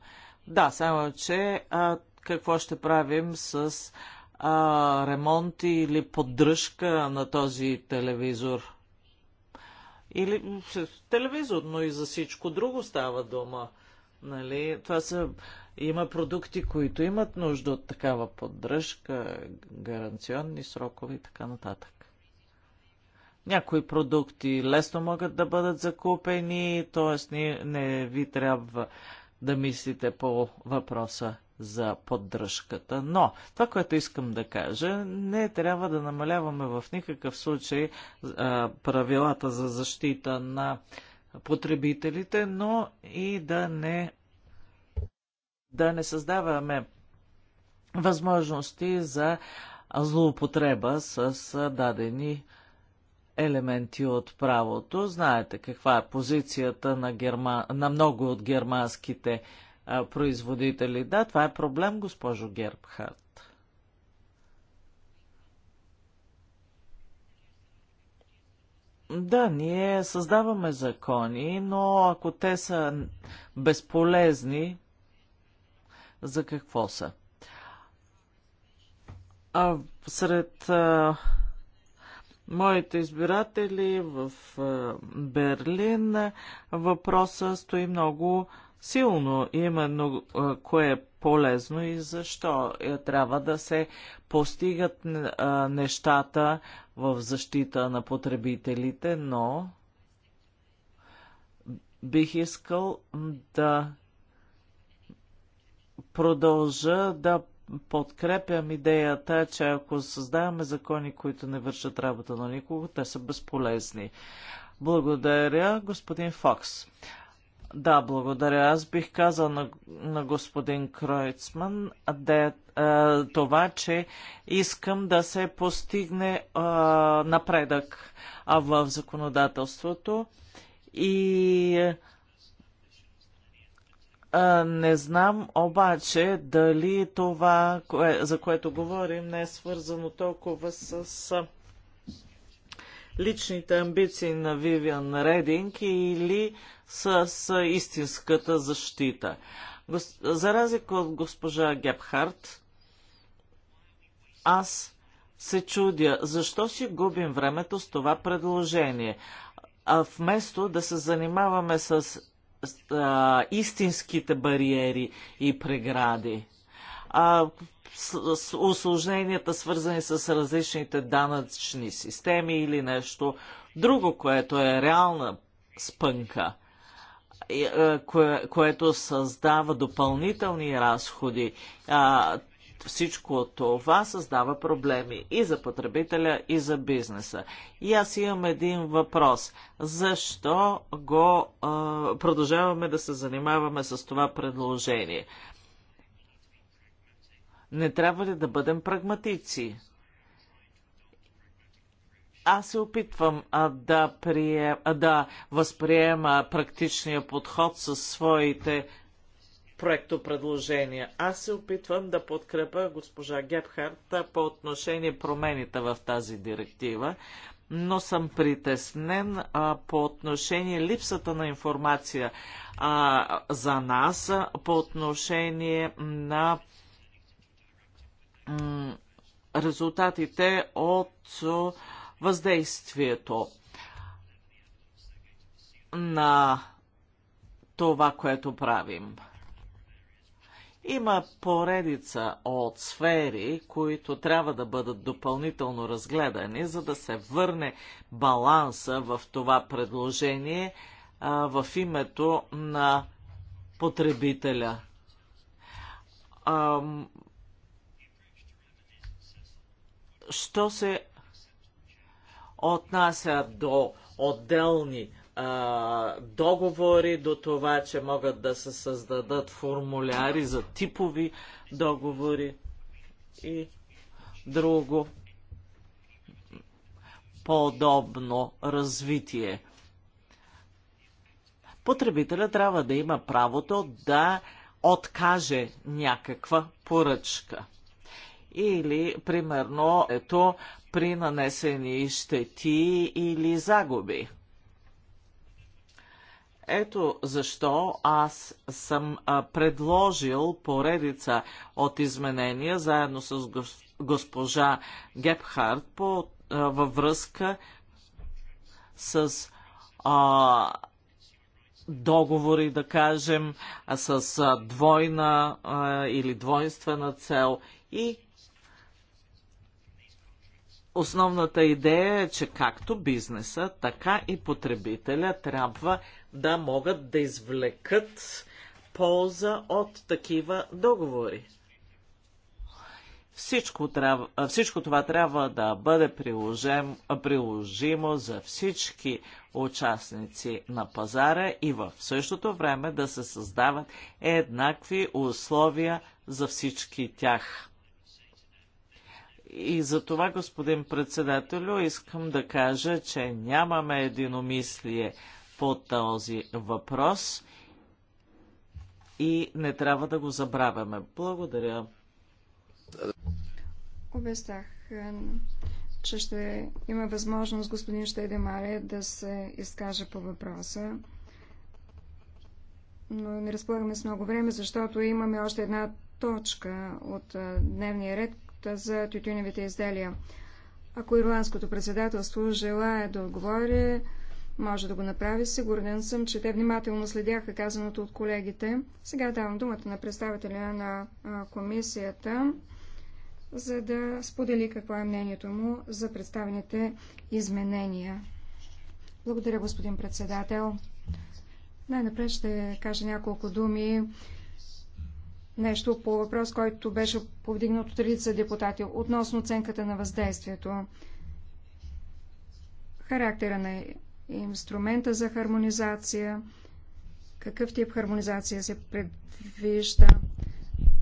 Да, само че а, какво ще правим с а, ремонт или поддръжка на този телевизор. Или телевизор, но и за всичко друго става дума. Нали? Това са, има продукти, които имат нужда от такава поддръжка, гаранционни срокове и така нататък. Някои продукти лесно могат да бъдат закупени, т.е. Не, не ви трябва да мислите по въпроса за поддръжката. Но това, което искам да кажа, не трябва да намаляваме в никакъв случай а, правилата за защита на потребителите, но и да не, да не създаваме възможности за злоупотреба с дадени елементи от правото. Знаете каква е позицията на, герма... на много от германските а, производители. Да, това е проблем, госпожо Гербхарт. Да, ние създаваме закони, но ако те са безполезни, за какво са? А сред а, моите избиратели в а, Берлин въпроса стои много а, силно именно кое е полезно и защо е, трябва да се постигат нещата в защита на потребителите, но бих искал да продължа да подкрепям идеята, че ако създаваме закони, които не вършат работа на никого, те са безполезни. Благодаря, господин Фокс. Да, благодаря. Аз бих казал на, на господин Кройцман да, а, е, това, че искам да се постигне а, е, напредък а в законодателството и а, е, не знам обаче дали това, кое, за което говорим, не е свързано толкова с. А, личните амбиции на Вивиан Рединг или с истинската защита. За разлика от госпожа Гепхарт, аз се чудя, защо си губим времето с това предложение, а вместо да се занимаваме с а, истинските бариери и прегради. А, осложненията, свързани с различните данъчни системи или нещо друго, което е реална спънка, е, кое, което създава допълнителни разходи. всичко това създава проблеми и за потребителя, и за бизнеса. И аз имам един въпрос. Защо го е, продължаваме да се занимаваме с това предложение? Не трябва ли да бъдем прагматици? Аз се опитвам а, да, прием, а, да възприема практичния подход със своите проектопредложения. Аз се опитвам да подкрепя госпожа Гепхарта по отношение промените в тази директива, но съм притеснен а, по отношение липсата на информация а, за нас, а, по отношение на резултатите от въздействието на това, което правим. Има поредица от сфери, които трябва да бъдат допълнително разгледани, за да се върне баланса в това предложение а, в името на потребителя. А, Що се отнася до отделни а, договори, до това, че могат да се създадат формуляри за типови договори и друго подобно развитие. Потребителя трябва да има правото да откаже някаква поръчка или, примерно, ето при нанесени щети или загуби. Ето защо аз съм предложил поредица от изменения заедно с госпожа Гепхард по, във връзка с а, договори, да кажем, с двойна а, или двойствена цел и Основната идея е, че както бизнеса, така и потребителя трябва да могат да извлекат полза от такива договори. Всичко, трябва, всичко това трябва да бъде приложим, приложимо за всички участници на пазара и в същото време да се създават еднакви условия за всички тях. И за това, господин председателю, искам да кажа, че нямаме единомислие по този въпрос и не трябва да го забравяме. Благодаря.
Обещах, че ще има възможност господин Щедемаре да се изкаже по въпроса. Но не разполагаме с много време, защото имаме още една точка от е, дневния ред, за тютюневите изделия. Ако ирландското председателство желая да отговори, може да го направи. Сигурен съм, че те внимателно следяха казаното от колегите. Сега давам думата на представителя на комисията, за да сподели какво е мнението му за представените изменения. Благодаря, господин председател. Най-напред ще кажа няколко думи нещо по въпрос, който беше повдигнат от редица депутати относно оценката на въздействието, характера на инструмента за хармонизация, какъв тип хармонизация се предвижда.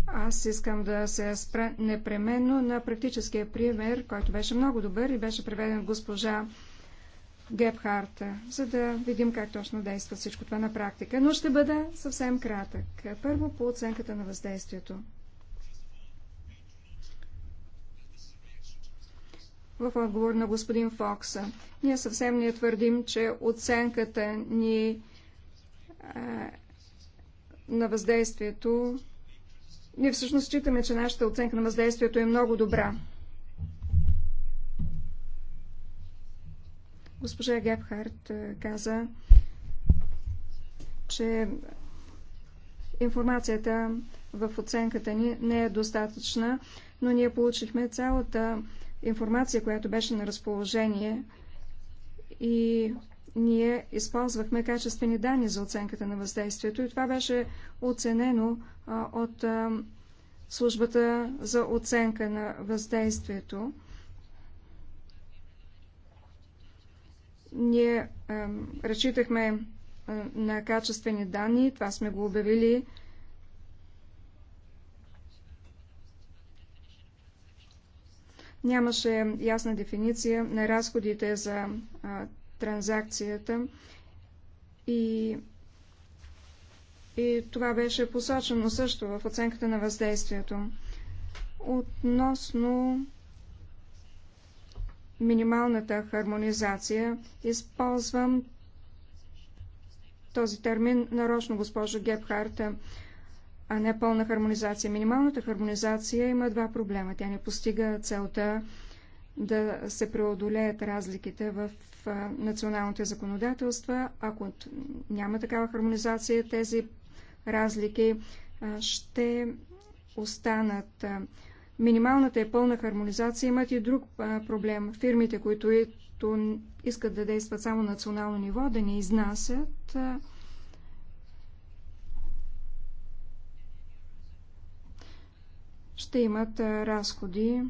Аз искам да се спра непременно на практическия пример, който беше много добър и беше преведен от госпожа Гепхарта, за да видим как точно действа всичко това на практика, но ще бъда съвсем кратък. Първо по оценката на въздействието. В отговор на господин Фокса, ние съвсем не твърдим, че оценката ни е, на въздействието, ние всъщност считаме, че нашата оценка на въздействието е много добра. Госпожа Гебхарт е, каза, че информацията в оценката ни не е достатъчна, но ние получихме цялата информация, която беше на разположение и ние използвахме качествени данни за оценката на въздействието и това беше оценено от службата за оценка на въздействието. Ние а, разчитахме а, на качествени данни, това сме го обявили. Нямаше ясна дефиниция на разходите за а, транзакцията и, и това беше посочено също в оценката на въздействието. Относно минималната хармонизация. Използвам този термин нарочно, госпожо Гепхарта, а не пълна хармонизация. Минималната хармонизация има два проблема. Тя не постига целта да се преодолеят разликите в националните законодателства. Ако няма такава хармонизация, тези разлики ще останат минималната и пълна хармонизация имат и друг проблем. Фирмите, които искат да действат само на национално ниво, да не изнасят. ще имат разходи,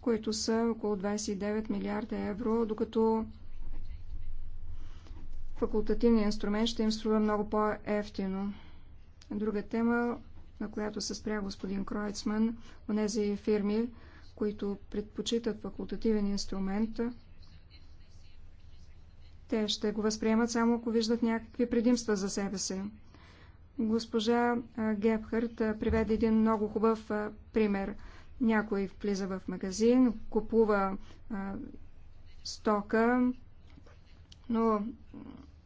които са около 29 милиарда евро, докато факултативният инструмент ще им струва много по-ефтино. Друга тема на която се спря господин Кройцман, онези фирми, които предпочитат факултативен инструмент, те ще го възприемат само ако виждат някакви предимства за себе си. Госпожа Гепхарт приведе един много хубав пример. Някой влиза в магазин, купува стока, но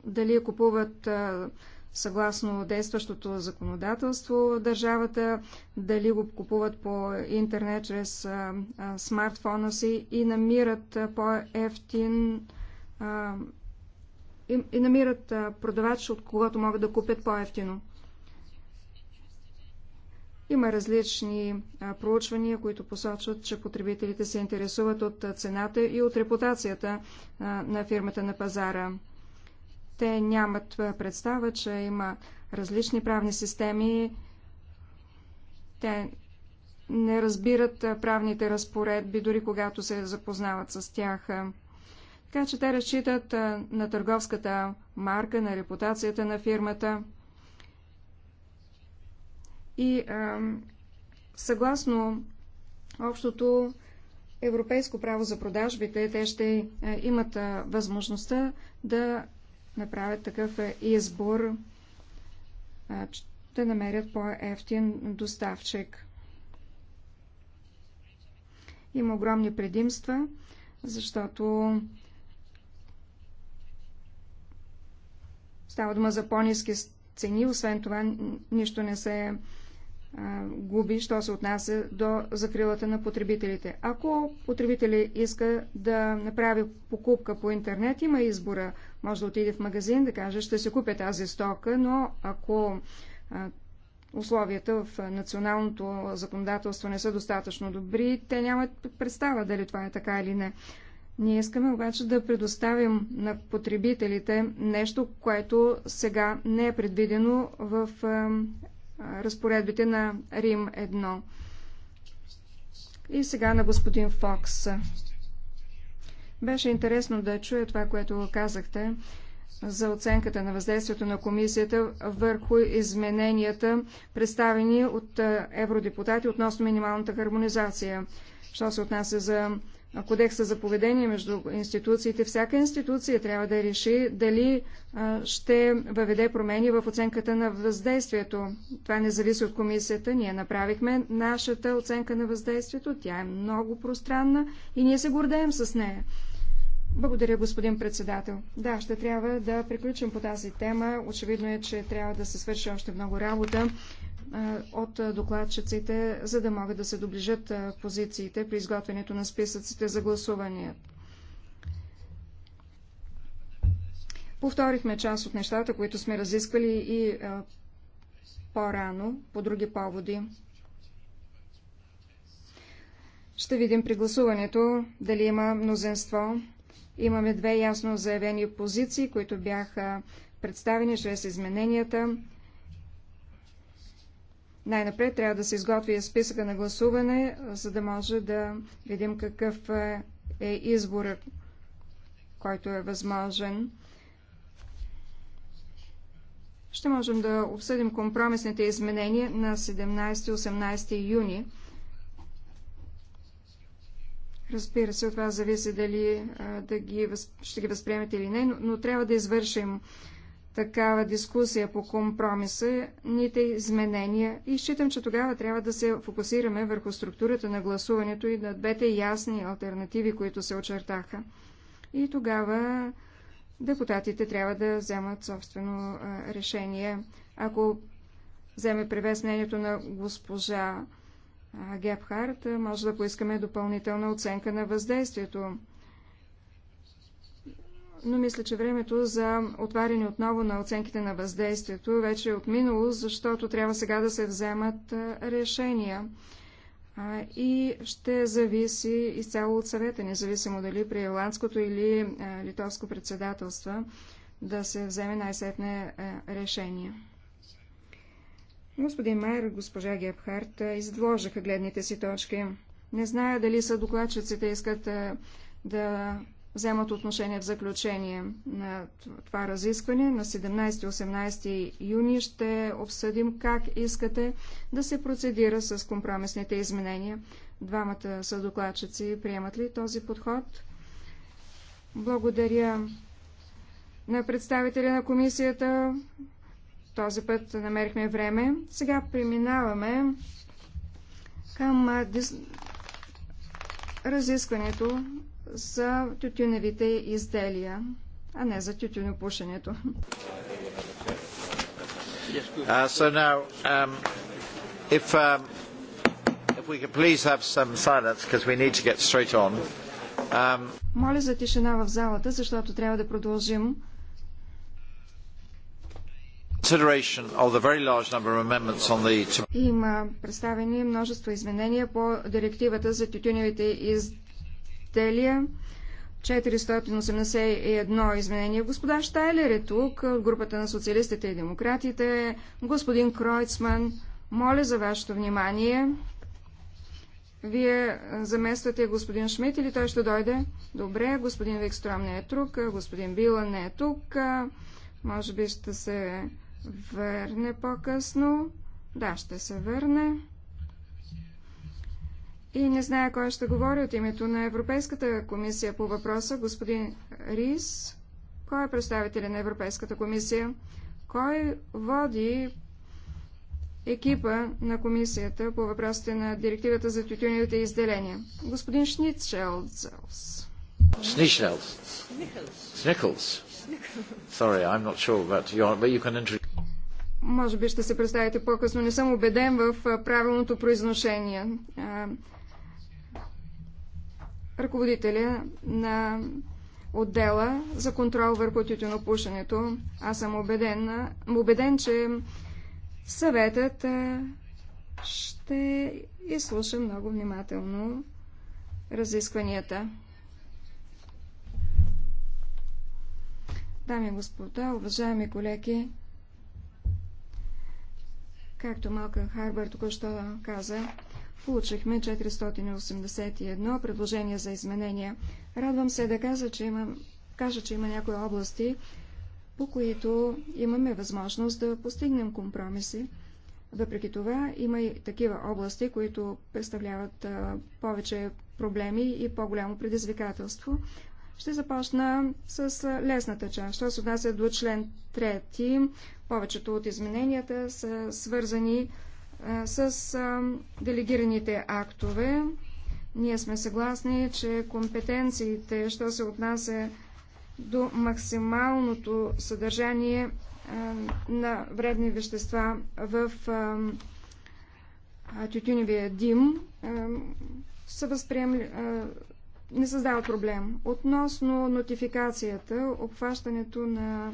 дали купуват а, съгласно действащото законодателство държавата, дали го купуват по интернет чрез а, а, смартфона си и намират по-ефтин и, и намират а, продавач, от когото могат да купят по-ефтино. Има различни а, проучвания, които посочват, че потребителите се интересуват от цената и от репутацията а, на фирмата на пазара. Те нямат е, представа, че има различни правни системи. Те не разбират е, правните разпоредби, дори когато се запознават с тях. Така че те разчитат е, на търговската марка, на репутацията на фирмата. И а, съгласно общото европейско право за продажбите, те ще имат възможността да направят такъв избор, ще намерят по-ефтин доставчик. Има огромни предимства, защото става дума за по-низки цени, освен това нищо не се губи, що се отнася до закрилата на потребителите. Ако потребители иска да направи покупка по интернет, има избора може да отиде в магазин, да каже, ще се купя тази стока, но ако условията в националното законодателство не са достатъчно добри, те нямат представа дали това е така или не. Ние искаме обаче да предоставим на потребителите нещо, което сега не е предвидено в разпоредбите на Рим 1. И сега на господин Фокс. Беше интересно да чуя това, което казахте за оценката на въздействието на комисията върху измененията, представени от евродепутати относно минималната хармонизация. Що се отнася за кодекса за поведение между институциите, всяка институция трябва да реши дали ще въведе промени в оценката на въздействието. Това не зависи от комисията. Ние направихме нашата оценка на въздействието. Тя е много пространна и ние се гордеем с нея. Благодаря, господин председател. Да, ще трябва да приключим по тази тема. Очевидно е, че трябва да се свърши още много работа от докладчиците, за да могат да се доближат позициите при изготвянето на списъците за гласувания. Повторихме част от нещата, които сме разисквали и по-рано, по други поводи. Ще видим при гласуването дали има мнозинство Имаме две ясно заявени позиции, които бяха представени чрез измененията. Най-напред трябва да се изготви списъка на гласуване, за да може да видим какъв е изборът, който е възможен. Ще можем да обсъдим компромисните изменения на 17-18 юни. Разбира се, от вас зависи дали да ги, ще ги възприемете или не, но, но трябва да извършим такава дискусия по компромиса, ните изменения и считам, че тогава трябва да се фокусираме върху структурата на гласуването и на двете ясни альтернативи, които се очертаха. И тогава депутатите трябва да вземат собствено решение. Ако вземе превес мнението на госпожа Гепхарт, може да поискаме допълнителна оценка на въздействието. Но мисля, че времето за отваряне отново на оценките на въздействието вече е отминало, защото трябва сега да се вземат решения. И ще зависи изцяло от съвета, независимо дали при ирландското или литовско председателство да се вземе най-сетне решение. Господин Майер и госпожа Гебхарт е, изложиха гледните си точки. Не зная дали са докладчиците искат е, да вземат отношение в заключение на това разискване. На 17-18 юни ще обсъдим как искате да се процедира с компромисните изменения. Двамата са докладчици. Приемат ли този подход? Благодаря на представителя на комисията този път намерихме време. Сега преминаваме към дис... разискването за тютюневите изделия, а не за тютюнопушенето.
Uh, so now, um, if, um, if we could please have some silence, because we need to get straight on. Um...
Моля за тишина в залата, защото трябва да продължим
The...
Има представени множество изменения по директивата за тютюневите изделия. 481 изменения. Господа Штайлер е тук, групата на социалистите и демократите, господин Кройцман. Моля за вашето внимание. Вие замествате господин Шмидт или той ще дойде? Добре, господин Викстром не е тук, господин Билан не е тук. Може би ще се върне по-късно. Да, ще се върне. И не зная кой ще говори от името на Европейската комисия по въпроса. Господин Рис, кой е представителя на Европейската комисия? Кой води екипа на комисията по въпросите на директивата за тютюневите изделения? Господин Шницелцелс. Шничелс.
Сникълс. Sorry, I'm not sure, but, but you can introduce...
Може би ще се представите по-късно. Не съм убеден в правилното произношение. Ръководителя на отдела за контрол върху тютюнопушенето. Аз съм убеден, убеден, че съветът ще изслуша много внимателно разискванията. Дами и господа, уважаеми колеги, Както Малкън Харбър току-що каза, получихме 481 предложения за изменения. Радвам се да кажа, че има, кажа, че има някои области, по които имаме възможност да постигнем компромиси. Въпреки това, има и такива области, които представляват а, повече проблеми и по-голямо предизвикателство. Ще започна с лесната част. Що се отнася до член 3, повечето от измененията са свързани с делегираните актове. Ние сме съгласни, че компетенциите, що се отнася до максималното съдържание на вредни вещества в тютюневия дим, са възприемли, не създава проблем. Относно нотификацията, обхващането на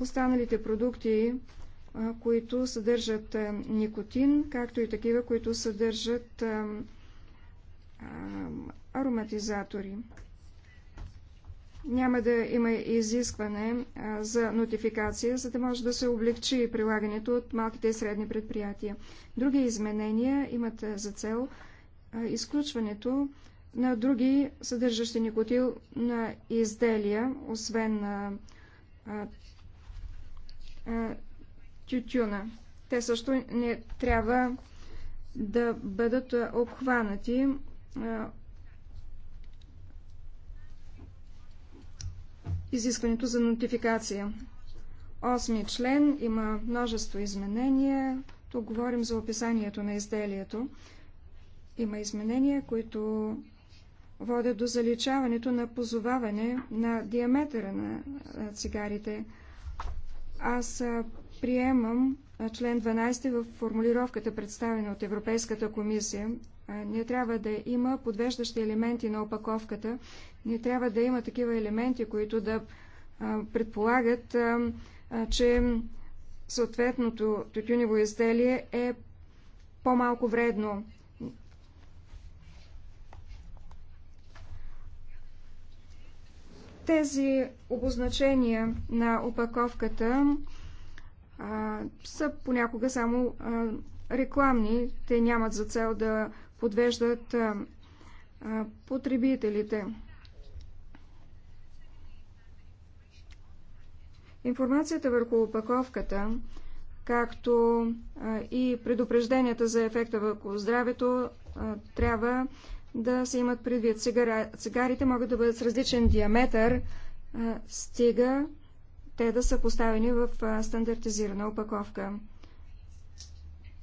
Останалите продукти, които съдържат никотин, както и такива, които съдържат ароматизатори. Няма да има изискване за нотификация, за да може да се облегчи прилагането от малките и средни предприятия. Други изменения имат за цел изключването на други съдържащи никотил на изделия, освен на тютюна. Те също не трябва да бъдат обхванати изискването за нотификация. Осми член има множество изменения. Тук говорим за описанието на изделието. Има изменения, които водят до заличаването на позоваване на диаметъра на цигарите. Аз приемам член 12 в формулировката, представена от Европейската комисия. Не трябва да има подвеждащи елементи на опаковката. Не трябва да има такива елементи, които да предполагат, че съответното тютюнево изделие е по-малко вредно. Тези обозначения на опаковката а, са понякога само а, рекламни. Те нямат за цел да подвеждат а, а, потребителите. Информацията върху опаковката, както а, и предупрежденията за ефекта върху здравето, а, трябва да се имат предвид. Цигара, цигарите могат да бъдат с различен диаметър, стига те да са поставени в стандартизирана опаковка.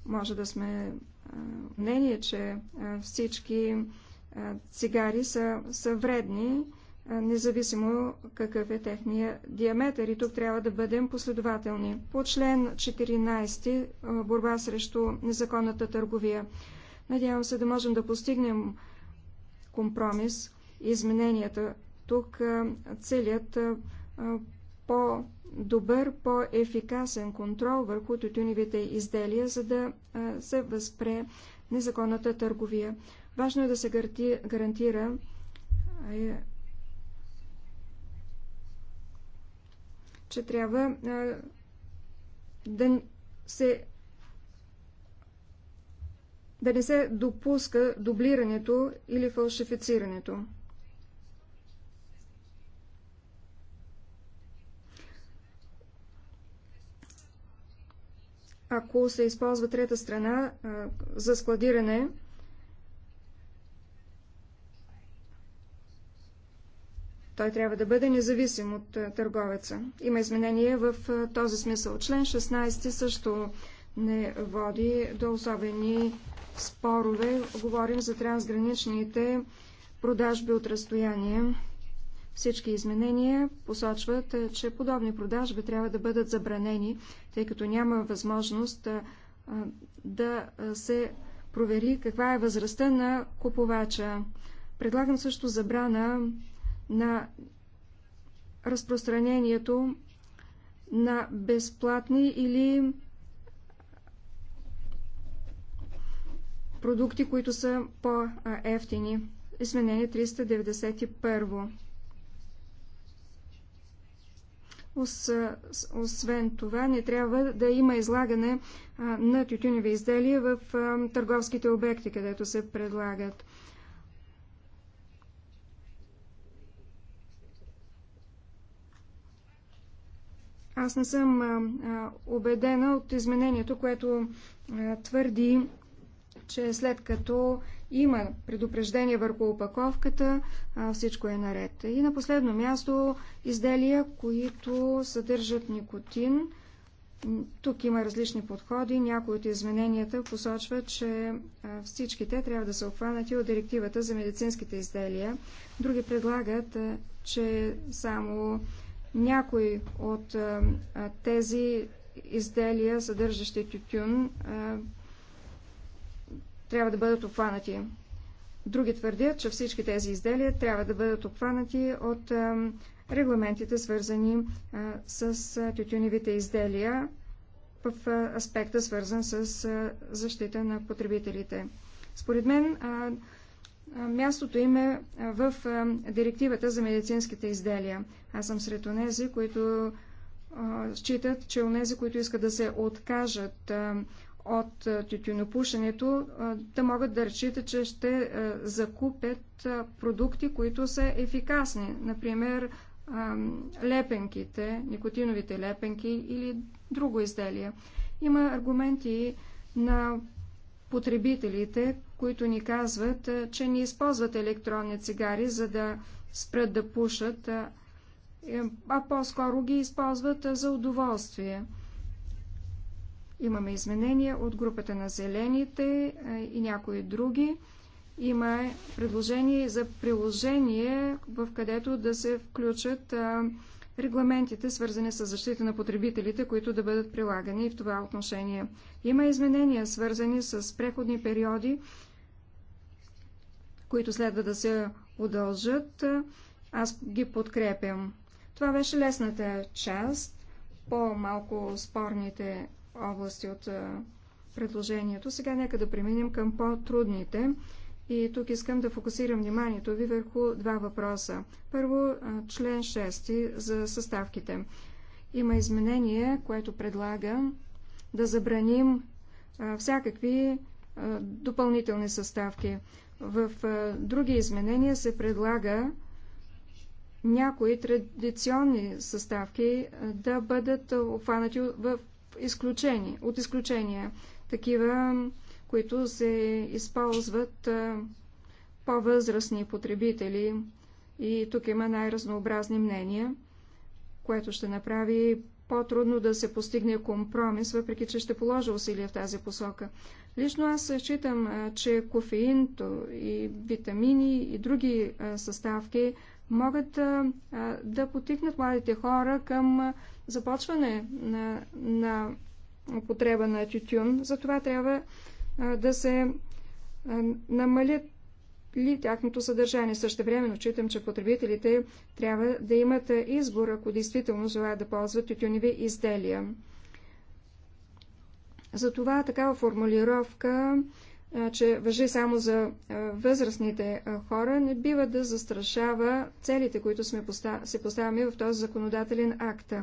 Може да сме мнение, че всички цигари са, са вредни, независимо какъв е техния диаметър. И тук трябва да бъдем последователни. По член 14 борба срещу незаконната търговия. Надявам се да можем да постигнем компромис. Измененията тук целият по-добър, по-ефикасен контрол върху тютюневите изделия, за да се възпре незаконната търговия. Важно е да се гарантира е, че трябва да се да не се допуска дублирането или фалшифицирането. Ако се използва трета страна а, за складиране, Той трябва да бъде независим от търговеца. Има изменение в този смисъл. Член 16 също не води до особени спорове. Говорим за трансграничните продажби от разстояние. Всички изменения посочват, че подобни продажби трябва да бъдат забранени, тъй като няма възможност да се провери каква е възрастта на купувача. Предлагам също забрана на разпространението на безплатни или продукти, които са по-ефтини. Изменение 391. Освен това, не трябва да има излагане на тютюневи изделия в търговските обекти, където се предлагат. Аз не съм убедена от изменението, което твърди че след като има предупреждение върху опаковката, всичко е наред. И на последно място изделия, които съдържат никотин. Тук има различни подходи. Някои от измененията посочват, че всички те трябва да са обхванати от директивата за медицинските изделия. Други предлагат, че само някои от тези изделия, съдържащи тютюн, трябва да бъдат обхванати. Други твърдят, че всички тези изделия трябва да бъдат обхванати от регламентите, свързани с тютюневите изделия в аспекта, свързан с защита на потребителите. Според мен, мястото им е в директивата за медицинските изделия. Аз съм сред онези, които считат, че онези, които искат да се откажат от е, тютюнопушенето е, да могат да разчитат, че ще е, закупят продукти, които са ефикасни. Например, лепенките, никотиновите лепенки или друго изделие. Има аргументи на потребителите, които ни казват, че не използват електронни цигари, за да спрат да пушат, а по-скоро ги използват за удоволствие. Имаме изменения от групата на зелените и някои други. Има предложение за приложение, в където да се включат регламентите, свързани с защита на потребителите, които да бъдат прилагани в това отношение. Има изменения, свързани с преходни периоди, които следва да се удължат. Аз ги подкрепям. Това беше лесната част. По-малко спорните области от предложението. Сега нека да преминем към по-трудните. И тук искам да фокусирам вниманието ви върху два въпроса. Първо, член 6 за съставките. Има изменение, което предлага да забраним всякакви допълнителни съставки. В други изменения се предлага някои традиционни съставки да бъдат обхванати в изключени, от изключения. Такива, които се използват по-възрастни потребители. И тук има най-разнообразни мнения, което ще направи по-трудно да се постигне компромис, въпреки че ще положа усилия в тази посока. Лично аз считам, че кофеинто и витамини и други съставки могат да потикнат младите хора към започване на, на употреба на тютюн. Затова трябва а, да се а, намалят ли тяхното съдържание. Също време считам, че потребителите трябва да имат избор, ако действително желаят да ползват тютюневи изделия. Затова такава формулировка, че въжи само за възрастните хора, не бива да застрашава целите, които сме поста... се поставяме в този законодателен акт.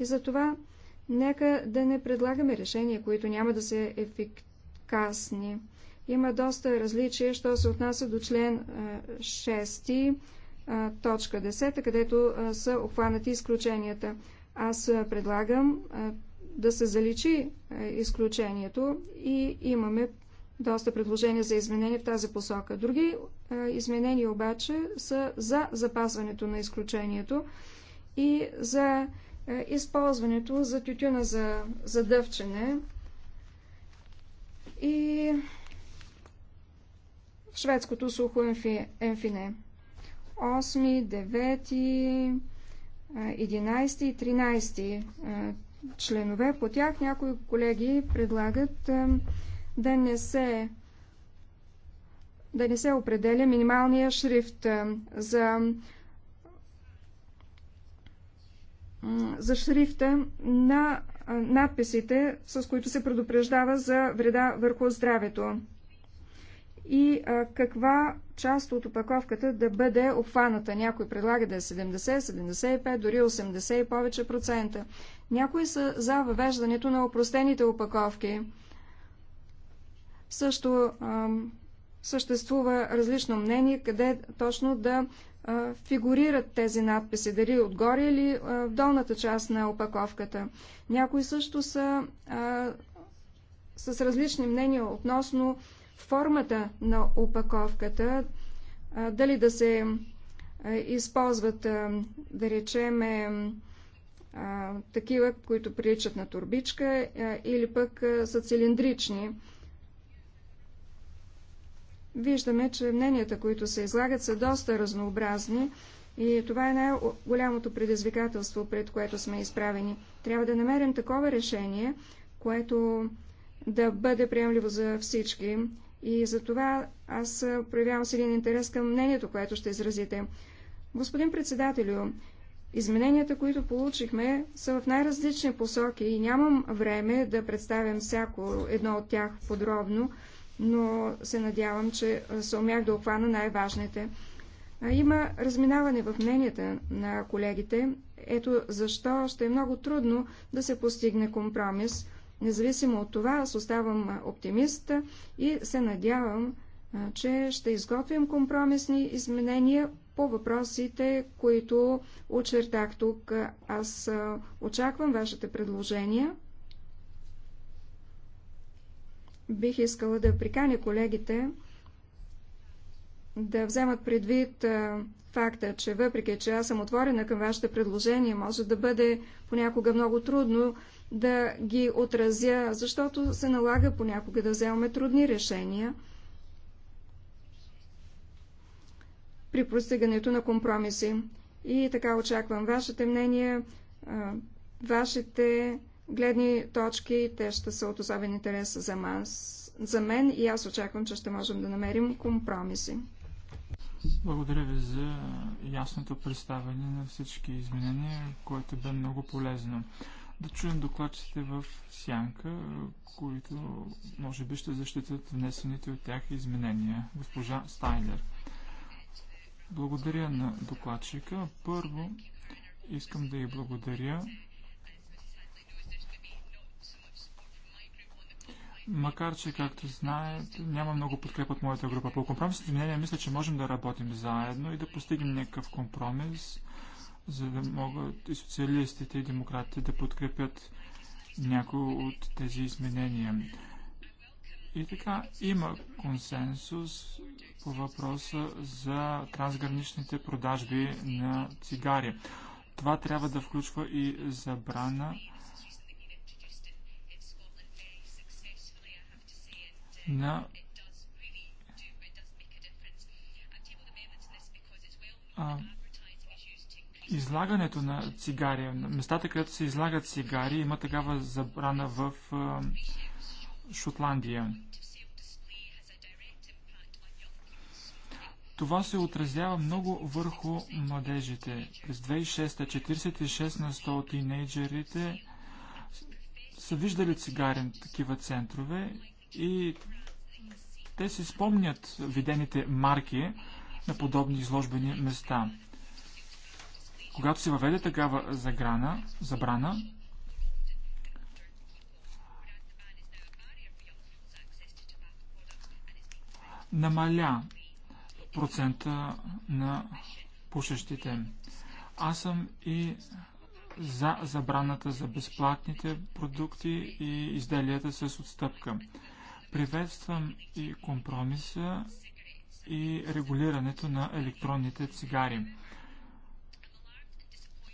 И затова нека да не предлагаме решения, които няма да са ефикасни. Има доста различия, що се отнася до член 6, точка 10, където са обхванати изключенията. Аз предлагам да се заличи изключението и имаме доста предложения за изменения в тази посока. Други изменения обаче са за запазването на изключението и за е, използването за тютюна за задъвчене и шведското сухо емфине. 8, 9, 11 и 13 е, членове. По тях някои колеги предлагат е, да не се да не се определя минималния шрифт за за шрифта на надписите, с които се предупреждава за вреда върху здравето и а, каква част от опаковката да бъде обхваната. Някой предлага да е 70, 75, дори 80 и повече процента. Някои са за въвеждането на опростените опаковки. Също а, съществува различно мнение къде точно да фигурират тези надписи, дали отгоре или в долната част на опаковката. Някои също са а, с различни мнения относно формата на опаковката, а, дали да се а, използват, а, да речеме, а, такива, които приличат на турбичка а, или пък а, са цилиндрични. А, виждаме, че мненията, които се излагат, са доста разнообразни и това е най-голямото предизвикателство, пред което сме изправени. Трябва да намерим такова решение, което да бъде приемливо за всички и за това аз проявявам един интерес към мнението, което ще изразите. Господин председателю, измененията, които получихме, са в най-различни посоки и нямам време да представям всяко едно от тях подробно, но се надявам, че се умях да обхвана най-важните. Има разминаване в мненията на колегите. Ето защо ще е много трудно да се постигне компромис. Независимо от това, аз оставам оптимист и се надявам, че ще изготвим компромисни изменения по въпросите, които очертах тук. Аз очаквам вашите предложения бих искала да приканя колегите да вземат предвид факта, че въпреки, че аз съм отворена към вашите предложения, може да бъде понякога много трудно да ги отразя, защото се налага понякога да вземаме трудни решения при простигането на компромиси. И така очаквам вашите мнения, вашите гледни точки. Те ще са от особен интерес за, мас, за мен и аз очаквам, че ще можем да намерим компромиси.
Благодаря ви за ясното представяне на всички изменения, което бе много полезно. Да чуем докладчите в сянка, които може би ще защитят внесените от тях изменения. Госпожа Стайлер. Благодаря на докладчика. Първо искам да й благодаря Макар, че, както знаят, няма много подкрепа от моята група. По компромисните изменения мисля, че можем да работим заедно и да постигнем някакъв компромис, за да могат и социалистите, и демократите да подкрепят някои от тези изменения. И така, има консенсус по въпроса за трансграничните продажби на цигари. Това трябва да включва и забрана на а, излагането на цигари. местата, където се излагат цигари, има такава забрана в а, Шотландия. Това се отразява много върху младежите. През 2006 46 на 100 от тинейджерите са виждали цигарен такива центрове и те си спомнят видените марки на подобни изложбени места. Когато се въведе такава заграна, забрана, намаля процента на пушещите. Аз съм и за забраната за безплатните продукти и изделията с отстъпка. Приветствам и компромиса и регулирането на електронните цигари.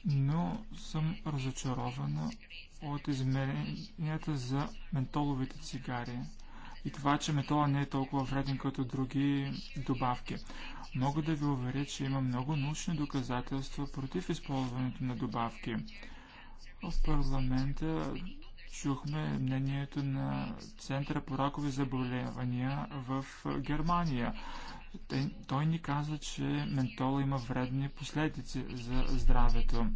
Но съм разочарована от измененията за ментоловите цигари и това, че метола не е толкова вреден като други добавки. Мога да ви уверя, че има много научни доказателства против използването на добавки. В парламента чухме мнението на Центъра по ракови заболявания в Германия. Той ни каза, че ментола има вредни последици за здравето.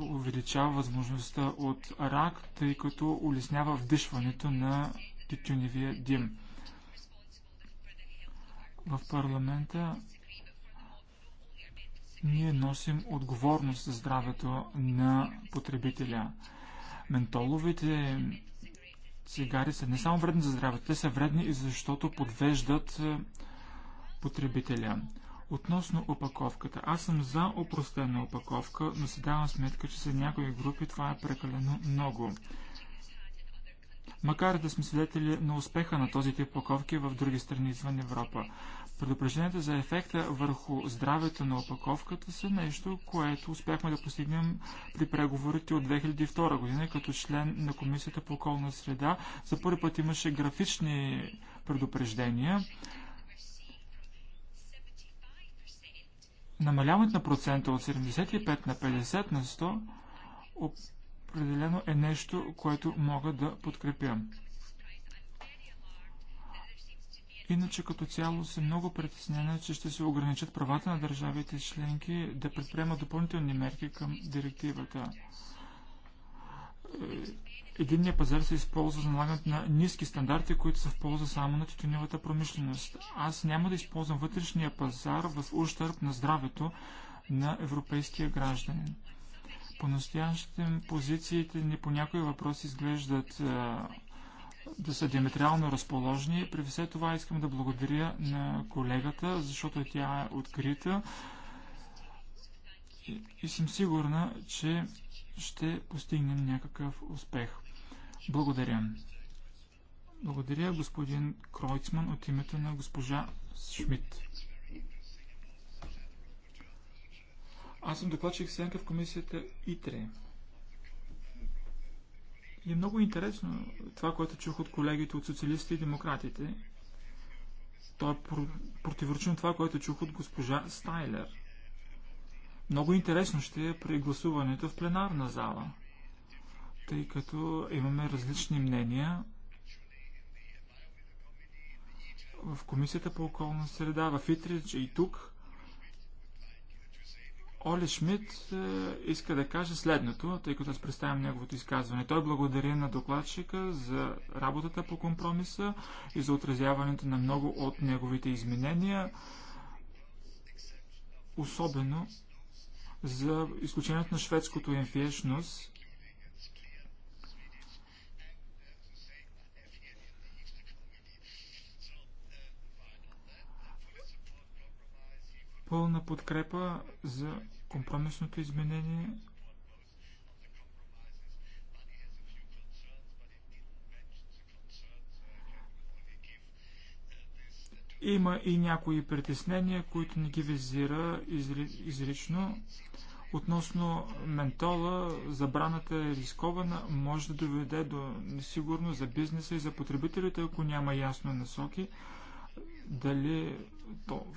Увеличава възможността от рак, тъй като улеснява вдишването на тютюневия дим. В парламента ние носим отговорност за здравето на потребителя. Ментоловите цигари са не само вредни за здравето, те са вредни и защото подвеждат е, потребителя. Относно опаковката. Аз съм за опростена опаковка, но си давам сметка, че за някои групи това е прекалено много. Макар да сме свидетели на успеха на този тип опаковки в други страни извън Европа. Предупрежденията за ефекта върху здравето на опаковката са нещо, което успяхме да постигнем при преговорите от 2002 година, като член на Комисията по околна среда. За първи път имаше графични предупреждения. Намаляването на процента от 75 на 50 на 100 определено е нещо, което мога да подкрепя. Иначе като цяло съм много притеснена, че ще се ограничат правата на държавите членки да предприемат допълнителни мерки към директивата. Е, единният пазар се използва за налагането на ниски стандарти, които са в полза само на тютюневата промишленост. Аз няма да използвам вътрешния пазар в ущърп на здравето на европейския гражданин. По-настоящем позициите ни по някои въпроси изглеждат е, да са диаметрално разположени. При все това искам да благодаря на колегата, защото тя е открита и, и съм сигурна, че ще постигнем някакъв успех. Благодаря. Благодаря господин Кройцман от името на госпожа Шмидт. Аз съм докладчик сенка в комисията ИТРЕ. И е много интересно това, което чух от колегите от социалистите и демократите. То е противоречи на това, което чух от госпожа Стайлер. Много интересно ще е при гласуването в пленарна зала, тъй като имаме различни мнения в Комисията по околна среда, в Итрич и тук. Оли Шмидт е, иска да каже следното, тъй като аз представям неговото изказване. Той благодари на докладчика за работата по компромиса и за отразяването на много от неговите изменения, особено за изключението на шведското емфиешност пълна подкрепа за компромисното изменение. Има и някои притеснения, които не ги визира изрично. Относно ментола, забраната е рискована, може да доведе до несигурно за бизнеса и за потребителите, ако няма ясно насоки дали то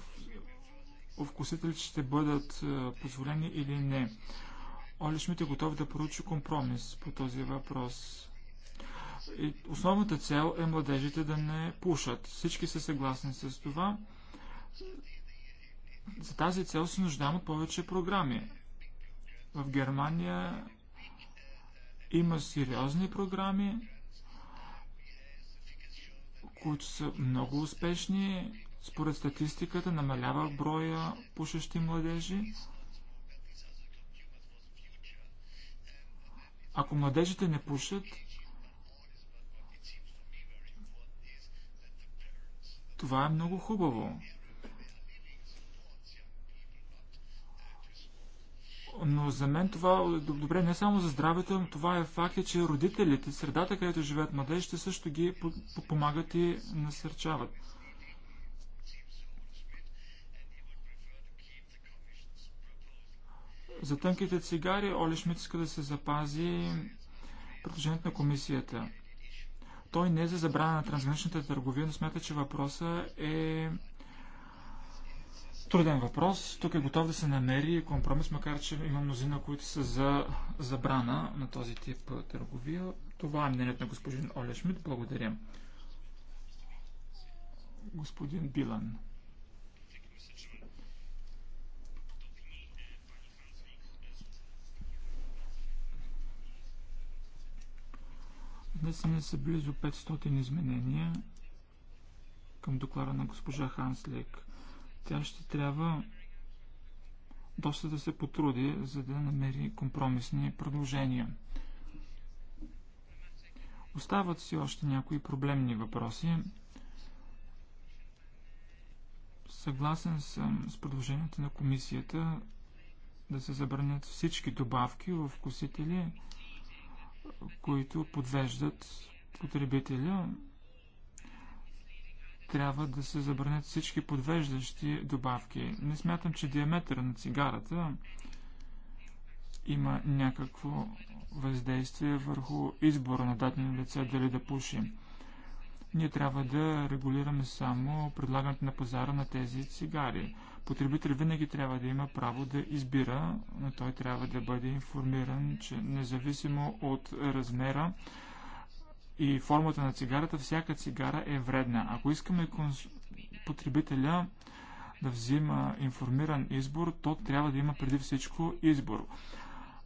вкусителите ще бъдат е, позволени или не. Оли Шмидт е готов да поручи компромис по този въпрос. И основната цел е младежите да не пушат. Всички са съгласни с това. За тази цел се нуждаем от повече програми. В Германия има сериозни програми, които са много успешни според статистиката намалява броя пушещи младежи. Ако младежите не пушат, това е много хубаво. Но за мен това е добре не само за здравето, но това е факт, е, че родителите, средата, където живеят младежите, също ги помагат и насърчават. За тънките цигари Оли Шмидт иска да се запази предложението на комисията. Той не е за забрана на трансграничната търговия, но смята, че въпросът е труден въпрос. Тук е готов да се намери компромис, макар че има мнозина, които са за забрана на този тип търговия. Това е мнението на господин Оля Шмидт. Благодаря. Господин Билан. Внесени са близо 500 изменения към доклада на госпожа Ханслек. Тя ще трябва доста да се потруди, за да намери компромисни предложения. Остават си още някои проблемни въпроси. Съгласен съм с предложението на комисията да се забранят всички добавки в вкусители, които подвеждат потребителя. Трябва да се забранят всички подвеждащи добавки. Не смятам, че диаметъра на цигарата има някакво въздействие върху избора на дадено лице дали да пуши. Ние трябва да регулираме само предлагането на пазара на тези цигари. Потребител винаги трябва да има право да избира, но той трябва да бъде информиран, че независимо от размера и формата на цигарата, всяка цигара е вредна. Ако искаме конс... потребителя да взима информиран избор, то трябва да има преди всичко избор.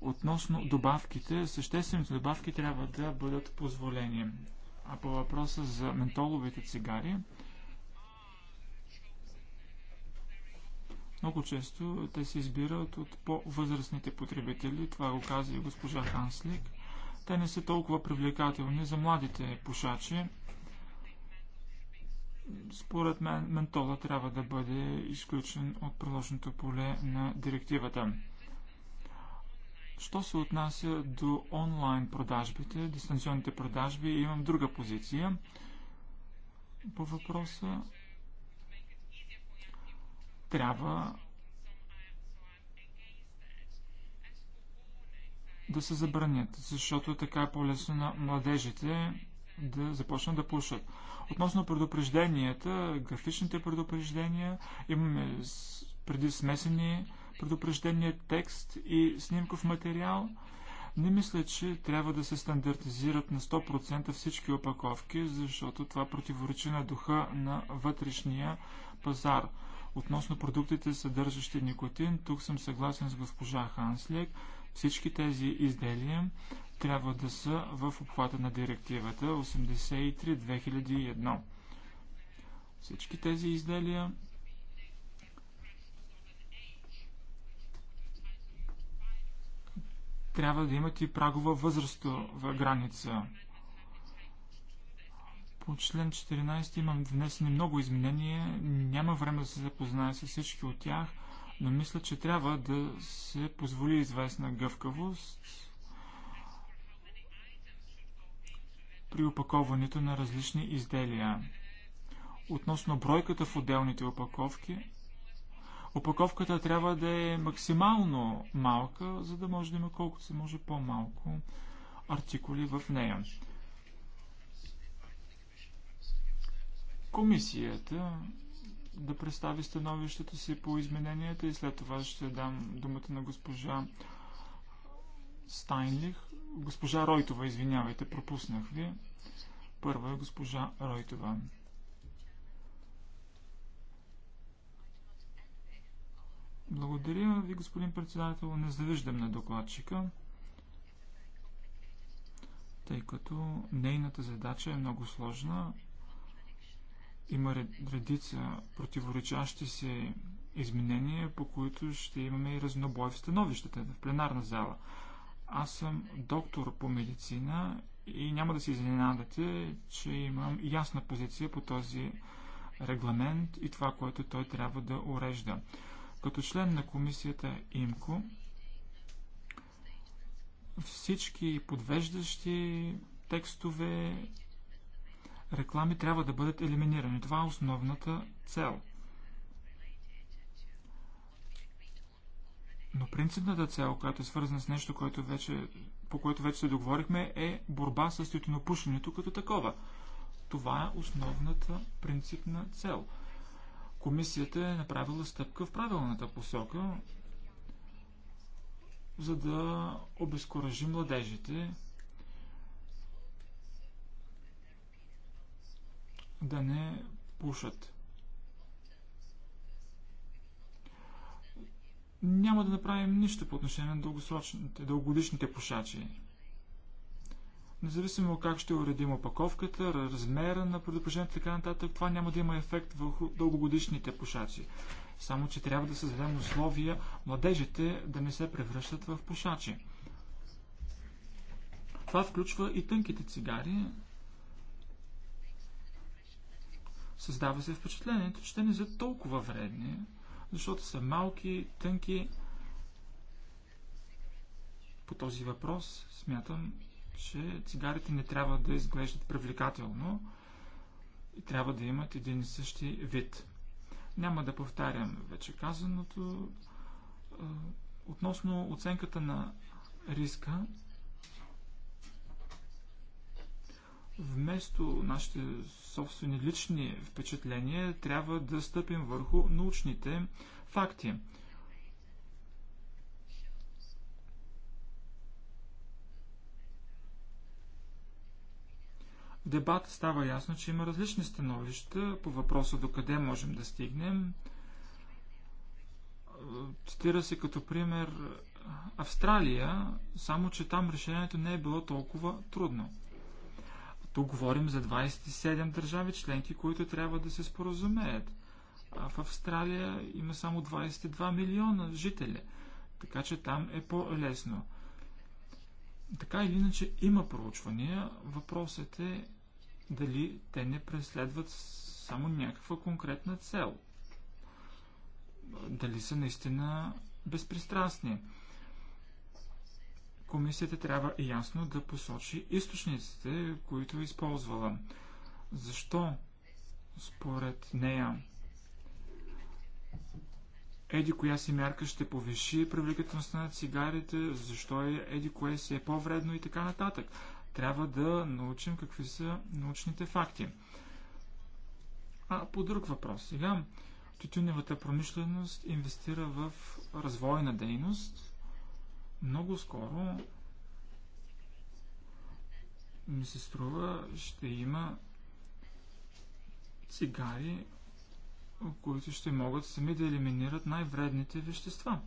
Относно добавките, съществените добавки трябва да бъдат позволени. А по въпроса за ментоловите цигари, Много често те се избират от по-възрастните потребители, това го каза и госпожа Ханслик. Те не са толкова привлекателни за младите пушачи. Според мен ментола трябва да бъде изключен от приложното поле на директивата. Що се отнася до онлайн продажбите, дистанционните продажби, имам друга позиция по въпроса трябва да се забранят, защото така е по-лесно на младежите да започнат да пушат. Относно предупрежденията, графичните предупреждения, имаме преди смесени предупреждения, текст и снимков материал. Не мисля, че трябва да се стандартизират на 100% всички опаковки, защото това противоречи на духа на вътрешния пазар. Относно продуктите, съдържащи никотин, тук съм съгласен с госпожа Ханслек. Всички тези изделия трябва да са в обхвата на директивата 83-2001. Всички тези изделия трябва да имат и прагова възрастова граница. По член 14 имам внесени много изменения. Няма време да се запозная с всички от тях, но мисля, че трябва да се позволи известна гъвкавост при опаковането на различни изделия. Относно бройката в отделните опаковки, опаковката трябва да е максимално малка, за да може да има колкото се може по-малко артикули в нея. комисията да представи становището си по измененията и след това ще дам думата на госпожа Стайнлих. Госпожа Ройтова, извинявайте, пропуснах ви. Първа е госпожа Ройтова. Благодаря ви, господин председател. Не завиждам на докладчика, тъй като нейната задача е много сложна. Има редица противоречащи се изменения, по които ще имаме и разнобой в становищата в пленарна зала. Аз съм доктор по медицина и няма да се изненадате, че имам ясна позиция по този регламент и това, което той трябва да урежда. Като член на комисията ИМКО, всички подвеждащи текстове реклами трябва да бъдат елиминирани. Това е основната цел. Но принципната цел, която е свързана с нещо, което вече, по което вече се договорихме, е борба с тютюнопушенето като такова. Това е основната принципна цел. Комисията е направила стъпка в правилната посока, за да обезкуражи младежите да не пушат. Няма да направим нищо по отношение на дългосрочните, дългогодишните пушачи. Независимо как ще уредим опаковката, размера на предупреждението и така нататък, това няма да има ефект върху дългогодишните пушачи. Само, че трябва да създадем условия младежите да не се превръщат в пушачи. Това включва и тънките цигари, Създава се впечатлението, че те не са толкова вредни, защото са малки, тънки. По този въпрос смятам, че цигарите не трябва да изглеждат привлекателно и трябва да имат един и същи вид. Няма да повтарям вече казаното. Относно оценката на риска, Вместо нашите собствени лични впечатления, трябва да стъпим върху научните факти. В дебата става ясно, че има различни становища по въпроса до къде можем да стигнем. Цитира се като пример Австралия, само че там решението не е било толкова трудно. Тук говорим за 27 държави членки, които трябва да се споразумеят. А в Австралия има само 22 милиона жители, така че там е по-лесно. Така или иначе има проучвания. Въпросът е дали те не преследват само някаква конкретна цел. Дали са наистина безпристрастни комисията трябва ясно да посочи източниците, които е използвала. Защо според нея еди коя си мярка ще повиши привлекателността на цигарите, защо е еди кое си е по-вредно и така нататък. Трябва да научим какви са научните факти. А по друг въпрос. Сега тютюневата промишленост инвестира в развойна дейност – много скоро ми се струва, ще има цигари, които ще могат сами да елиминират най-вредните вещества,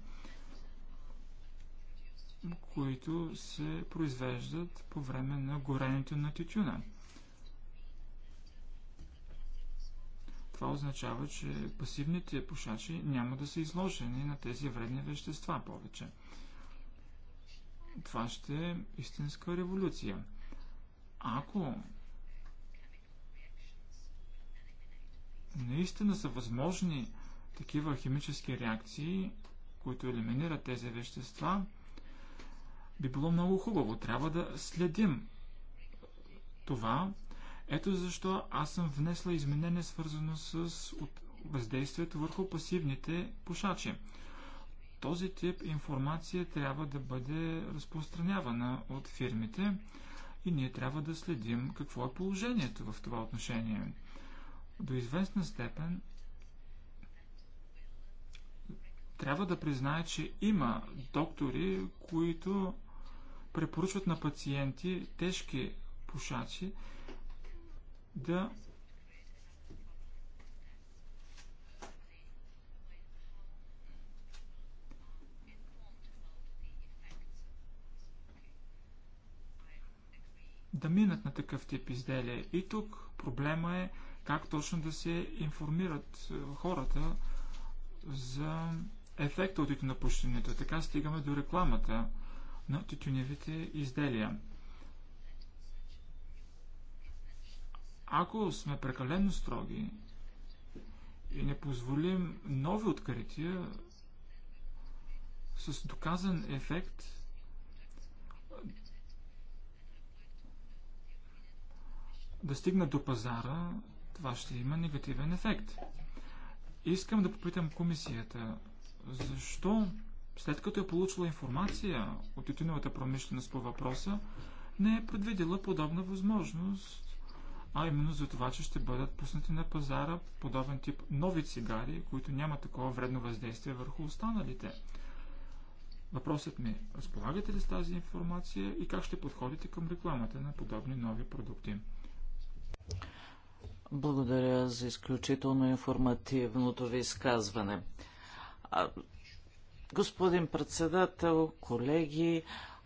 които се произвеждат по време на горенето на тютюна. Това означава, че пасивните пушачи няма да са изложени на тези вредни вещества повече – това ще е истинска революция. Ако наистина са възможни такива химически реакции, които елиминират тези вещества, би било много хубаво. Трябва да следим това. Ето защо аз съм внесла изменение свързано с въздействието върху пасивните пушачи. Този тип информация трябва да бъде разпространявана от фирмите и ние трябва да следим какво е положението в това отношение. До известна степен трябва да признае, че има доктори, които препоръчват на пациенти, тежки пушачи, да да минат на такъв тип изделия. И тук проблема е как точно да се информират е, хората за ефекта от тютюнопушенето. Така стигаме до рекламата на тютюневите изделия. Ако сме прекалено строги и не позволим нови открития с доказан ефект, да стигнат до пазара, това ще има негативен ефект. Искам да попитам комисията, защо след като е получила информация от тютюневата промишленост по въпроса, не е предвидила подобна възможност, а именно за това, че ще бъдат пуснати на пазара подобен тип нови цигари, които нямат такова вредно въздействие върху останалите. Въпросът ми е, разполагате ли с тази информация и как ще подходите към рекламата на подобни нови продукти?
Благодаря за изключително информативното ви изказване. Господин председател, колеги,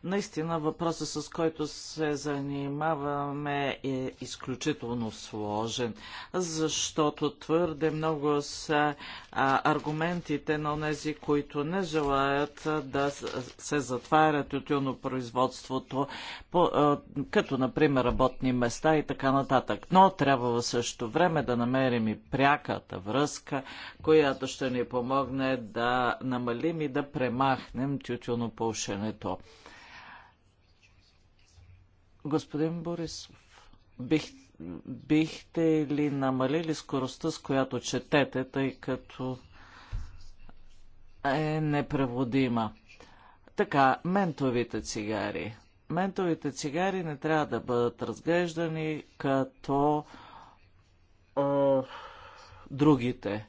Наистина въпросът, с който се занимаваме е изключително сложен, защото твърде много са аргументите на тези, които не желаят да се затварят тютюнопроизводството, производството, като например работни места и така нататък. Но трябва в същото време да намерим и пряката връзка, която ще ни помогне да намалим и да премахнем тютюнопушенето. Господин Борисов, бих, бихте ли намалили скоростта, с която четете, тъй като е непреводима? Така, ментовите цигари. Ментовите цигари не трябва да бъдат разглеждани като е, другите.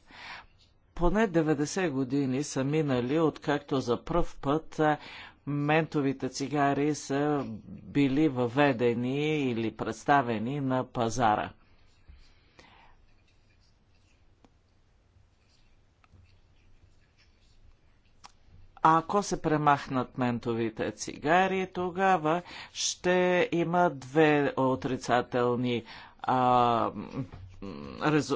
Поне 90 години са минали, откакто за пръв път ментовите цигари са били въведени или представени на пазара. А ако се премахнат ментовите цигари, тогава ще има две отрицателни а,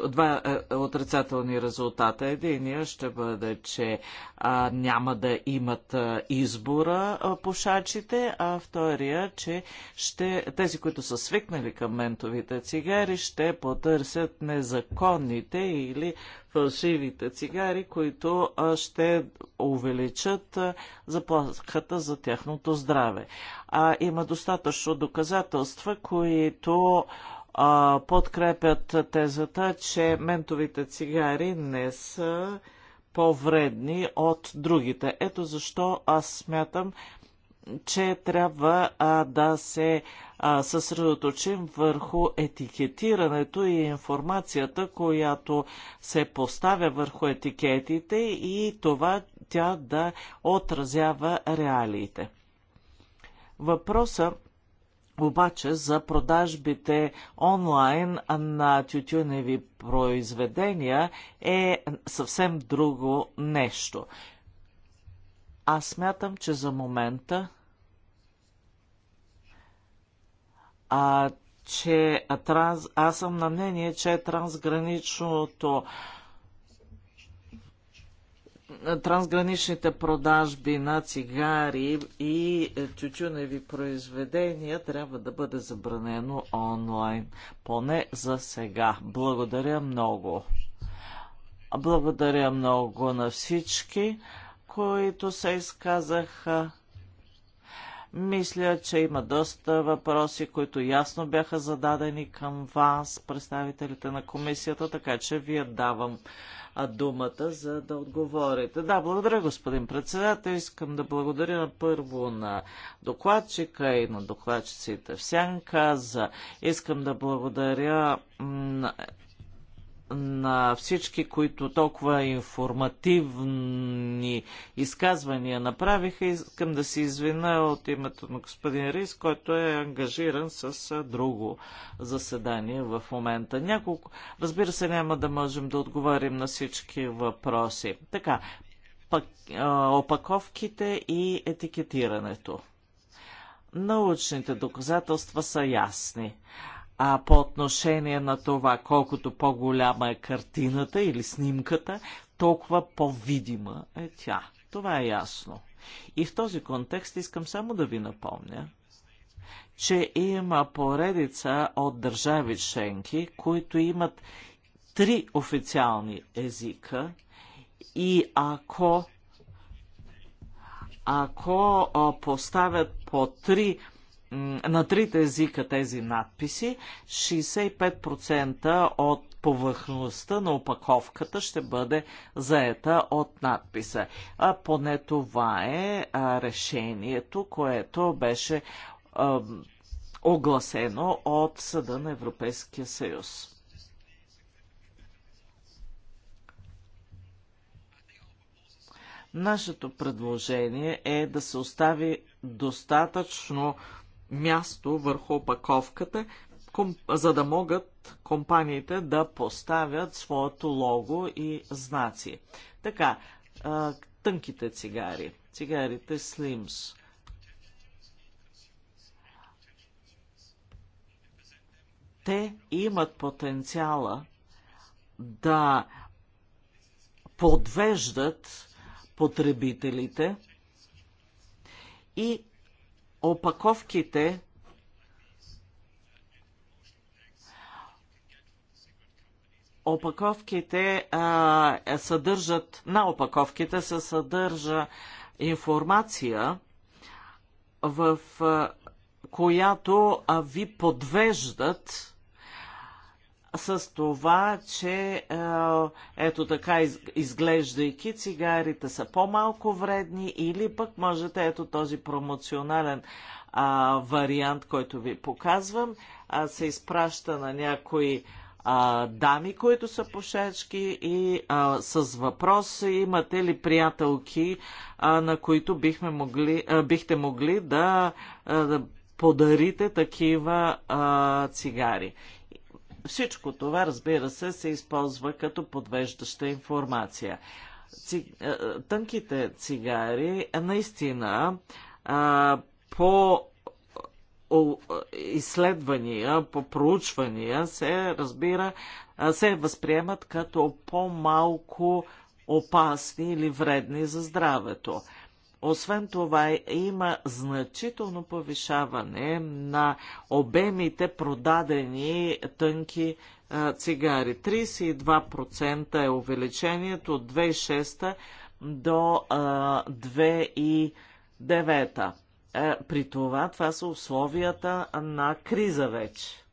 два е, е, отрицателни резултата. Единия ще бъде, че а, няма да имат а, избора а, пушачите, а втория, че ще, тези, които са свикнали към ментовите цигари, ще потърсят незаконните или фалшивите цигари, които а, ще увеличат а, заплахата за тяхното здраве. А, има достатъчно доказателства, които а, подкрепят тезата, че ментовите цигари не са по-вредни от другите. Ето защо аз смятам, че трябва а, да се а, съсредоточим върху етикетирането и информацията, която се поставя върху етикетите и това тя да отразява реалиите. Въпросът обаче за продажбите онлайн на тютюневи произведения е съвсем друго нещо. Аз смятам, че за момента а, че транс, аз съм на мнение, че трансграничното трансграничните продажби на цигари и тютюневи произведения трябва да бъде забранено онлайн. Поне за сега. Благодаря много. Благодаря много на всички, които се изказаха. Мисля, че има доста въпроси, които ясно бяха зададени към вас, представителите на комисията, така че я давам думата, за да отговорите. Да, благодаря, господин председател. Искам да благодаря на първо на докладчика и на докладчиците в Сянка. За... Искам да благодаря на всички, които толкова информативни изказвания направиха. Искам да се извина от името на господин Рис, който е ангажиран с друго заседание в момента. Няколко... Разбира се, няма да можем да отговорим на всички въпроси. Така, пак, а, опаковките и етикетирането. Научните доказателства са ясни а, по отношение на това, колкото по-голяма е картината или снимката, толкова по-видима е тя. Това е ясно. И в този контекст искам само да ви напомня, че има поредица от държави членки, които имат три официални езика и ако ако поставят по три на трите езика тези надписи, 65% от повърхността на опаковката ще бъде заета от надписа. А поне това е а, решението, което беше а, огласено от Съда на Европейския съюз. Нашето предложение е да се остави достатъчно място върху опаковката, за да могат компаниите да поставят своето лого и знаци. Така, тънките цигари, цигарите Slims. Те имат потенциала да подвеждат потребителите и опаковките опаковките а, съдържат, на опаковките се съдържа информация, в а, която а, ви подвеждат с това, че е, ето така изглеждайки цигарите са по-малко вредни или пък можете ето този промоционален а, вариант, който ви показвам, а, се изпраща на някои а, дами, които са пушачки и а, с въпрос имате ли приятелки, а, на които бихме могли, а, бихте могли да, а, да подарите такива а, цигари. Всичко това, разбира се, се използва като подвеждаща информация. Ци... Е, тънките цигари е, наистина а, по изследвания, по проучвания се разбира, се възприемат като по-малко опасни или вредни за здравето. Освен това, има значително повишаване на обемите продадени тънки цигари. 32% е увеличението от 2006 до 2009. Е, при това, това са условията на криза вече.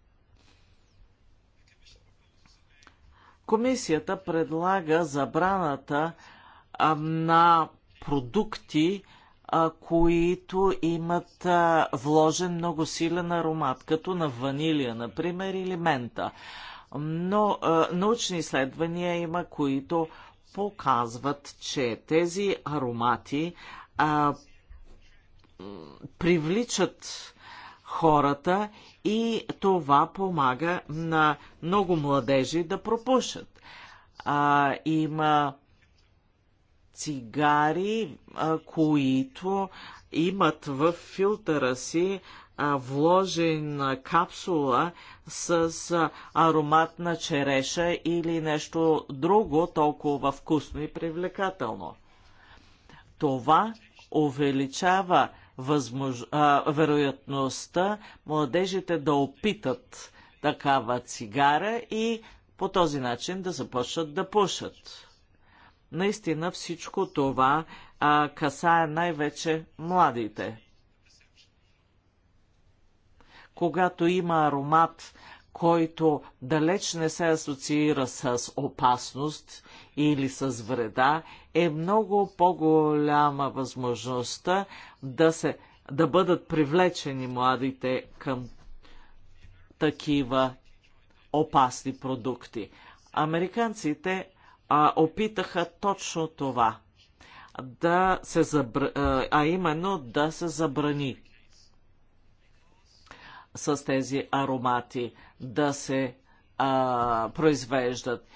Комисията предлага забраната на продукти, а, които имат а, вложен много силен аромат, като на ванилия, например, или мента. Но а, научни изследвания има, които показват, че тези аромати а, привличат хората и това помага на много младежи да пропушат. А, има цигари, които имат в филтъра си вложена капсула с аромат на череша или нещо друго толкова вкусно и привлекателно. Това увеличава възмож... а, вероятността младежите да опитат такава цигара и по този начин да започнат да пушат наистина всичко това а, касае най-вече младите. Когато има аромат, който далеч не се асоциира с опасност или с вреда, е много по-голяма възможността да, се, да бъдат привлечени младите към такива опасни продукти. Американците а, опитаха точно това, да се забр... а именно да се забрани с тези аромати да се а, произвеждат.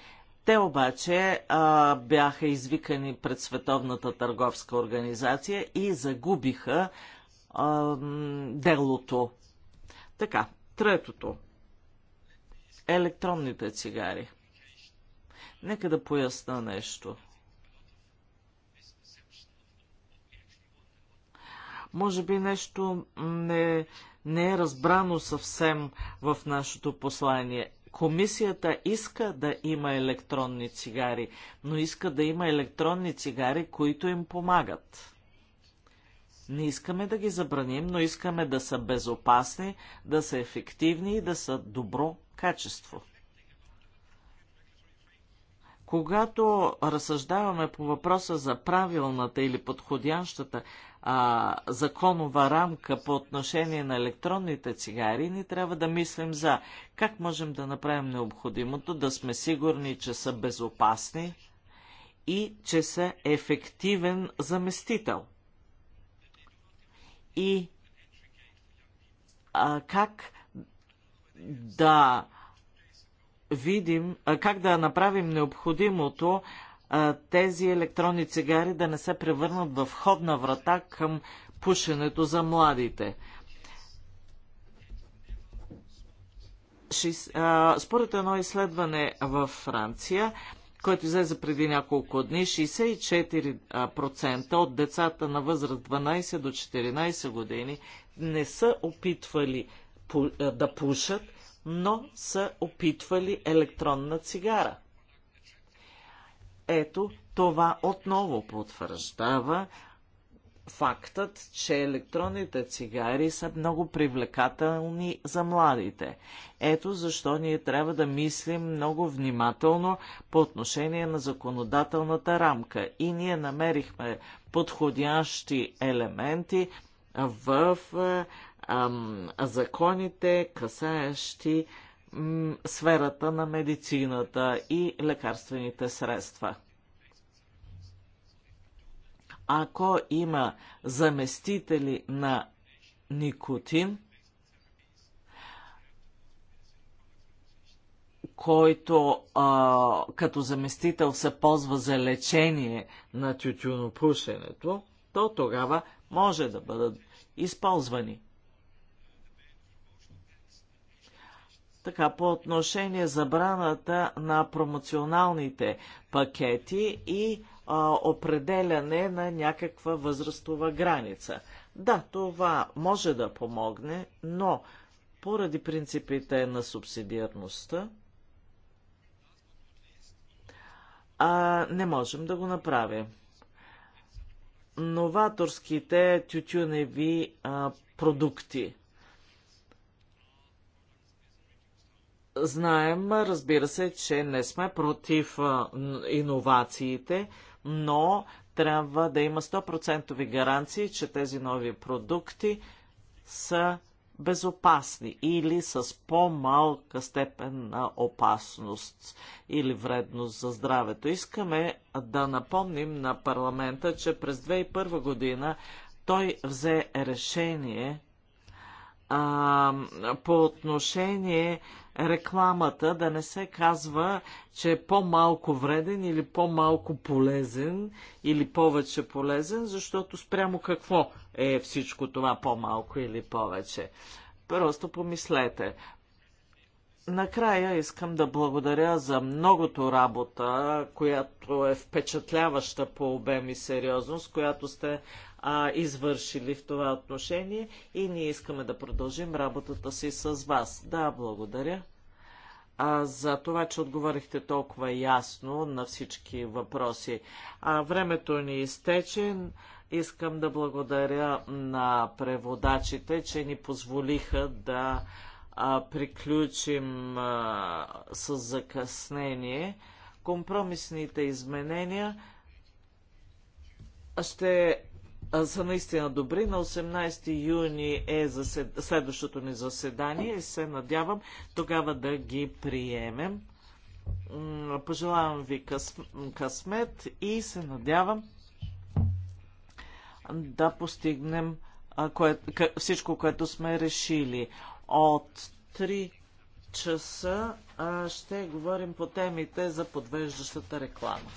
Те обаче а, бяха извикани пред Световната търговска организация и загубиха а, делото. Така, третото. Електронните цигари. Нека да поясна нещо. Може би нещо не, не е разбрано съвсем в нашето послание. Комисията иска да има електронни цигари, но иска да има електронни цигари, които им помагат. Не искаме да ги забраним, но искаме да са безопасни, да са ефективни и да са добро качество. Когато разсъждаваме по въпроса за правилната или подходящата а, законова рамка по отношение на електронните цигари, ни трябва да мислим за как можем да направим необходимото, да сме сигурни, че са безопасни и че са ефективен заместител. И а, как да видим, как да направим необходимото тези електронни цигари да не се превърнат в входна врата към пушенето за младите. Според едно изследване във Франция, което излезе преди няколко дни, 64% от децата на възраст 12 до 14 години не са опитвали да пушат но са опитвали електронна цигара. Ето, това отново потвърждава фактът, че електронните цигари са много привлекателни за младите. Ето защо ние трябва да мислим много внимателно по отношение на законодателната рамка. И ние намерихме подходящи елементи в е, ам, законите, касаещи м, сферата на медицината и лекарствените средства. Ако има заместители на никотин, който а, като заместител се ползва за лечение на тютюнопушенето, то тогава може да бъдат използвани. Така, по отношение забраната на промоционалните пакети и а, определяне на някаква възрастова граница. Да, това може да помогне, но поради принципите на субсидиарността а, не можем да го направим. Новаторските тютюневи а, продукти – Знаем, разбира се, че не сме против иновациите, но трябва да има 100% гаранции, че тези нови продукти са безопасни или с по-малка степен на опасност или вредност за здравето. Искаме да напомним на парламента, че през 2001 година той взе решение а, по отношение рекламата да не се казва, че е по-малко вреден или по-малко полезен или повече полезен, защото спрямо какво е всичко това по-малко или повече. Просто помислете. Накрая искам да благодаря за многото работа, която е впечатляваща по обем и сериозност, която сте а, извършили в това отношение и ние искаме да продължим работата си с вас. Да, благодаря а, за това, че отговорихте толкова ясно на всички въпроси. А, времето ни изтече. Искам да благодаря на преводачите, че ни позволиха да а, приключим а, с закъснение. Компромисните изменения ще са наистина добри. На 18 юни е засед... следващото ни заседание и се надявам тогава да ги приемем. Пожелавам ви къс... късмет и се надявам да постигнем кое... всичко, което сме решили. От 3 часа ще говорим по темите за подвеждащата реклама.